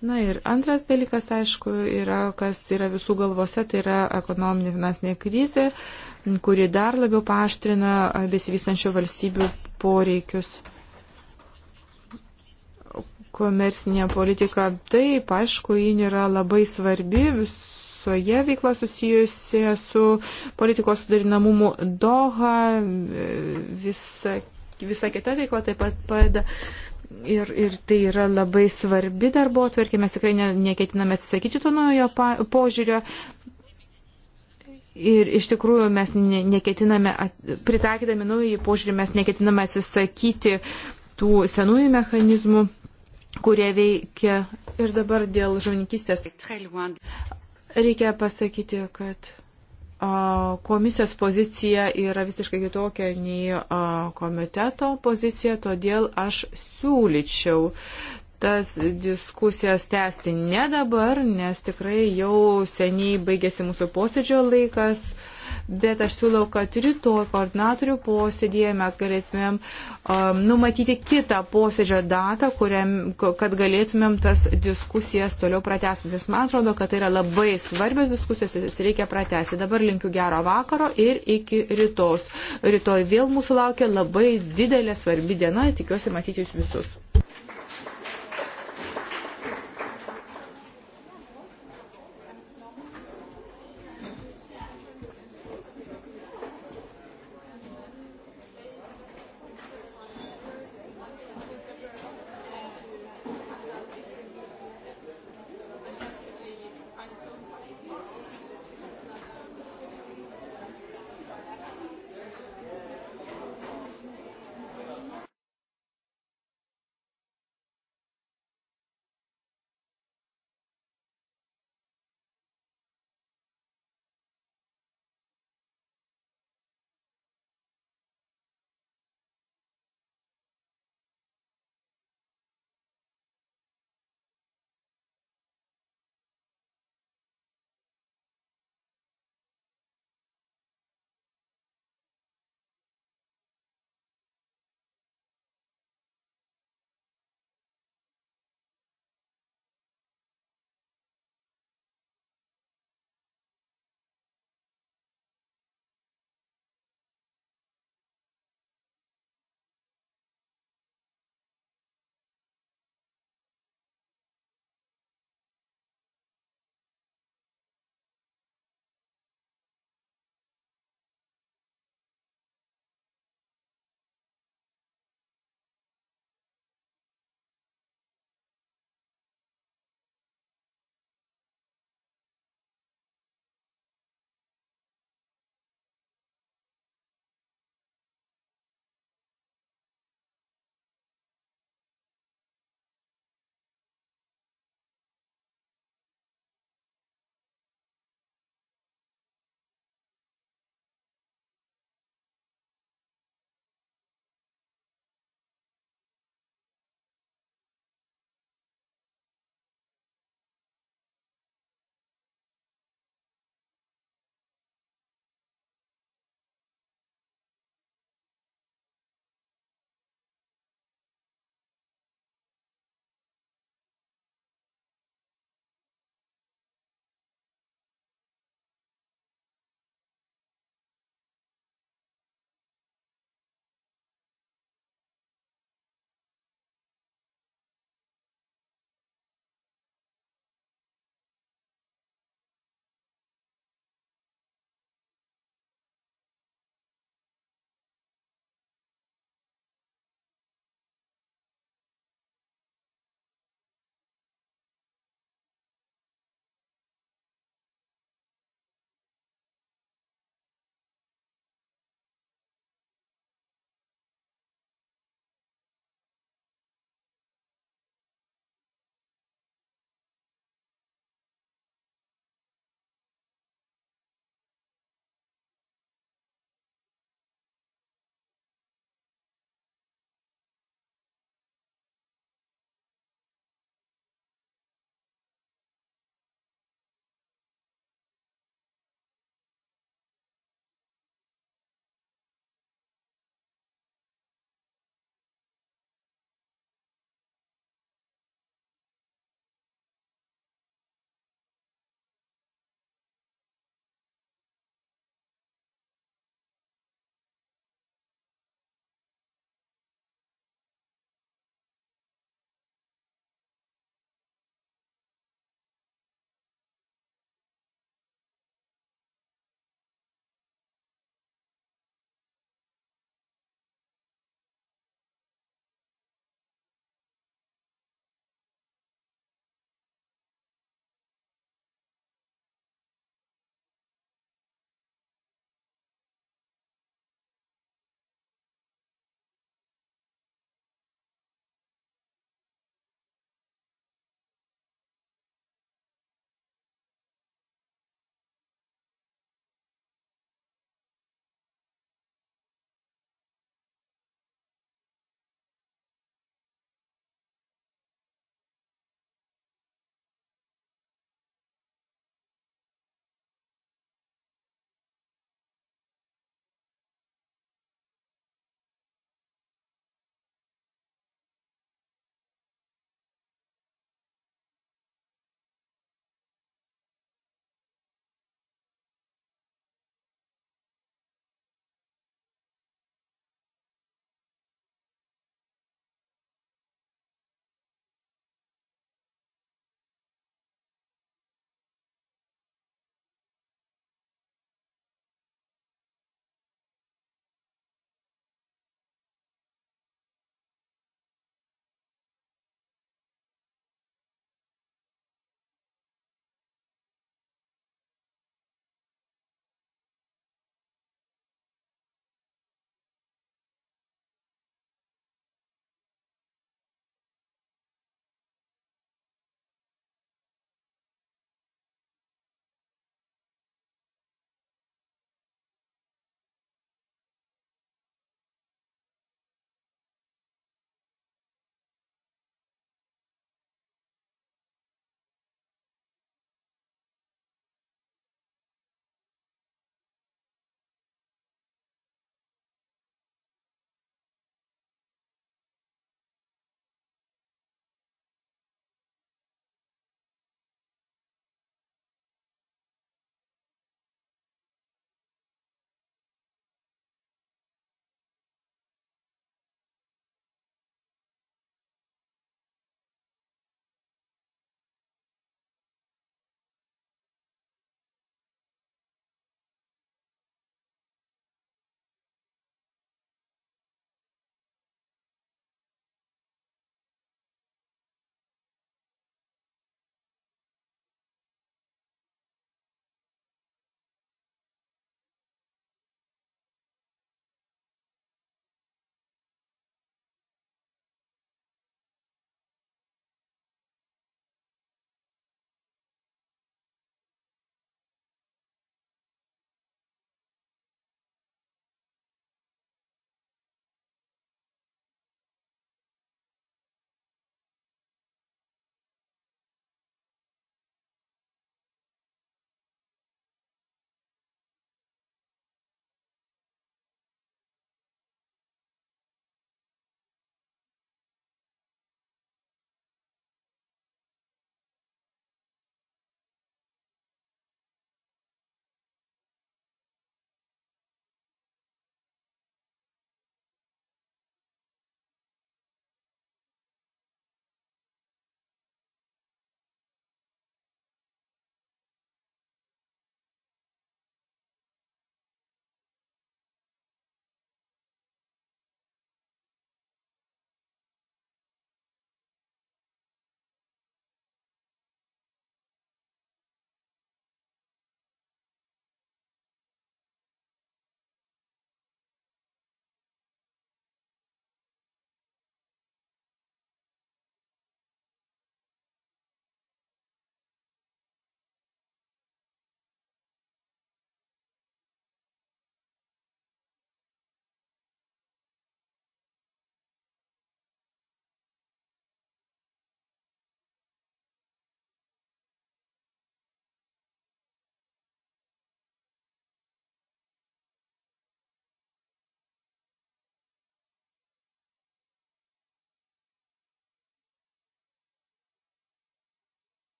Na ir antras dalykas, aišku, yra, kas yra visų galvose, tai yra ekonominė finansinė krizė, kuri dar labiau paaštrina besivystančių valstybių poreikius. Komersinė politika, taip, aišku, ji nėra labai svarbi visoje veikla susijusi su politikos sudarinamumu Doha, visa, visa kita veikla taip pat padeda. Pada Ir, ir tai yra labai svarbi darbo atverkė, mes tikrai ne, neketiname atsisakyti to naujo požiūrio. Ir iš tikrųjų mes ne, neketiname, pritaikydami naują požiūrį, mes neketiname atsisakyti tų senųjų mechanizmų, kurie veikia ir dabar dėl žuvininkystės. Reikia pasakyti, kad Komisijos pozicija yra visiškai kitokia nei komiteto pozicija, todėl aš siūlyčiau tas diskusijas tęsti ne dabar, nes tikrai jau seniai baigėsi mūsų posėdžio laikas bet aš siūlau, kad rytoj koordinatorių posėdėje mes galėtumėm um, numatyti kitą posėdžio datą, kuriam, kad galėtumėm tas diskusijas toliau pratesti. Nes man atrodo, kad tai yra labai svarbios diskusijos, jas reikia pratesti. Dabar linkiu gero vakaro ir iki rytos. Rytoj vėl mūsų laukia labai didelė svarbi diena, tikiuosi matyti jūs visus.